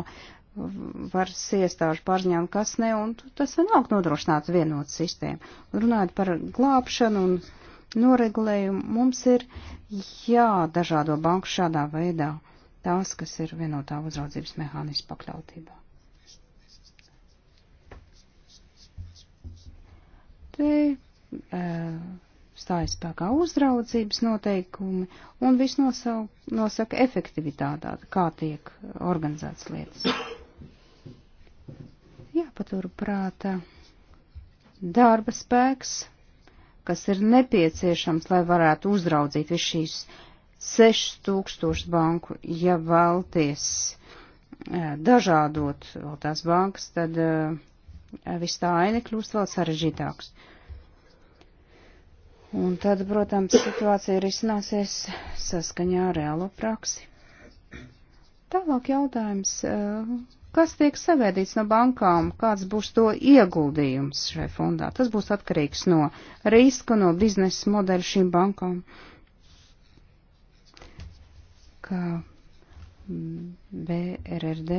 S1: varas iestāžu pārziņām, kas ne, un tas vienalga nodrošinātu vienotu sistēmu. Runājot par glābšanu un noregulējumu. Mums ir jādažādo banku šādā veidā tās, kas ir vienotā uzraudzības mehānismu pakļautībā. Te e, stājas spēkā uzraudzības noteikumi un viss nosau, nosaka efektivitātā, kā tiek organizētas lietas. Jāpatur prātā darba spēks kas ir nepieciešams, lai varētu uzraudzīt visu šīs 6000 banku, ja vēlties eh, dažādot vēl tās bankas, tad eh, viss tā aina kļūst vēl sarežģītāks. Un tad, protams, situācija ir izcināsies saskaņā ar reālo praksi. Tālāk jautājums, eh, Kas tiek sagaidīts no bankām, kāds būs to ieguldījums šai fondā? Tas būs atkarīgs no riska, no biznesa modeļa šīm bankām. Ka mm, BRRD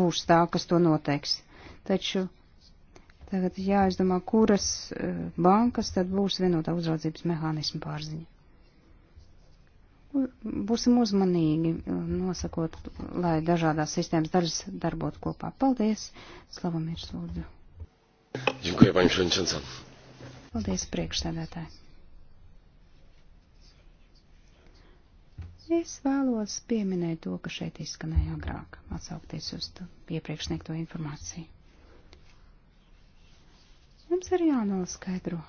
S1: būs tā, kas to noteiks. Taču tagad jāizdomā, kuras eh, bankas tad būs vienotā uzraudzības mehānismu pārziņa būsim uzmanīgi uh, nosakot, lai dažādās sistēmas dažas darbotu kopā. Paldies! Slavamīrs lūdzu!
S4: Dziękuję, pani
S2: przewodnicząca.
S1: Paldies, priekšsēdētāji. Es vēlos pieminēt to, ka šeit izskanēja agrāk, atsaukties uz iepriekš sniegto informāciju. Mums ir jānoskaidro,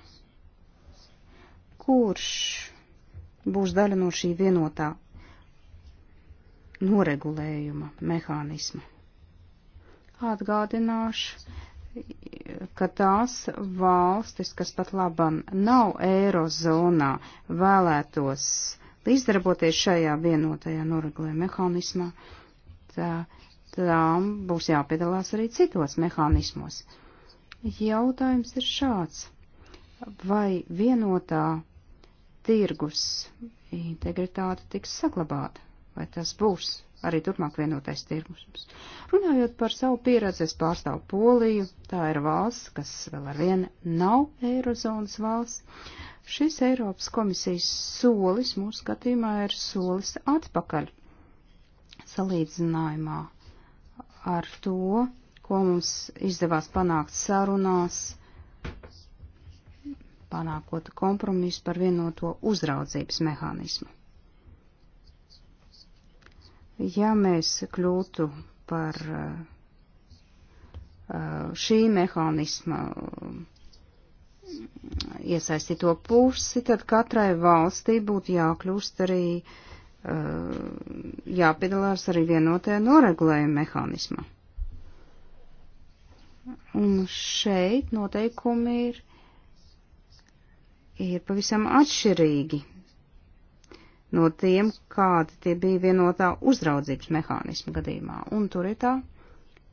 S1: kurš būs daļa no šī vienotā noregulējuma mehānisma. Atgādināšu, ka tās valstis, kas pat laban nav eirozonā, vēlētos līdzdarboties šajā vienotajā noregulējuma mehānismā, tā, tām būs jāpiedalās arī citos mehānismos. Jautājums ir šāds. Vai vienotā tirgus integritāte tiks saglabāta, vai tas būs arī turpmāk vienotais tirgus. Runājot par savu pieredzi, es pārstāvu Poliju, tā ir valsts, kas vēl ar vienu nav Eirozonas valsts. Šis Eiropas komisijas solis mūsu skatījumā ir solis atpakaļ salīdzinājumā ar to, ko mums izdevās panākt sarunās panākot kompromisu par vienoto uzraudzības mehānismu. Ja mēs kļūtu par uh, šī mehānisma uh, iesaistīto pusi, tad katrai valstī būtu jākļūst arī, uh, jāpiedalās arī vienotajā noregulējuma mehānismā. Un šeit noteikumi ir ir pavisam atšķirīgi no tiem, kādi tie bija vienotā uzraudzības mehānismu gadījumā. Un tur ir tā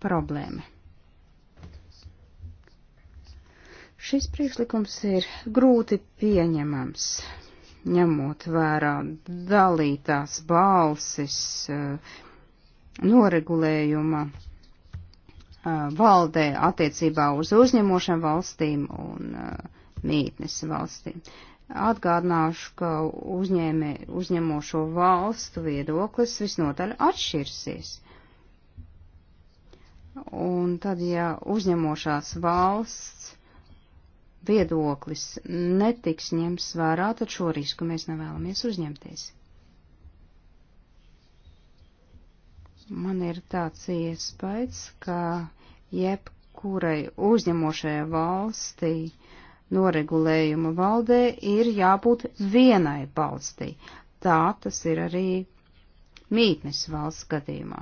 S1: problēma. Šis priekšlikums ir grūti pieņemams, ņemot vērā dalītās balsis, eh, noregulējuma eh, valdē attiecībā uz uzņemošanu valstīm un uh, mītnes valstīm. Atgādināšu, ka uzņēmē, uzņemošo valstu viedoklis visnotaļ atšķirsies. Un tad, ja uzņemošās valsts viedoklis netiks ņems vērā, tad šo risku mēs nevēlamies uzņemties. Man ir tāds iespējas, ka jebkurai uzņemošajai valstī noregulējuma valdē ir jābūt vienai balstī. Tā tas ir arī mītnes valsts gadījumā.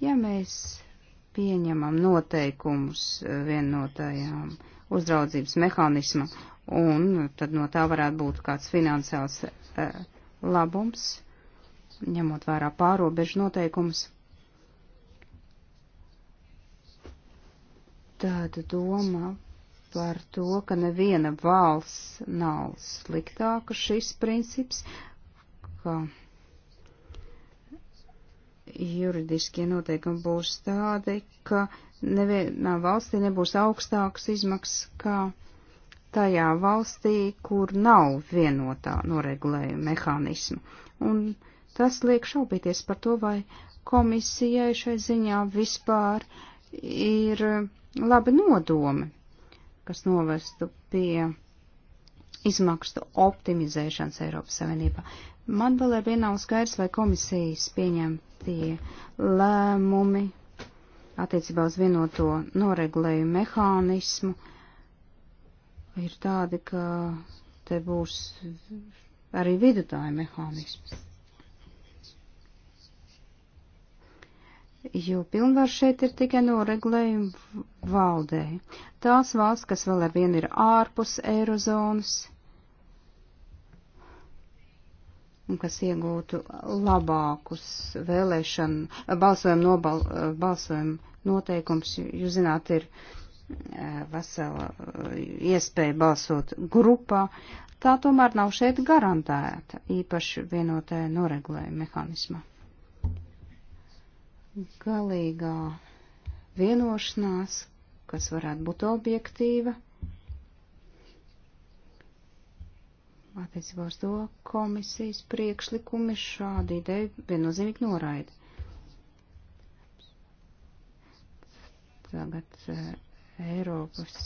S1: Ja mēs pieņemam noteikumus eh, vienotajām uzraudzības mehānismam, un tad no tā varētu būt kāds finansiāls eh, labums, ņemot vērā pārobežu noteikumus. Tāda doma par to, ka neviena valsts nav sliktāka šis princips, ka juridiskie noteikumi būs tādi, ka nevienā valstī nebūs augstāks izmaksas kā tajā valstī, kur nav vienotā noregulējuma mehānismu. Un tas liek šaubīties par to, vai komisijai šai ziņā vispār ir labi nodomi kas novestu pie izmakstu optimizēšanas Eiropas Savienībā. Man vēl ar vienu nav skaidrs, vai komisijas pieņemtie lēmumi attiecībā uz vienoto noregulēju mehānismu ir tādi, ka te būs arī vidutāja mehānisms. jo pilnvar šeit ir tikai no regulējuma valdēji. Tās valsts, kas vēl ar vienu ir ārpus eirozonas un kas iegūtu labākus vēlēšanu balsojumu, nobal, balsojumu noteikums, jūs zināt, ir e, vesela e, iespēja balsot grupā. Tā tomēr nav šeit garantēta, īpaši vienotajā noregulējuma mehānismā galīgā vienošanās, kas varētu būt objektīva. Attiecībā uz to komisijas priekšlikumi šādu ideju viennozīmīgi noraida. Tagad uh, Eiropas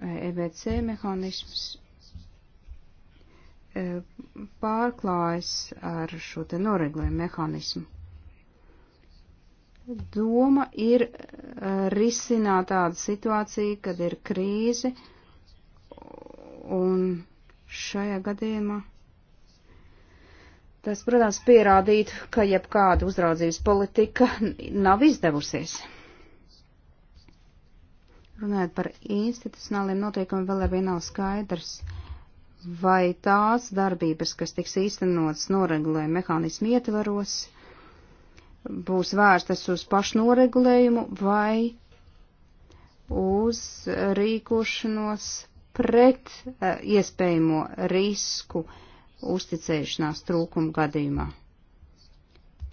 S1: EBC eh, e mehānisms uh, pārklājas ar šo te noregulējumu mehānismu doma ir eh, risināt tādu situāciju, kad ir krīze, un šajā gadījumā tas, protams, pierādītu, ka jebkāda uzraudzības politika nav izdevusies. Runājot par institucionāliem noteikumiem, vēl arvien nav skaidrs, vai tās darbības, kas tiks īstenotas noregulējuma mehānismu ietvaros, uh, būs vērstas uz pašnoregulējumu vai uz rīkošanos pret eh, iespējamo risku uzticēšanās trūkumu gadījumā.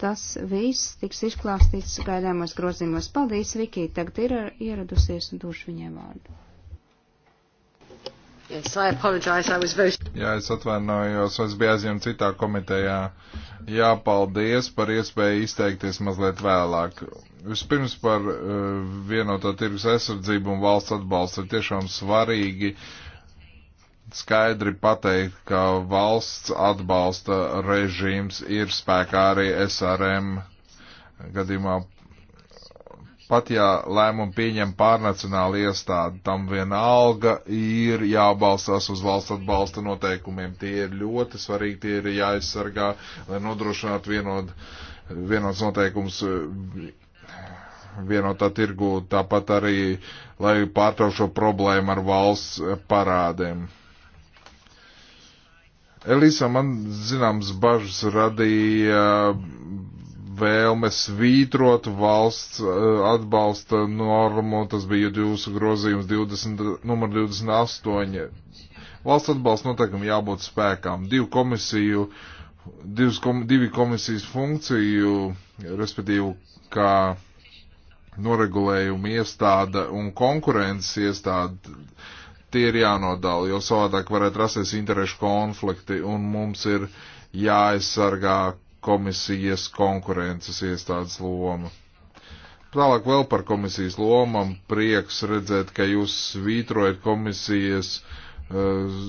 S1: Tas viss tiks izklāstīts gaidāmos grozījumos. Paldies, Viki, tagad ir ieradusies un došu viņai vārdu.
S4: Yes, I apologize, I was very...
S3: Jā, es atvainojos, es biju aizņemts citā komitejā. Jā, paldies par iespēju izteikties mazliet vēlāk. Vispirms par uh, eh, vienoto tirgus aizsardzību un valsts atbalstu ir tiešām svarīgi skaidri pateikt, ka valsts atbalsta režīms ir spēkā arī SRM gadījumā pat ja lēmumu pieņem pārnacionāla iestāde, tam vienalga ir jābalstās uz valsts atbalsta noteikumiem. Tie ir ļoti svarīgi, tie ir jāaizsargā, lai nodrošinātu vienod, vienots noteikums vienotā tirgu, tāpat arī, lai pārtraukšo problēmu ar valsts parādēm. Elisa man zināms bažas radīja vēlmes vītrot valsts eh, atbalsta normu, tas bija jūsu grozījums 20, numur 28. Valsts atbalsta noteikumi jābūt spēkām. Divu komisiju, divas, kom, divi komisijas funkciju, respektīvi, kā noregulējuma iestāde un konkurences iestāde, tie ir jānodala, jo savādāk varētu rasties interešu konflikti un mums ir jāaizsargā komisijas konkurences iestādes loma. Tālāk vēl par komisijas lomam prieks redzēt, ka jūs svītrojat komisijas uh,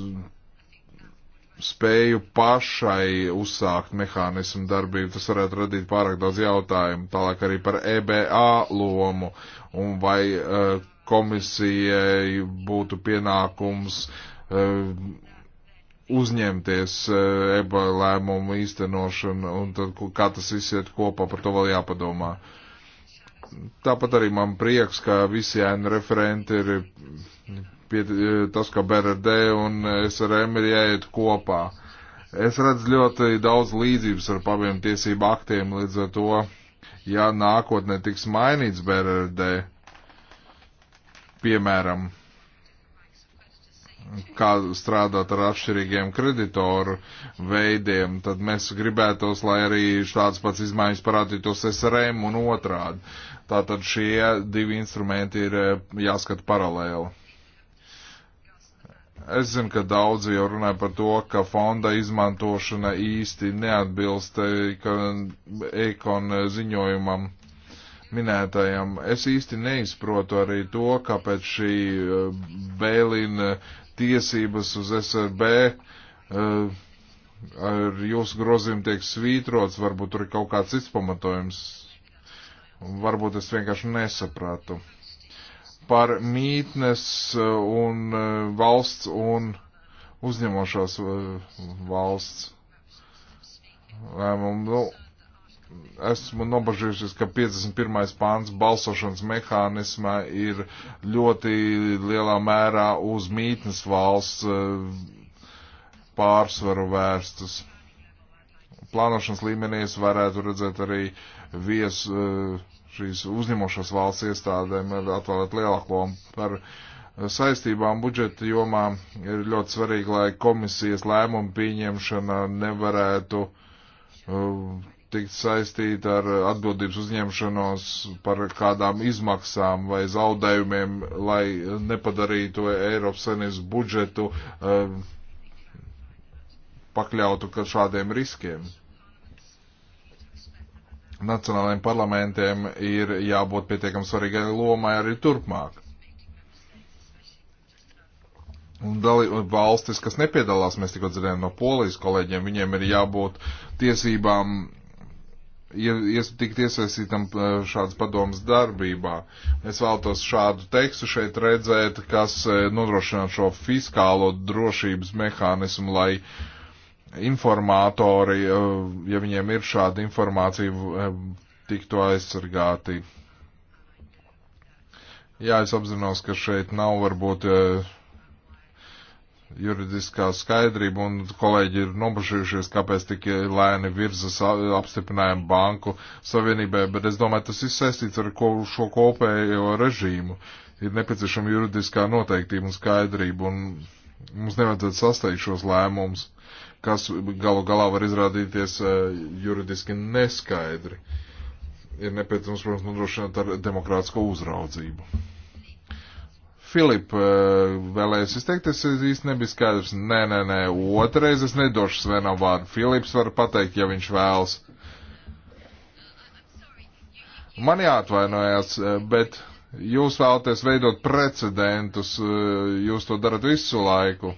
S3: spēju pašai uzsākt mehānismu darbību. Tas varētu radīt pārāk daudz jautājumu. Tālāk arī par EBA lomu un vai uh, komisijai būtu pienākums uh, uzņemties e, EBA lēmumu īstenošanu un tad, kā tas viss iet kopā, par to vēl jāpadomā. Tāpat arī man prieks, ka visi ēnu referenti ir pie, e, tas, ka BRD un SRM ir jāiet kopā. Es redzu ļoti daudz līdzības ar paviem tiesību aktiem, līdz ar to, ja nākotnē tiks mainīts BRD, piemēram, kā strādāt ar atšķirīgiem kreditoru veidiem, tad mēs gribētos, lai arī šāds pats izmaiņas parādītos SRM un otrādi. Tātad šie divi instrumenti ir eh, jāskata paralēli. Es zinu, ka daudzi jau runāja par to, ka fonda izmantošana īsti neatbilst ekon eh, eh, ziņojumam minētajam. Es īsti neizprotu arī to, kāpēc šī Bēlina tiesības uz SRB uh, eh, ar jūsu grozījumu tiek svītrots, varbūt tur ir kaut kāds cits pamatojums. Varbūt es vienkārši nesapratu. Par mītnes eh, un eh, valsts un uzņemošās valsts lēmumu. Nu, esmu nobažījušies, ka 51. pāns balsošanas mehānismā ir ļoti lielā mērā uz mītnes valsts eh, pārsvaru vērstas. Plānošanas līmenī es varētu redzēt arī vies eh, šīs uzņemošās valsts iestādēm atvēlēt lielāku lomu par eh, saistībām budžeta jomā. Ir ļoti svarīgi, lai komisijas lēmumu pieņemšana nevarētu uh, tikt saistīta ar atbildības uzņemšanos par kādām izmaksām vai zaudējumiem, lai nepadarītu Eiropas Savienības budžetu eh, pakļautu šādiem riskiem. Nacionālajiem parlamentiem ir jābūt pietiekam svarīgai lomai arī turpmāk. Un dali, valstis, kas nepiedalās, mēs tikko dzirdējām no polijas kolēģiem, viņiem ir jābūt tiesībām ies, tikt iesaistītam šādas padomas darbībā. Es vēltos šādu tekstu šeit redzēt, kas nodrošinātu šo fiskālo drošības mehānismu, lai informātori, ja viņiem ir šāda informācija, tiktu aizsargāti. Jā, es apzinos, ka šeit nav varbūt. Uh, juridiskā skaidrība, un kolēģi ir nobažījušies, kāpēc tik lēni virzas apstiprinājumu banku savienībai, bet es domāju, tas ir saistīts ar ko, šo kopējo režīmu. Ir nepieciešama juridiskā noteiktība un skaidrība, un mums nevajadzētu sasteigt šos lēmumus, kas galu galā var izrādīties e, juridiski neskaidri. Ir nepieciešams, protams, nodrošināt ar demokrātisko uzraudzību. Filip, eh, vēlējos izteikt, tas īsti nebija skaidrs. Nē, nē, nē, otrreiz es nedošu Svenam vārdu. Filips var pateikt, ja viņš vēlas. Man jāatvainojās, eh, bet jūs vēlaties veidot precedentus, eh, jūs to darat visu laiku.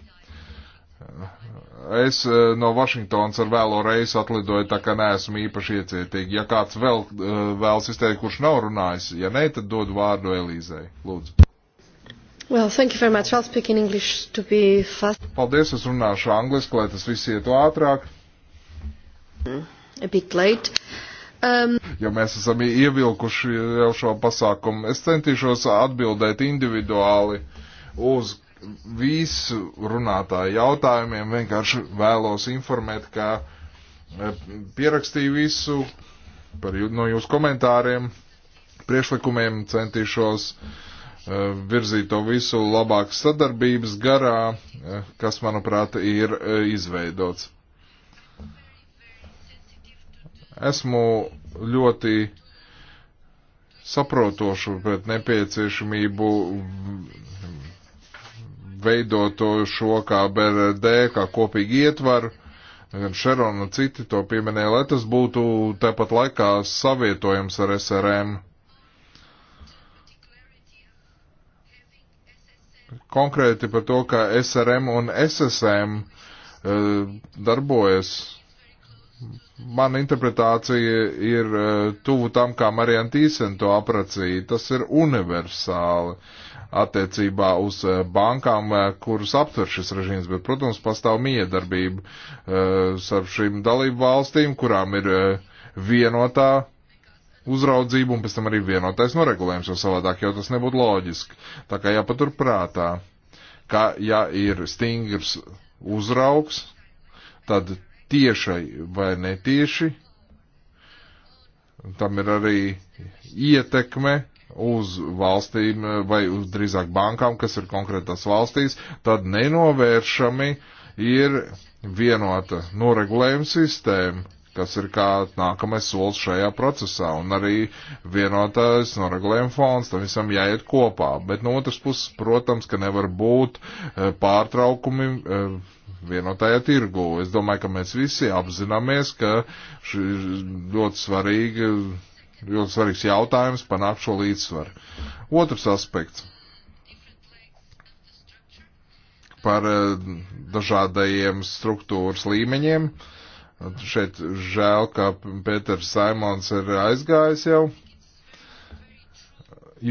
S3: Es no Vašingtonas ar vēlo reizi atlidoju, tā kā neesmu īpaši iecietīgi. Ja kāds vēl vēlas izteikt, kurš nav runājis, ja nē, tad dod vārdu Elīzei. Lūdzu.
S1: Well, thank you very much. I'll speak in English to be fast.
S3: Paldies, es runāšu angliski, lai tas viss ietu ātrāk.
S1: A bit late. Um,
S3: ja mēs esam ievilkuši jau šo pasākumu, es centīšos atbildēt individuāli uz visu runātāju jautājumiem. Vienkārši vēlos informēt, ka e, pierakstīju visu par, no jūsu komentāriem, priešlikumiem centīšos uh, Eh, virzīt to visu labāk sadarbības garā, eh, kas, manuprāt, ir eh, izveidots. Esmu ļoti saprotošu pret nepieciešamību veidot šo kā BRD, kā kopīgi ietvaru, gan Šerona un citi to pieminēja, lai tas būtu tepat laikā savietojams ar SRM. konkrēti par to, ka SRM un SSM eh, darbojas. Mana interpretācija ir eh, tuvu tam, kā Marijana Tīsen to apracīja. Tas ir universāli attiecībā uz eh, bankām, kuras aptver šis režīms, bet, protams, pastāv miedarbība starp šīm dalību valstīm, kurām ir vienotā uzraudzību un pēc tam arī vienotais noregulējums, jo savādāk jau tas nebūtu loģiski. Tā kā jāpatur prātā, ka ja ir stingrs uzraugs, tad tiešai vai netieši tam ir arī ietekme uz valstīm vai uz drīzāk bankām, kas ir konkrētās valstīs, tad nenovēršami ir vienota noregulējuma sistēma kas ir kā nākamais solis šajā procesā, un arī vienotais noregulējuma fonds, tam visam jāiet kopā. Bet no otras puses, protams, ka nevar būt eh, pārtraukumi eh, vienotajā tirgu. Es domāju, ka mēs visi apzināmies, ka šī ļoti svarīga, ļoti svarīgs jautājums panākt šo līdzsvaru. Otrs aspekts par eh, dažādajiem struktūras līmeņiem. Uh, Šeit žēl, ka Pēters Saimons ir aizgājis jau,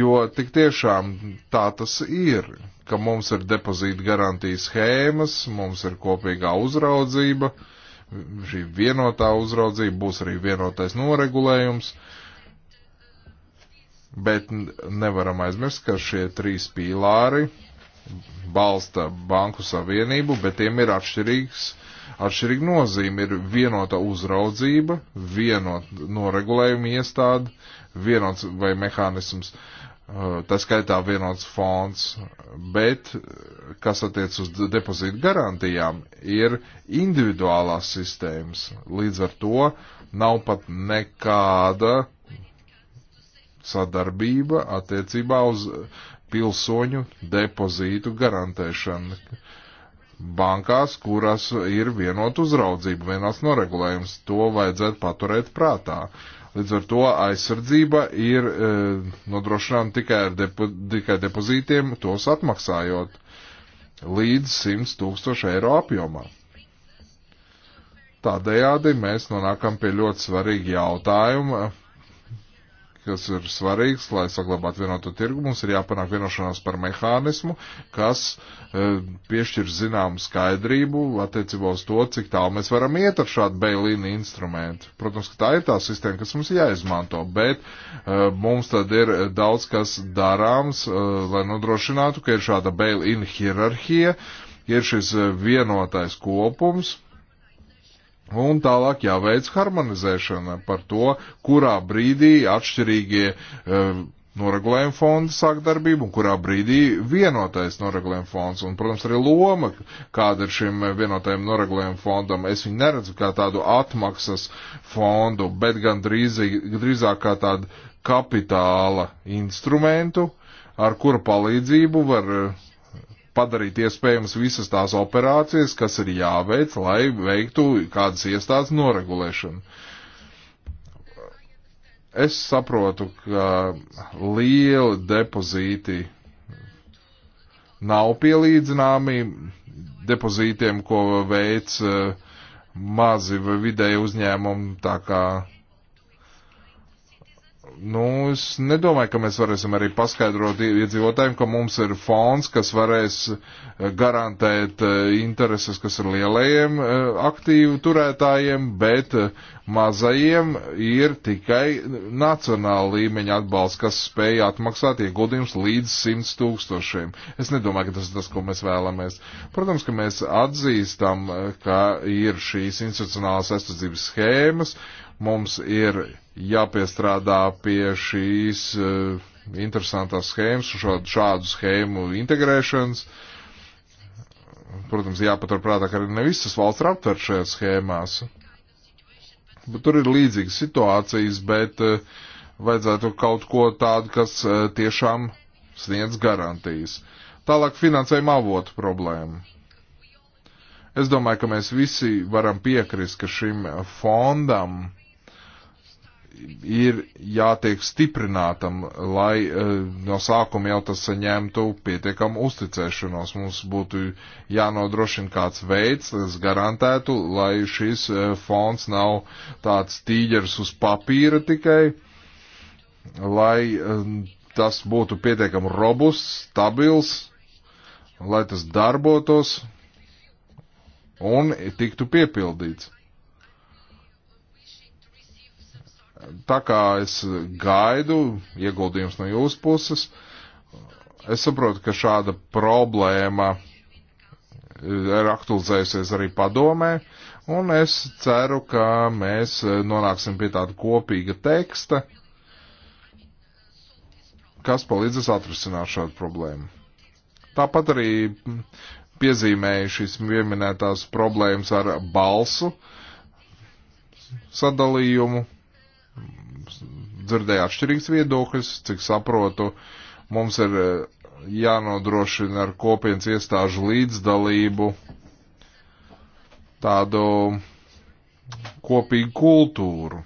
S3: jo tik tiešām tā tas ir, ka mums ir depozīta garantijas schēmas, mums ir kopīgā uzraudzība, šī vienotā uzraudzība būs arī vienotais noregulējums, bet nevaram aizmirst, ka šie trīs pīlāri balsta banku savienību, bet tiem ir atšķirīgs atšķirīga nozīme. Ir vienota uzraudzība, vienot noregulējuma iestāde, vienots vai mehānisms, uh, tā skaitā vienots fonds, bet, uh, kas attiec uz depozītu garantijām, ir individuālās sistēmas. Līdz ar to nav pat nekāda sadarbība attiecībā uz pilsoņu depozītu garantēšanu, bankās, kuras ir vienot uzraudzību, vienās noregulējums. To vajadzētu paturēt prātā. Līdz ar to aizsardzība ir e, nodrošināma tikai ar depo, tikai depozītiem, tos atmaksājot līdz 100 tūkstošu eiro apjomā. Tādējādi mēs nonākam pie ļoti svarīga jautājuma, kas ir svarīgs, lai saglabātu vienotu tirgu. Mums ir jāpanāk vienošanās par mehānismu, kas e, piešķir zināmu skaidrību attiecībā uz to, cik tālu mēs varam iet ar šādu bailīnu instrumentu. Protams, ka tā ir tā sistēma, kas mums jāizmanto, bet e, mums tad ir daudz kas darāms, e, lai nodrošinātu, ka ir šāda bailīna hierarhija, ir šis e, vienotais kopums Un tālāk jāveic harmonizēšana par to, kurā brīdī atšķirīgie uh, noregulējuma fonda sāk darbību un kurā brīdī vienotais noregulējuma fonds. Un, protams, arī loma, kāda ir šim vienotajam noregulējuma fondam. Es viņu neredzu kā tādu atmaksas fondu, bet gan drīzāk, drīzāk kā tādu kapitāla instrumentu, ar kura palīdzību var e, padarīt iespējams visas tās operācijas, kas ir jāveic, lai veiktu kādas iestādes noregulēšanu. Es saprotu, ka lieli depozīti nav pielīdzināmi depozītiem, ko veic eh, mazi vai vidēji uzņēmumi, tā kā Nu, es nedomāju, ka mēs varēsim arī paskaidrot iedzīvotājiem, ka mums ir fonds, kas varēs eh, garantēt eh, intereses, kas ir lielajiem eh, aktīvu turētājiem, bet mazajiem ir tikai nacionāla līmeņa atbalsts, kas spēj atmaksāt ieguldījumus līdz 100 tūkstošiem. Es nedomāju, ka tas ir tas, ko mēs vēlamies. Protams, ka mēs atzīstam, ka ir šīs institucionālās aizsardzības schēmas, uh, Mums ir jāpiestrādā pie šīs uh, interesantās schēmas, šādu, šādu schēmu integrēšanas. Protams, jāpaturprātā, ka ne visas valsts ir aptverts šajās schēmās. Bet tur ir līdzīgas situācijas, bet uh, vajadzētu kaut ko tādu, kas uh, tiešām sniedz garantijas. Tālāk finansējuma avotu problēma. Es domāju, ka mēs visi varam piekrist, ka šim fondam ir jātiek stiprinātam, lai eh, no sākuma jau tas saņemtu pietiekamu uzticēšanos. Mums būtu jānodrošina kāds veids, kas garantētu, lai šis eh, fonds nav tāds tīģers uz papīra tikai, lai eh, tas būtu pietiekami robusts, stabils, lai tas darbotos un tiktu piepildīts. tā kā es gaidu ieguldījums no jūsu puses, es saprotu, ka šāda problēma ir aktualizējusies arī padomē, un es ceru, ka mēs nonāksim pie tāda kopīga teksta, kas palīdzēs atrisināt šādu problēmu. Tāpat arī piezīmēju šīs pieminētās problēmas ar balsu sadalījumu dzirdēju atšķirīgs viedokļus, cik saprotu, mums ir e, jānodrošina ar kopienas iestāžu līdzdalību tādu kopīgu kultūru.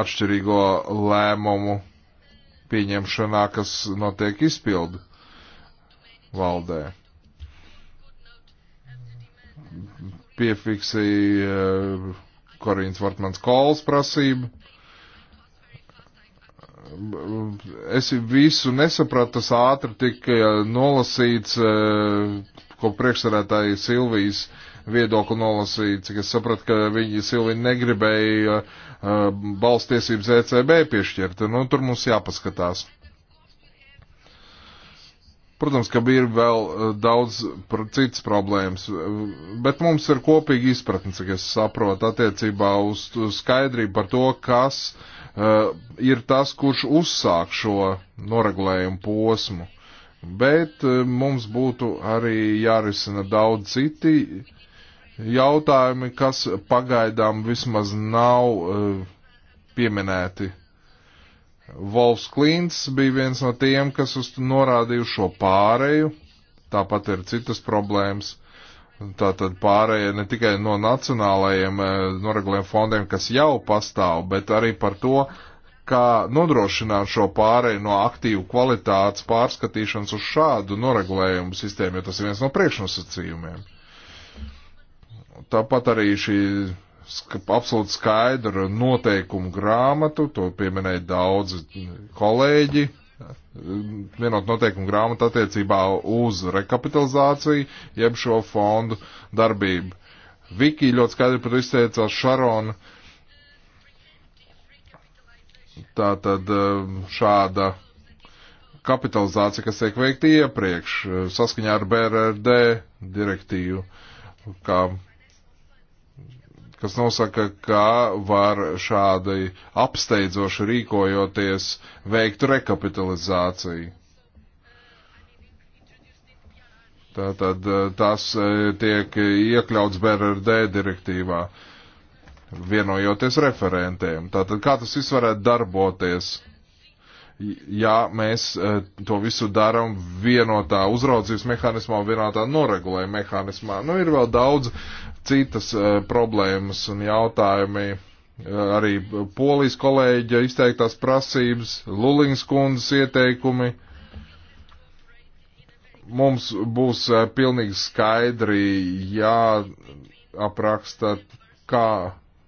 S3: Atšķirīgo lēmumu pieņemšanā, kas notiek izpildu valdē piefiksēja eh, Korīns Vortmans Kols prasību. Es visu nesapratu, tas ātri tika eh, nolasīts, eh, ko priekšsarētāji Silvijas viedokli nolasīja, cik es sapratu, ka viņi Silvija negribēja balstiesības ECB piešķirt. Nu, tur mums jāpaskatās. Protams, ka bija vēl eh, daudz citas problēmas, bet mums ir kopīgi izpratne, cik es saprotu, attiecībā uz skaidrību par to, kas uh, ir tas, kurš uzsāk šo noregulējumu posmu. Bet uh, mums būtu arī jārisina daudz citi jautājumi, kas pagaidām vismaz nav uh, pieminēti Volfs Klints bija viens no tiem, kas uz norādīju šo pāreju, tāpat ir citas problēmas. Tātad pārēja ne tikai no nacionālajiem eh, noregulējiem fondiem, kas jau pastāv, bet arī par to, kā nodrošināt šo pārēju no aktīvu kvalitātes pārskatīšanas uz šādu noregulējumu sistēmu, jo tas ir viens no priekšnosacījumiem. Tāpat arī šī absolūti skaidru noteikumu grāmatu, to pieminēja daudzi kolēģi, vienot noteikumu grāmatu attiecībā uz rekapitalizāciju, jeb šo fondu darbību. Viki ļoti skaidri par to izteicās Šarona. Tā tad um, šāda kapitalizācija, kas tiek veikta iepriekš, uh, saskaņā ar BRRD direktīvu, kā kas nosaka, ka var šādi apsteidzoši rīkojoties veikt rekapitalizāciju. Tātad eh, tas eh, tiek iekļauts BRD direktīvā, vienojoties referentiem. Tātad kā tas viss varētu darboties? ja mēs e, to visu darām vienotā uzraudzības mehānismā, vienotā noregulējuma mehānismā. Nu, ir vēl daudz citas e, problēmas un jautājumi. E, arī polijas kolēģa izteiktās prasības, Lulings kundzes ieteikumi. Mums būs pilnīgi skaidri jāapraksta, kā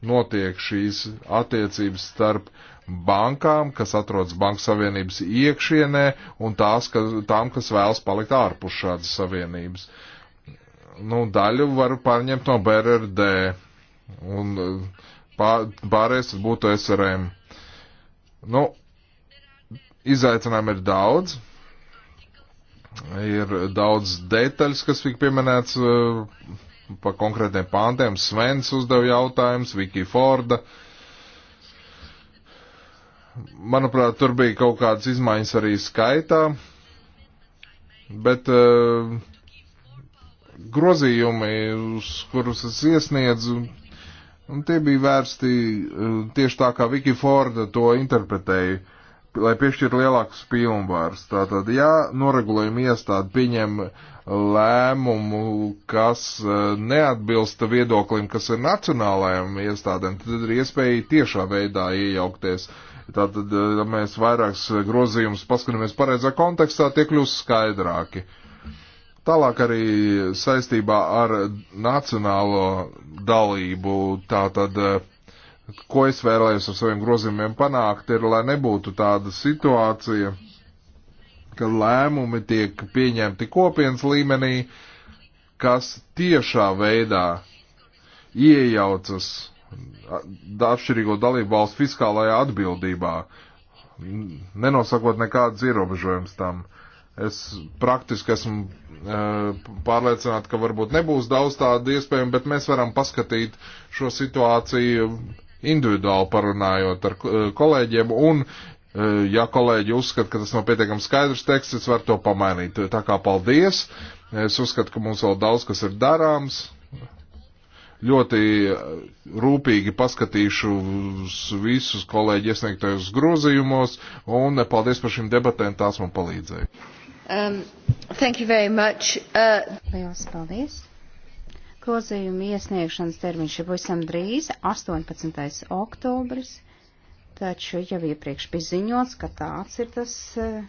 S3: notiek šīs attiecības starp uh, bankām, kas atrodas Banku Savienības iekšienē, un tās, ka, tām, kas vēlas palikt ārpus šādas savienības. Nu, daļu var pārņemt no BRD, un pārējais būtu SRM. Nu, izaicinājumi ir daudz. Ir daudz detaļas, kas tika pieminēts eh, par konkrētiem pāntiem. Svens uzdeva jautājumus, Viki Forda. Uh, Manuprāt, tur bija kaut kādas izmaiņas arī skaitā, bet uh, grozījumi, uz kurus es iesniedzu, un tie bija vērsti uh, tieši tā, kā Viki Forda to interpretēja, lai piešķirtu lielākus pilnvārus. Tātad, ja noregulējuma iestāde pieņem lēmumu, kas uh, eh, neatbilsta viedoklim, kas ir nacionālajām iestādēm, tad ir iespēja tiešā veidā iejaukties. Uh, Tātad, eh, ja mēs vairākas eh, grozījumus paskatāmies pareizā kontekstā, tie kļūst skaidrāki. Tālāk arī saistībā ar nacionālo dalību, tātad, eh, ko es vēlējos ar saviem grozījumiem panākt, ir, lai nebūtu tāda situācija, ka lēmumi tiek pieņemti kopienas līmenī, kas tiešā veidā iejaucas atšķirīgo dalību valsts fiskālajā atbildībā, nenosakot nekādas ierobežojums tam. Es praktiski esmu e, pārliecināts, ka varbūt nebūs daudz tādu iespējumu, bet mēs varam paskatīt šo situāciju individuāli parunājot ar e, kolēģiem un e, ja kolēģi uzskata, ka tas nav pietiekami skaidrs teksts, es varu to pamainīt. Tā kā paldies. Es uzskatu, ka mums vēl daudz kas ir darāms ļoti eh, rūpīgi paskatīšu visus kolēģi iesniegtajos grozījumos, un eh, paldies par šīm debatēm, tās man palīdzēja.
S1: Um, thank you very much. Uh... Lielas paldies. Grozījuma iesniegšanas termiņš ir pavisam drīz, 18. oktobris, taču jau iepriekš bija ziņots, ka tāds ir tas. Uh,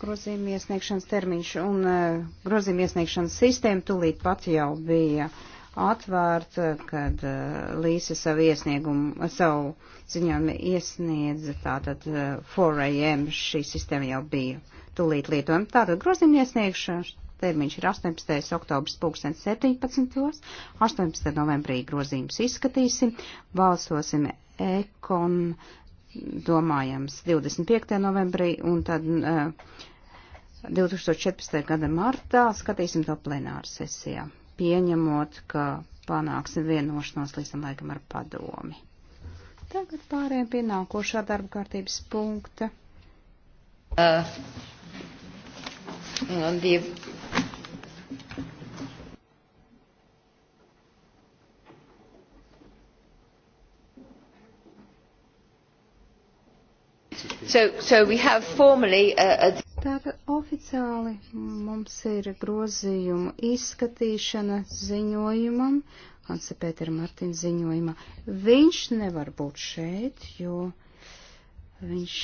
S1: grozījuma iesniegšanas termiņš un uh, grozījuma iesniegšanas sistēma tūlīt pat jau bija uh, atvērta, kad eh, Līsa savu iesniegumu, savu ziņojumu iesniedza, tātad 4AM eh, šī sistēma jau bija tulīt lietojama. Tātad grozījuma iesniegšana termiņš ir 18. oktobrs 2017. 18. novembrī grozījums izskatīsim, balsosim ekon, domājams, 25. novembrī un tad. Uh, eh, 2014. gada martā skatīsim to plenāru sesijā pieņemot, ka panāksim vienošanos līdz laikam ar padomi. Tagad pārējiem pie nākošā darba kārtības punkta. Uh, no div... So, so we have formally uh, a, a Tātad oficiāli mums ir grozījuma izskatīšana ziņojumam, Hansepētera Martina ziņojumā. Viņš nevar būt šeit, jo viņš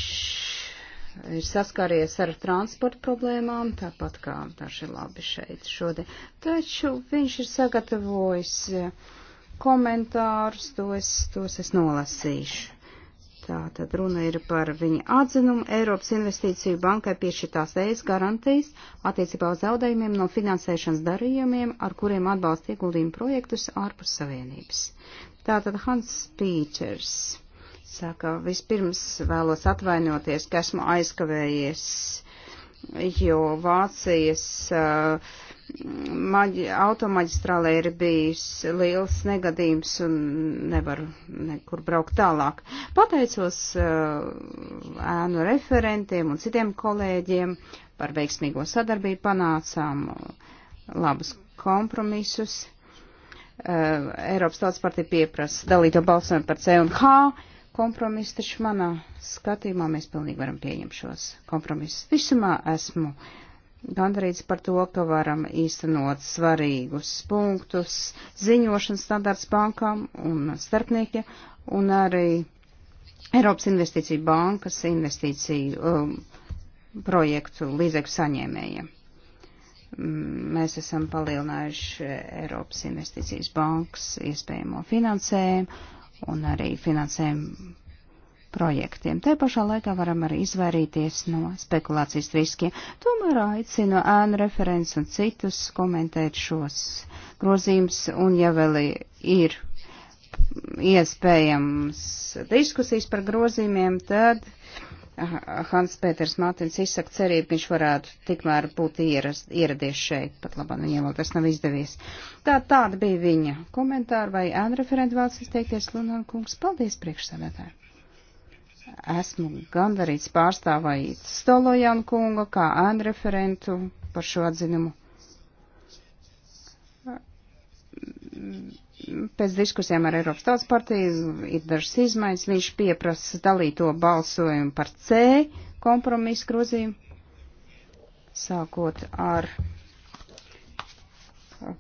S1: ir saskāries ar transporta problēmām, tāpat kā daži labi šeit šodien. Taču viņš ir sagatavojis komentārus, tos, tos es nolasīšu. Tā tad runa ir par viņa atzinumu Eiropas investīciju bankai piešķirtās veids garantijas attiecībā uz zaudējumiem no finansēšanas darījumiem, ar kuriem atbalsta ieguldījumu projektus ārpus savienības. Tātad Hans Pīčers saka, vispirms vēlos atvainoties, ka esmu aizkavējies, jo Vācijas uh, maģi, automaģistrālē ir bijis liels negadījums un nevaru nekur braukt tālāk. Pateicos uh, ēnu referentiem un citiem kolēģiem par veiksmīgo sadarbību panācām labus kompromisus. Uh, Eiropas tautas partija pieprasa dalīto balsojumu par C un H kompromisu, taču manā skatījumā mēs pilnīgi varam pieņemt šos kompromisus. Visumā esmu uh, gandrīz par to, ka varam īstenot svarīgus punktus ziņošanas standarts bankām un starpniekiem un arī Eiropas investīcija bankas investīciju um, projektu līdzekļu saņēmējiem. Mēs esam palielinājuši Eiropas investīcijas bankas iespējamo finansējumu un arī finansējumu projektiem. Te pašā laikā varam arī izvairīties no spekulācijas riskiem. Tomēr aicinu ēnu referents un citus komentēt šos grozījumus, un ja vēl ir iespējams diskusijas par grozījumiem, tad ah, Hans Pēters Mātins izsaka cerību, viņš varētu tikmēr būt ieras, ieradies šeit, pat labāk viņam vēl tas nav izdevies. Tā tāda bija viņa komentāra vai ēnu referenta vēlas izteikties, Lunan kungs, paldies priekšsēdētāji. Esmu gandarīts pārstāvājīt Stolojanu kunga kā ēnu referentu par šo atzinumu. Pēc diskusijām ar Eiropas Tautas partiju ir dažas izmaiņas. Viņš pieprasa dalīto balsojumu par C kompromisu grozījumu, sākot ar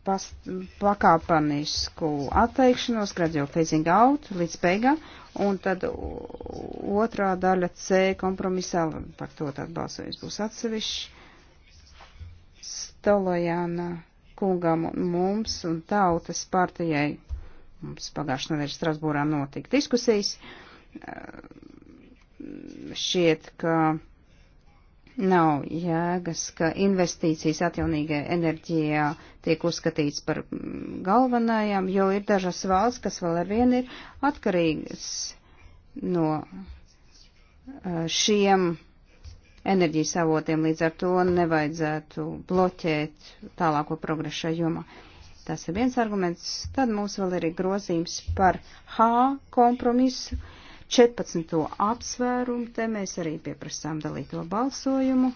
S1: past, pakāpanisku atteikšanos, gradual phasing out līdz beigām, un tad otrā daļa C kompromisā, par to tad balsojums būs atsevišķi, Stolojāna kungam un mums un tautas partijai, mums pagājušajā nedēļā Strasbūrā notika diskusijas, šķiet, ka Nav jēgas, ka investīcijas atjaunīgajā enerģijā tiek uzskatīts par mm, galvenajām, jo ir dažas valsts, kas vēl ar vienu ir atkarīgas no šiem enerģijas avotiem, līdz ar to nevajadzētu bloķēt tālāko progresu šajā jomā. Tas ir viens arguments. Tad mums vēl ir grozījums par H kompromisu. Uh, 14. apsvērumu, te mēs arī pieprasām dalīto balsojumu.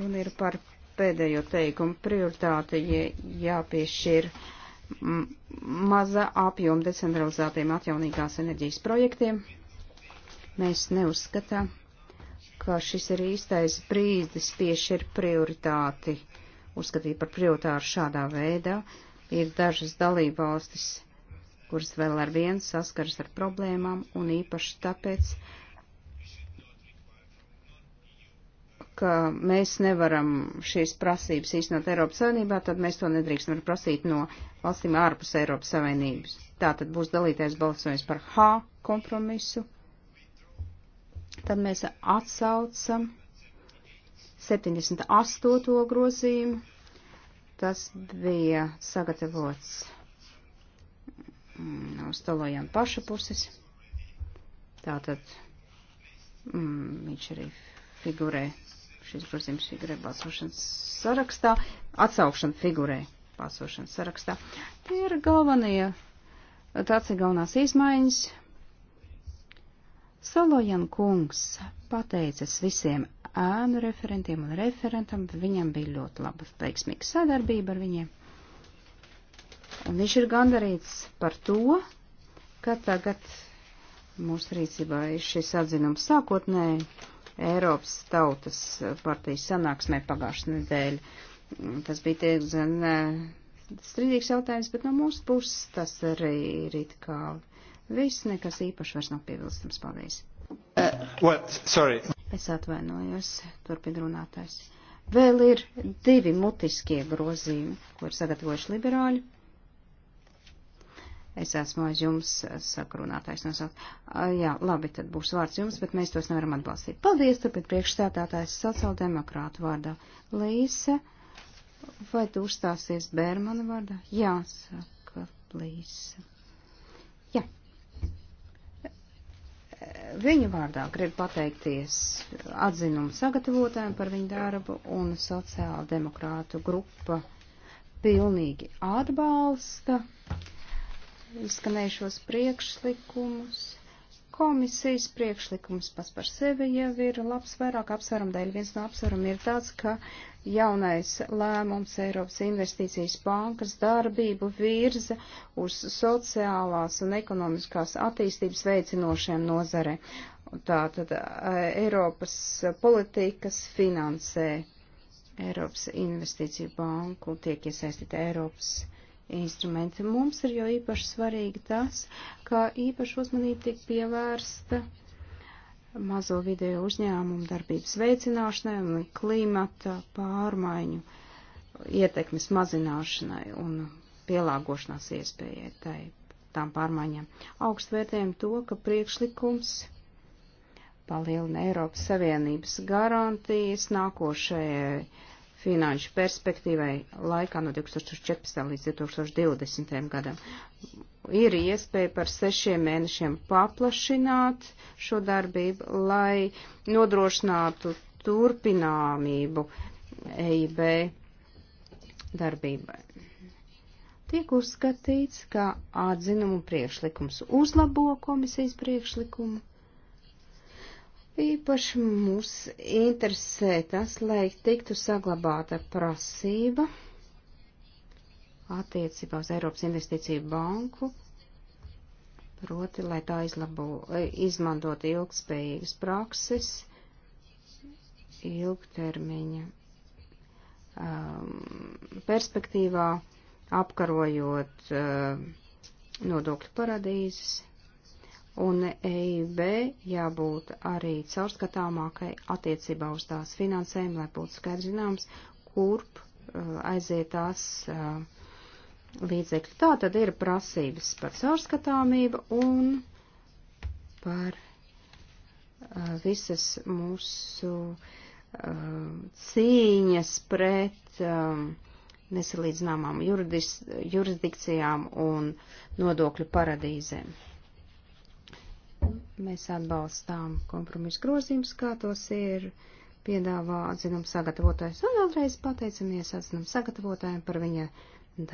S1: Runa ir par pēdējo teikumu prioritāti, ja jāpiešķir maza apjoma decentralizētiem atjaunīgās enerģijas projektiem. Mēs neuzskatām, ka šis ir īstais brīdis piešķirt prioritāti, uzskatīt par prioritāru šādā veidā. Uh, Ir dažas dalībvalstis, kuras vēl ar vienu saskaras ar problēmām, un īpaši tāpēc, ka mēs nevaram šīs prasības īstenot Eiropas Savienībā, tad mēs to nedrīkstam prasīt no valstīm ārpus Eiropas Savienības. Tā tad būs dalītais balsojums par H kompromisu. Tad mēs atsaucam 78. grozījumu Tas bija sagatavots no mm, Stolojana paša puses. Tātad mm, viņš arī figurē, šis grozījums figurē balsošanas sarakstā, atsaukšana figurē balsošanas sarakstā. Tie ir galvenie, tāds ir galvenās izmaiņas. Salojan kungs pateicis visiem ēnu referentiem un referentam. Viņam bija ļoti laba, veiksmīga sadarbība ar viņiem. Un viņš ir gandarīts par to, ka tagad mūsu rīcībā ir šis atzinums sākotnēji Eiropas tautas partijas sanāksmē pagājušajā nedēļā. Mm, tas bija diezgan eh, strīdīgs jautājums, bet no mūsu puses tas arī ir it kā viss, nekas īpaši vairs nav piebilstams. Paldies! Uh,
S4: well,
S2: sorry.
S1: Es atvainojos, turpin runātājs. Vēl ir divi mutiskie grozījumi, ko ir sagatavojuši liberāļi. Es esmu aiz jums, saka runātājs nosaukt. Jā, labi, tad būs vārds jums, bet mēs tos nevaram atbalstīt. Paldies, tāpēc priekšstādātājs sociāldemokrātu vārdā. Līse, vai tu uzstāsies Bērmana vārdā? Jā, saka Līse. Viņu vārdā gribu pateikties atzinumu sagatavotājiem par viņu darbu un sociāla demokrātu grupa pilnīgi atbalsta izskanējušos priekšlikumus Komisijas priekšlikums pats par sevi jau ir labs vairāk apsvērumu dēļ. Viens no apsvērumu ir tāds, ka jaunais lēmums Eiropas investīcijas bankas darbību virza uz sociālās un ekonomiskās attīstības veicinošiem nozare. Tātad Eiropas politikas finansē Eiropas investīciju banku, tiek iesaistīta Eiropas instrumenti. Mums ir jau īpaši svarīgi tas, ka īpaši uzmanība tiek pievērsta mazo video uzņēmumu darbības veicināšanai un klimata pārmaiņu ietekmes mazināšanai un pielāgošanās iespējai tai, tām pārmaiņām. Augstvērtējam to, ka priekšlikums palielina Eiropas Savienības garantijas nākošajai finanšu perspektīvai laikā no 2014. līdz 2020. gadam. Ir iespēja par sešiem mēnešiem paplašināt šo darbību, lai nodrošinātu turpināmību EIB darbībai. Tiek uzskatīts, ka atzinumu priekšlikums uzlabo komisijas priekšlikumu Īpaši mūs interesē tas, lai tiktu saglabāta prasība attiecībā uz Eiropas investīciju banku, proti, lai tā izlabo, e, izmantot ilgspējīgas prakses, ilgtermiņa um, perspektīvā, apkarojot um, nodokļu paradīzes un EIB jābūt arī caurskatāmākai attiecībā uz tās finansējumu, lai būtu skaidrs zināms, kurp uh, aiziet tās uh, līdzekļi. Tā tad ir prasības par caurskatāmību un par uh, visas mūsu uh, cīņas pret um, nesalīdzināmām juridis, jurisdikcijām un nodokļu paradīzēm. Mēs atbalstām kompromisu grozījumus, kā tos ir piedāvā atzinam sagatavotājs. Un vēlreiz pateicamies atzinam sagatavotājiem par viņa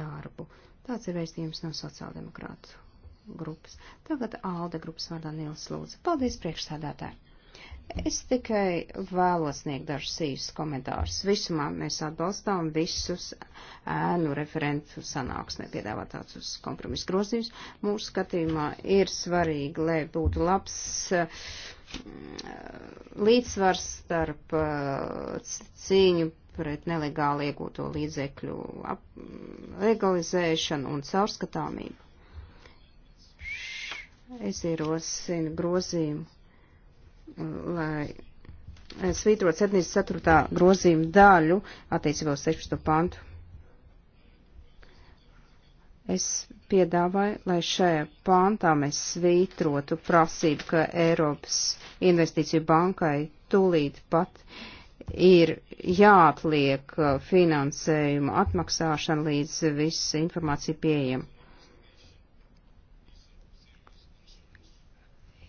S1: darbu. Tāds ir vēstījums no sociāldemokrātu grupas. Tagad Alda grupas vārdā Nils Lūdzu. Paldies priekšsādātāji! Es tikai vēlos sniegt dažus īsus komentārus. Visumā mēs atbalstām visus ēnu referentu sanāksmē piedāvātātus kompromisu grozījumus. Mūsu skatījumā ir svarīgi, lai būtu labs mm, līdzsvars starp mm, cīņu pret nelegāli iegūto līdzekļu mm, legalizēšanu un caurskatāmību. Es ierosinu grozījumu lai svītrot 74. grozījuma daļu attiecībā uz 16. pantu. Es piedāvāju, lai šajā pantā mēs svītrotu prasību, ka Eiropas investīciju bankai tūlīt pat ir jāatliek uh, finansējuma atmaksāšana līdz visa informācija pieejama.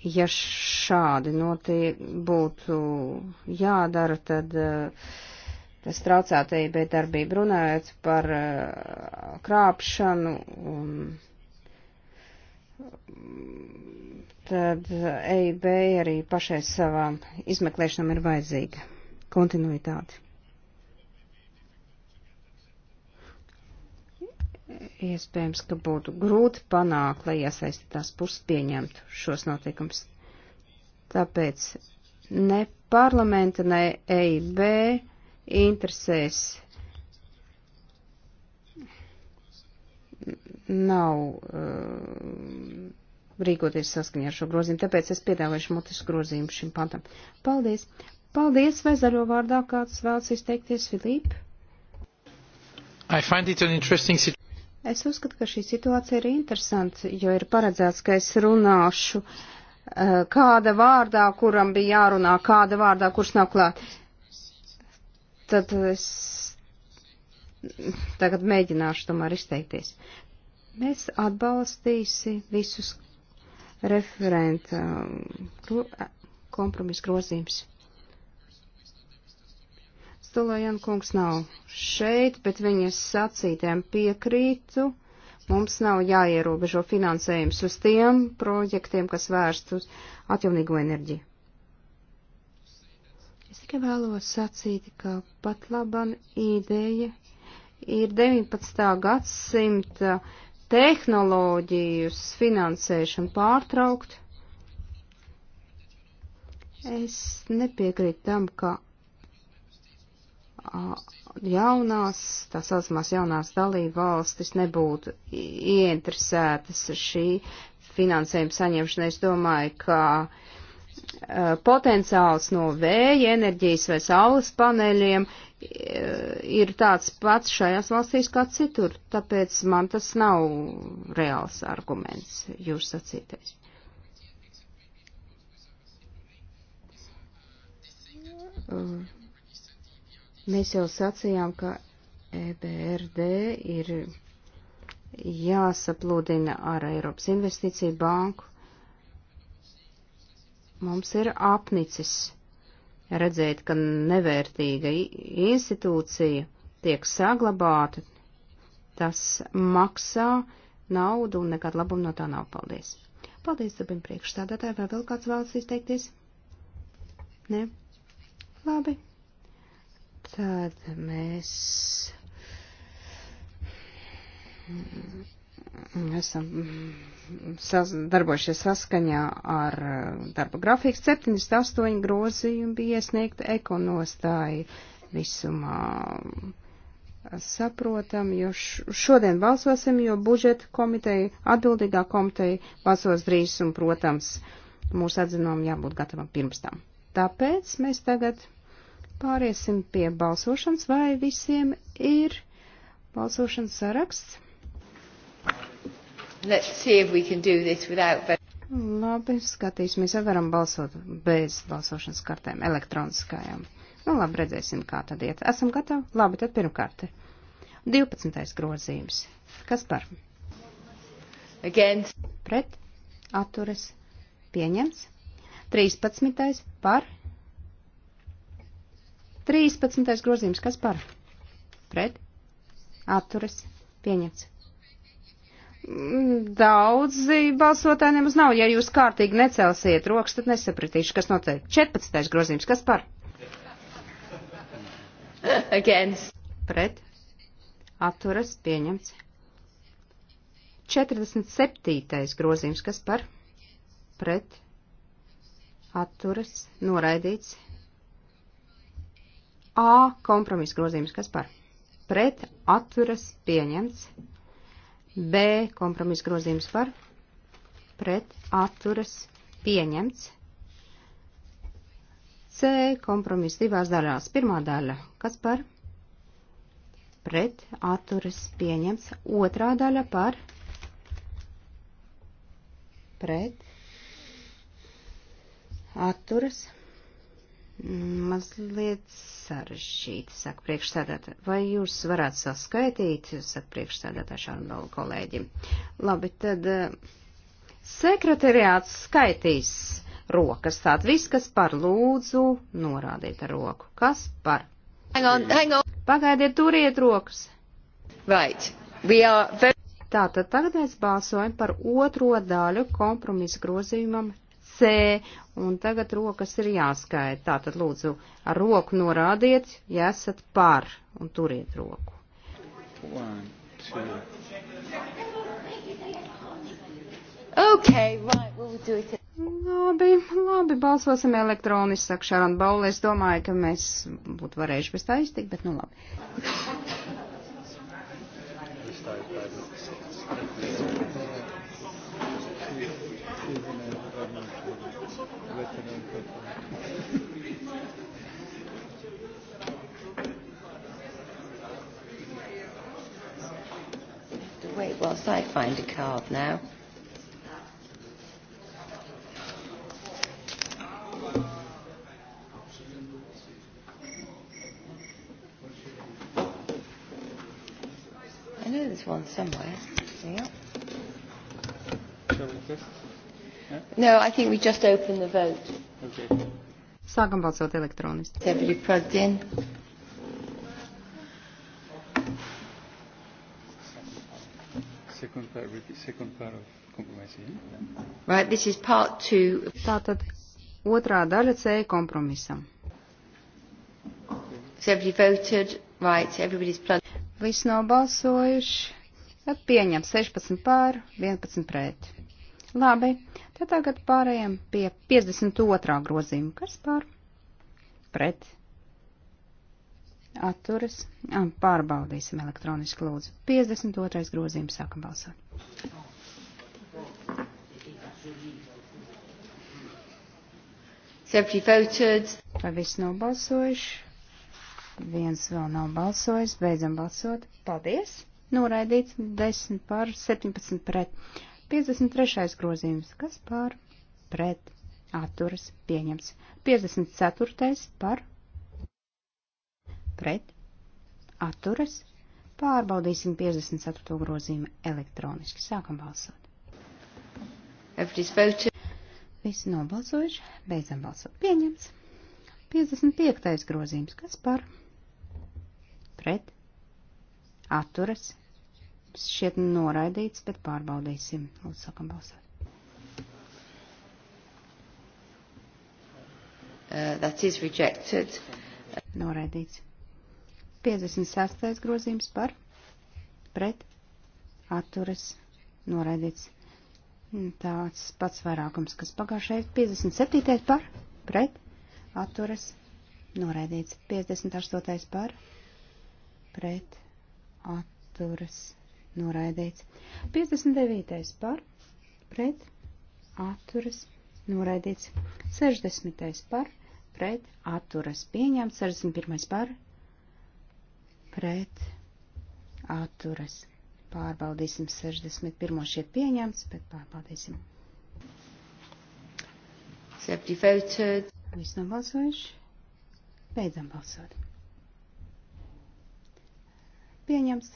S1: Ja šādi notiek būtu jādara, tad eh, tas traucētu EIB darbību runājot par eh, krāpšanu un tad EIB arī pašai savām izmeklēšanām ir vajadzīga kontinuitāte. iespējams, ka būtu grūti panākt, lai iesaistītās puses pieņemtu šos noteikumus. Tāpēc ne parlamenta, ne EIB interesēs nav uh, rīkoties saskaņā ar šo grozījumu, tāpēc es piedāvāšu mutisku grozījumu šim pantam. Paldies! Paldies! Vai zaļo vārdā kāds vēlas izteikties, Filipa?
S2: I find it an interesting situation.
S1: Es uzskatu, ka šī situācija ir interesanta, jo ir paredzēts, ka es runāšu eh, kāda vārdā, kuram bija jārunā, kāda vārdā, kurš nav klāt. Tad es tagad mēģināšu tomēr izteikties. Mēs atbalstīsim visus referenta kompromisu grozījumus. Stulajan kungs nav šeit, bet viņas sacītēm piekrītu. Mums nav jāierobežo finansējums uz tiem projektiem, kas vērst uz atjaunīgo enerģiju. Es tikai vēlos sacīt, ka pat laban ideja ir 19. gadsimta tehnoloģijas finansēšanu pārtraukt. Es nepiekrītu tam, ka jaunās, tā saucamās jaunās dalība valstis nebūtu ieinteresētas šī finansējuma saņemšanai. Es domāju, ka uh, potenciāls no vēja enerģijas vai saules paneļiem uh, ir tāds pats šajās valstīs kā citur, tāpēc man tas nav reāls arguments jūs sacītais. Uh. E, Mēs jau sacījām, ka EBRD ir jāsaplūdina ar Eiropas investīciju banku. Mums ir apnicis redzēt, ka nevērtīga institūcija tiek saglabāta, tas maksā naudu un nekad labumu no tā nav. Paldies! Paldies, Dabim, priekšstādātāji, vai vēl kāds vēlas izteikties? Ne? Labi. Tad mēs esam darbojušies saskaņā ar uh, darba grafiku. 78 grozījumi bija iesniegta ekonostāja visumā. Saprotam, jo šodien balsosim, jo budžeta komiteja, atbildīgā komiteja balsos drīz un, protams, mūsu atzinumam jābūt gatavam pirms tam. Tāpēc mēs tagad Pāriesim pie balsošanas, vai visiem ir balsošanas saraksts. Let's see if we can do this without. Labi, skatīsimies, vai varam balsot bez balsošanas kartēm, elektroniskajām. Nu, labi, redzēsim, kā tad iet. Esam gatavi? Labi, tad pirmkārt. 12. grozījums. Kas par? Against. Pret. Atturas. Pieņems. 13. par. 13. grozījums, kas par? Pret? Atturas? Pieņemts. Mm, daudzi balsotāji nemaz nav. Ja jūs kārtīgi necelsiet rokas, tad nesapratīšu, kas notiek. 14. grozījums, kas par? Against. Pret. Atturas pieņemts. 47. grozījums, kas par? Pret. Atturas noraidīts. A kompromisa grozījums, kas par pret atturas pieņemts. B kompromisa grozījums par pret atturas pieņemts. C kompromiss divās daļās. Pirmā daļa, kas par pret atturas pieņemts. Otrā daļa par pret atturas pieņemts Mazliet sarežģīti, saka priekšstādātā. Vai jūs varētu saskaitīt, saka priekšstādātā šādam kolēģim. Labi, tad eh, sekretariāts skaitīs rokas. Tātad viss, kas par lūdzu, norādiet ar roku. Kas par? Hang on, hang on. Pagaidiet, turiet rokas. Right. We are very... Tātad tagad mēs balsojam par otro daļu kompromisu grozījumam C, un tagad rokas ir jāskaita. Tātad lūdzu, ar roku norādiet, ja esat par, un turiet roku. One, two. Okay, right, we'll do it. Labi, labi, balsosim elektroniski, saka Šaron Baula. Es domāju, ka mēs būtu varējuši bez tā iztikt, bet nu labi.
S4: whilst I find a card now.
S1: I know there's one somewhere. Yeah.
S4: Shall we test? Yeah? No, I think we just open the vote. Okay.
S1: Sākam balsot elektroniski. Everybody plugged in.
S4: second part, second part of compromise.
S1: Yeah? Right, this is part two. Tātad otrā daļa C kompromisam. So everybody voted, right, so everybody's plugged. Visi nobalsojuši. Tad pieņem 16 pār, 11 pret. Labi, tad tagad pārējiem pie 52. grozījuma. Kas pār? Pret atturas, pārbaudīsim elektroniski lūdzu. 52. grozījums sākam balsot. Vai viss nobalsojuši? Viens vēl nav balsojis, beidzam balsot. Paldies! Noraidīts 10 pār 17 pret. 53. grozījums, kas pār pret atturas pieņemts. 54. par pret, atturas, pārbaudīsim 54. grozījumu elektroniski. Sākam balsot. Visi nobalsojuši, beidzam balsot. Pieņems. 55. grozījums, kas par pret, atturas, šķiet noraidīts, bet pārbaudīsim. Lūdzu, sākam balsot. Uh, that is rejected. Noraidīts. 56. grozījums par pret atturas noraidīts. Tāds pats vairākums, kas pagājušajā 57. par pret atturas noraidīts. 58. par pret atturas noraidīts. 59. par pret atturas noraidīts. 60. par pret atturas pieņemts. 61. par pret atturas. Pārbaudīsim 61. šie pieņemts, bet pārbaudīsim. Septi voted. Viss nobalsojuši. Beidzam balsot. Pieņems.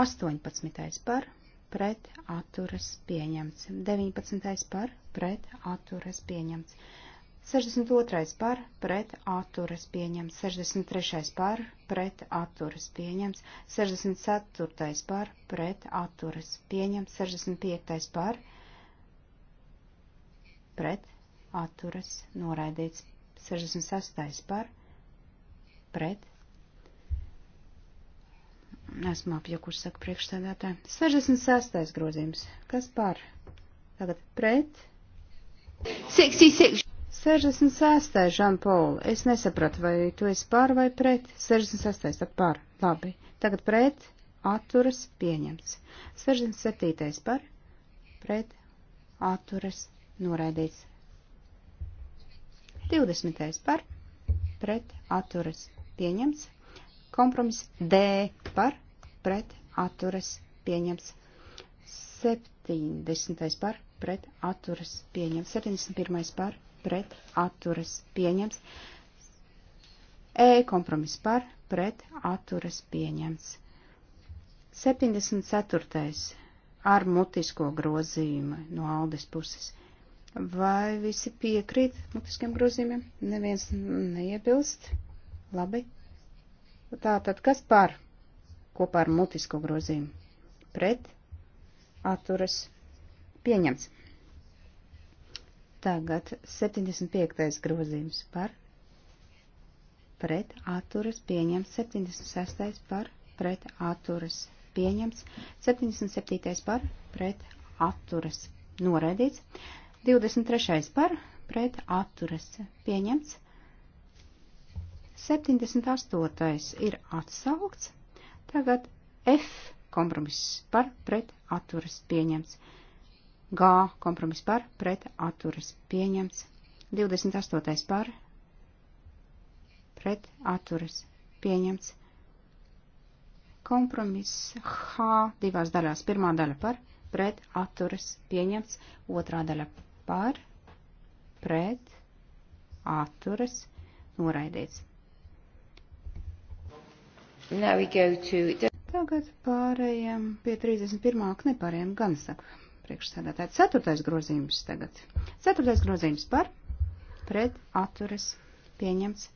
S1: 18. par pret atturas pieņemts. 19. par pret atturas pieņemts. 62. par pret atturas pieņemts, 63. par pret atturas pieņemts, 64. par pret atturas pieņemts, 65. par pret atturas noraidīts, 66. par pret. Esmu apjukuši, saka priekšstādātāji. 66. grozījums. Kas par? Tagad pret. 66 66. Žanpola, es nesapratu, vai tu esi pār vai pret. 66. par, labi. Tagad pret, atturas, pieņemts. 67. par, pret, atturas, noraidīts. 20. par, pret, atturas, pieņemts. Kompromiss D par, pret, atturas, pieņemts. 70. par, pret, atturas, pieņemts. 71. par, pret atturas pieņems. E kompromiss par pret atturas pieņems. 74. ar mutisko grozījumu no Aldes puses. Vai visi piekrīt mutiskiem grozījumiem? Neviens neiebilst. Labi. Tātad, kas par kopā ar mutisko grozījumu? Pret atturas pieņems. Tagad 75. grozījums par pret atturas pieņemts, 76. par pret atturas pieņemts, 77. par pret atturas noraidīts, 23. par pret atturas pieņemts, 78. ir atsaukts, tagad F kompromiss par pret atturas pieņemts. G kompromiss par pret atturas pieņemts. 28. par pret atturas pieņemts. Kompromiss H divās daļās. Pirmā daļa par pret atturas pieņemts. Otrā daļa par pret atturas noraidīts. Now we go to... Tagad pārējām pie 31. nepārējām gan saka priekšsēdētāji. Ceturtais grozījums tagad. Ceturtais grozījums par pret atturas pieņemts.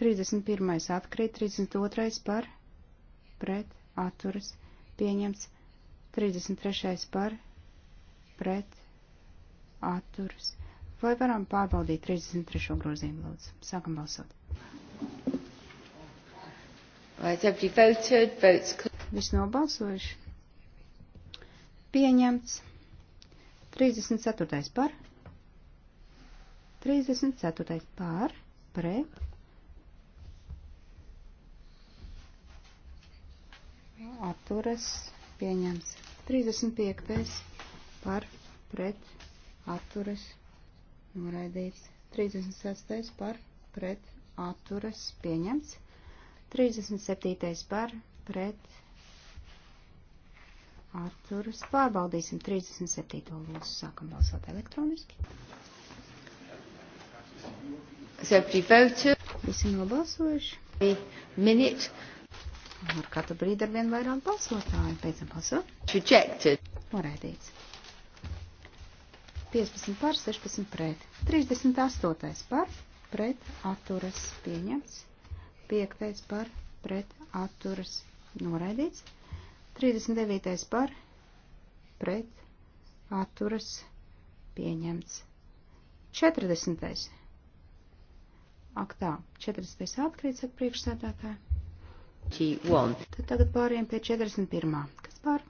S1: 31. atkrīt, 32. par pret atturas pieņemts. 33. par pret atturas. Vai varam pārbaudīt 33. grozījumu, lūdzu? Sākam balsot. Vai tev bija voted, votes? Viss nobalsojuši pieņemts. 34. par. 34. par. Pret. Atturas pieņemts. 35. par. Pret. Atturas noraidīts. 36. par. Pret. Atturas pieņemts. 37. par. Pret atturas. Pārbaudīsim 37. lūdzu. Sākam balsot elektroniski. Visi nobalsojuši. Minīt. Ar katru brīdi ar vien vairāk balsotāju. Beidzam balsot. Rejected. Noraidīts. 15 par, 16 pret. 38 par, pret, atturas pieņemts. 5 par, pret, atturas noraidīts. 39. par pret atturas pieņemts. 40. Ak tā, 40. atkrīt, saka priekšsēdētāja. Tad tagad pāriem pie 41. Kas par?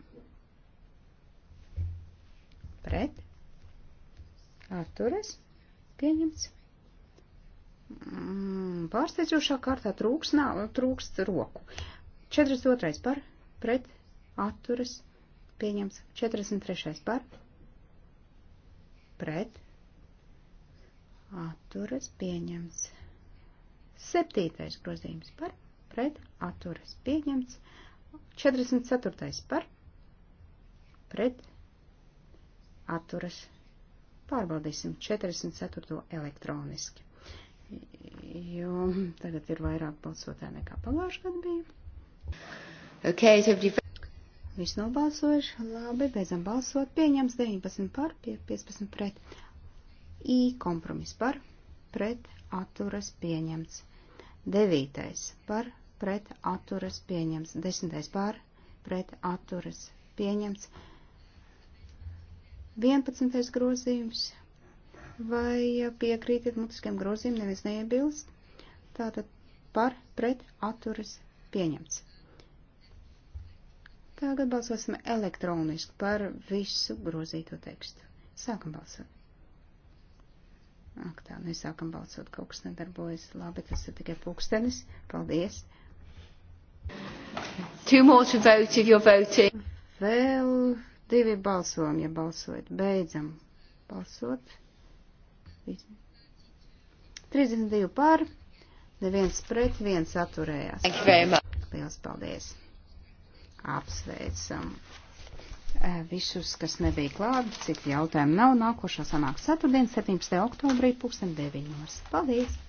S1: Pret. Atturas. Pieņemts. Mm, pārsteidzošā kārtā trūks, nav, trūkst roku. 42. par. Pret atturas pieņems 43. par pret atturas pieņems 7. grozījums par pret atturas pieņems 44. par pret atturas pārbaudīsim 44. elektroniski jo tagad ir vairāk balsotāji nekā pagājušajā gadā bija. Okay, Viss nobalsojuši, labi, beidzam balsot, pieņems 19 par, 15 pret. I kompromis par, pret, atturas pieņemts. 9. par, pret, atturas pieņemts. 10. par, pret, atturas pieņemts. 11. grozījums. Vai piekrītat mutiskiem grozījumiem? Neviens neiebilst. Tātad par, pret, atturas pieņemts. Tagad balsosim elektroniski par visu grozīto tekstu. Sākam balsot. Ak, tā, mēs nu sākam balsot, kaut kas nedarbojas. Labi, tas ir tikai pūkstenis. Paldies. Two more to vote if you're voting. Vēl divi balsojam, ja balsojat. Beidzam balsot. 32 par, neviens pret, viens atturējās. Liels paldies! Apsveicam eh, visus, kas nebija klāt, cik jautājumu nav. Nākošā sanāk ceturtdien, 17. oktobrī, 2009. Paldies!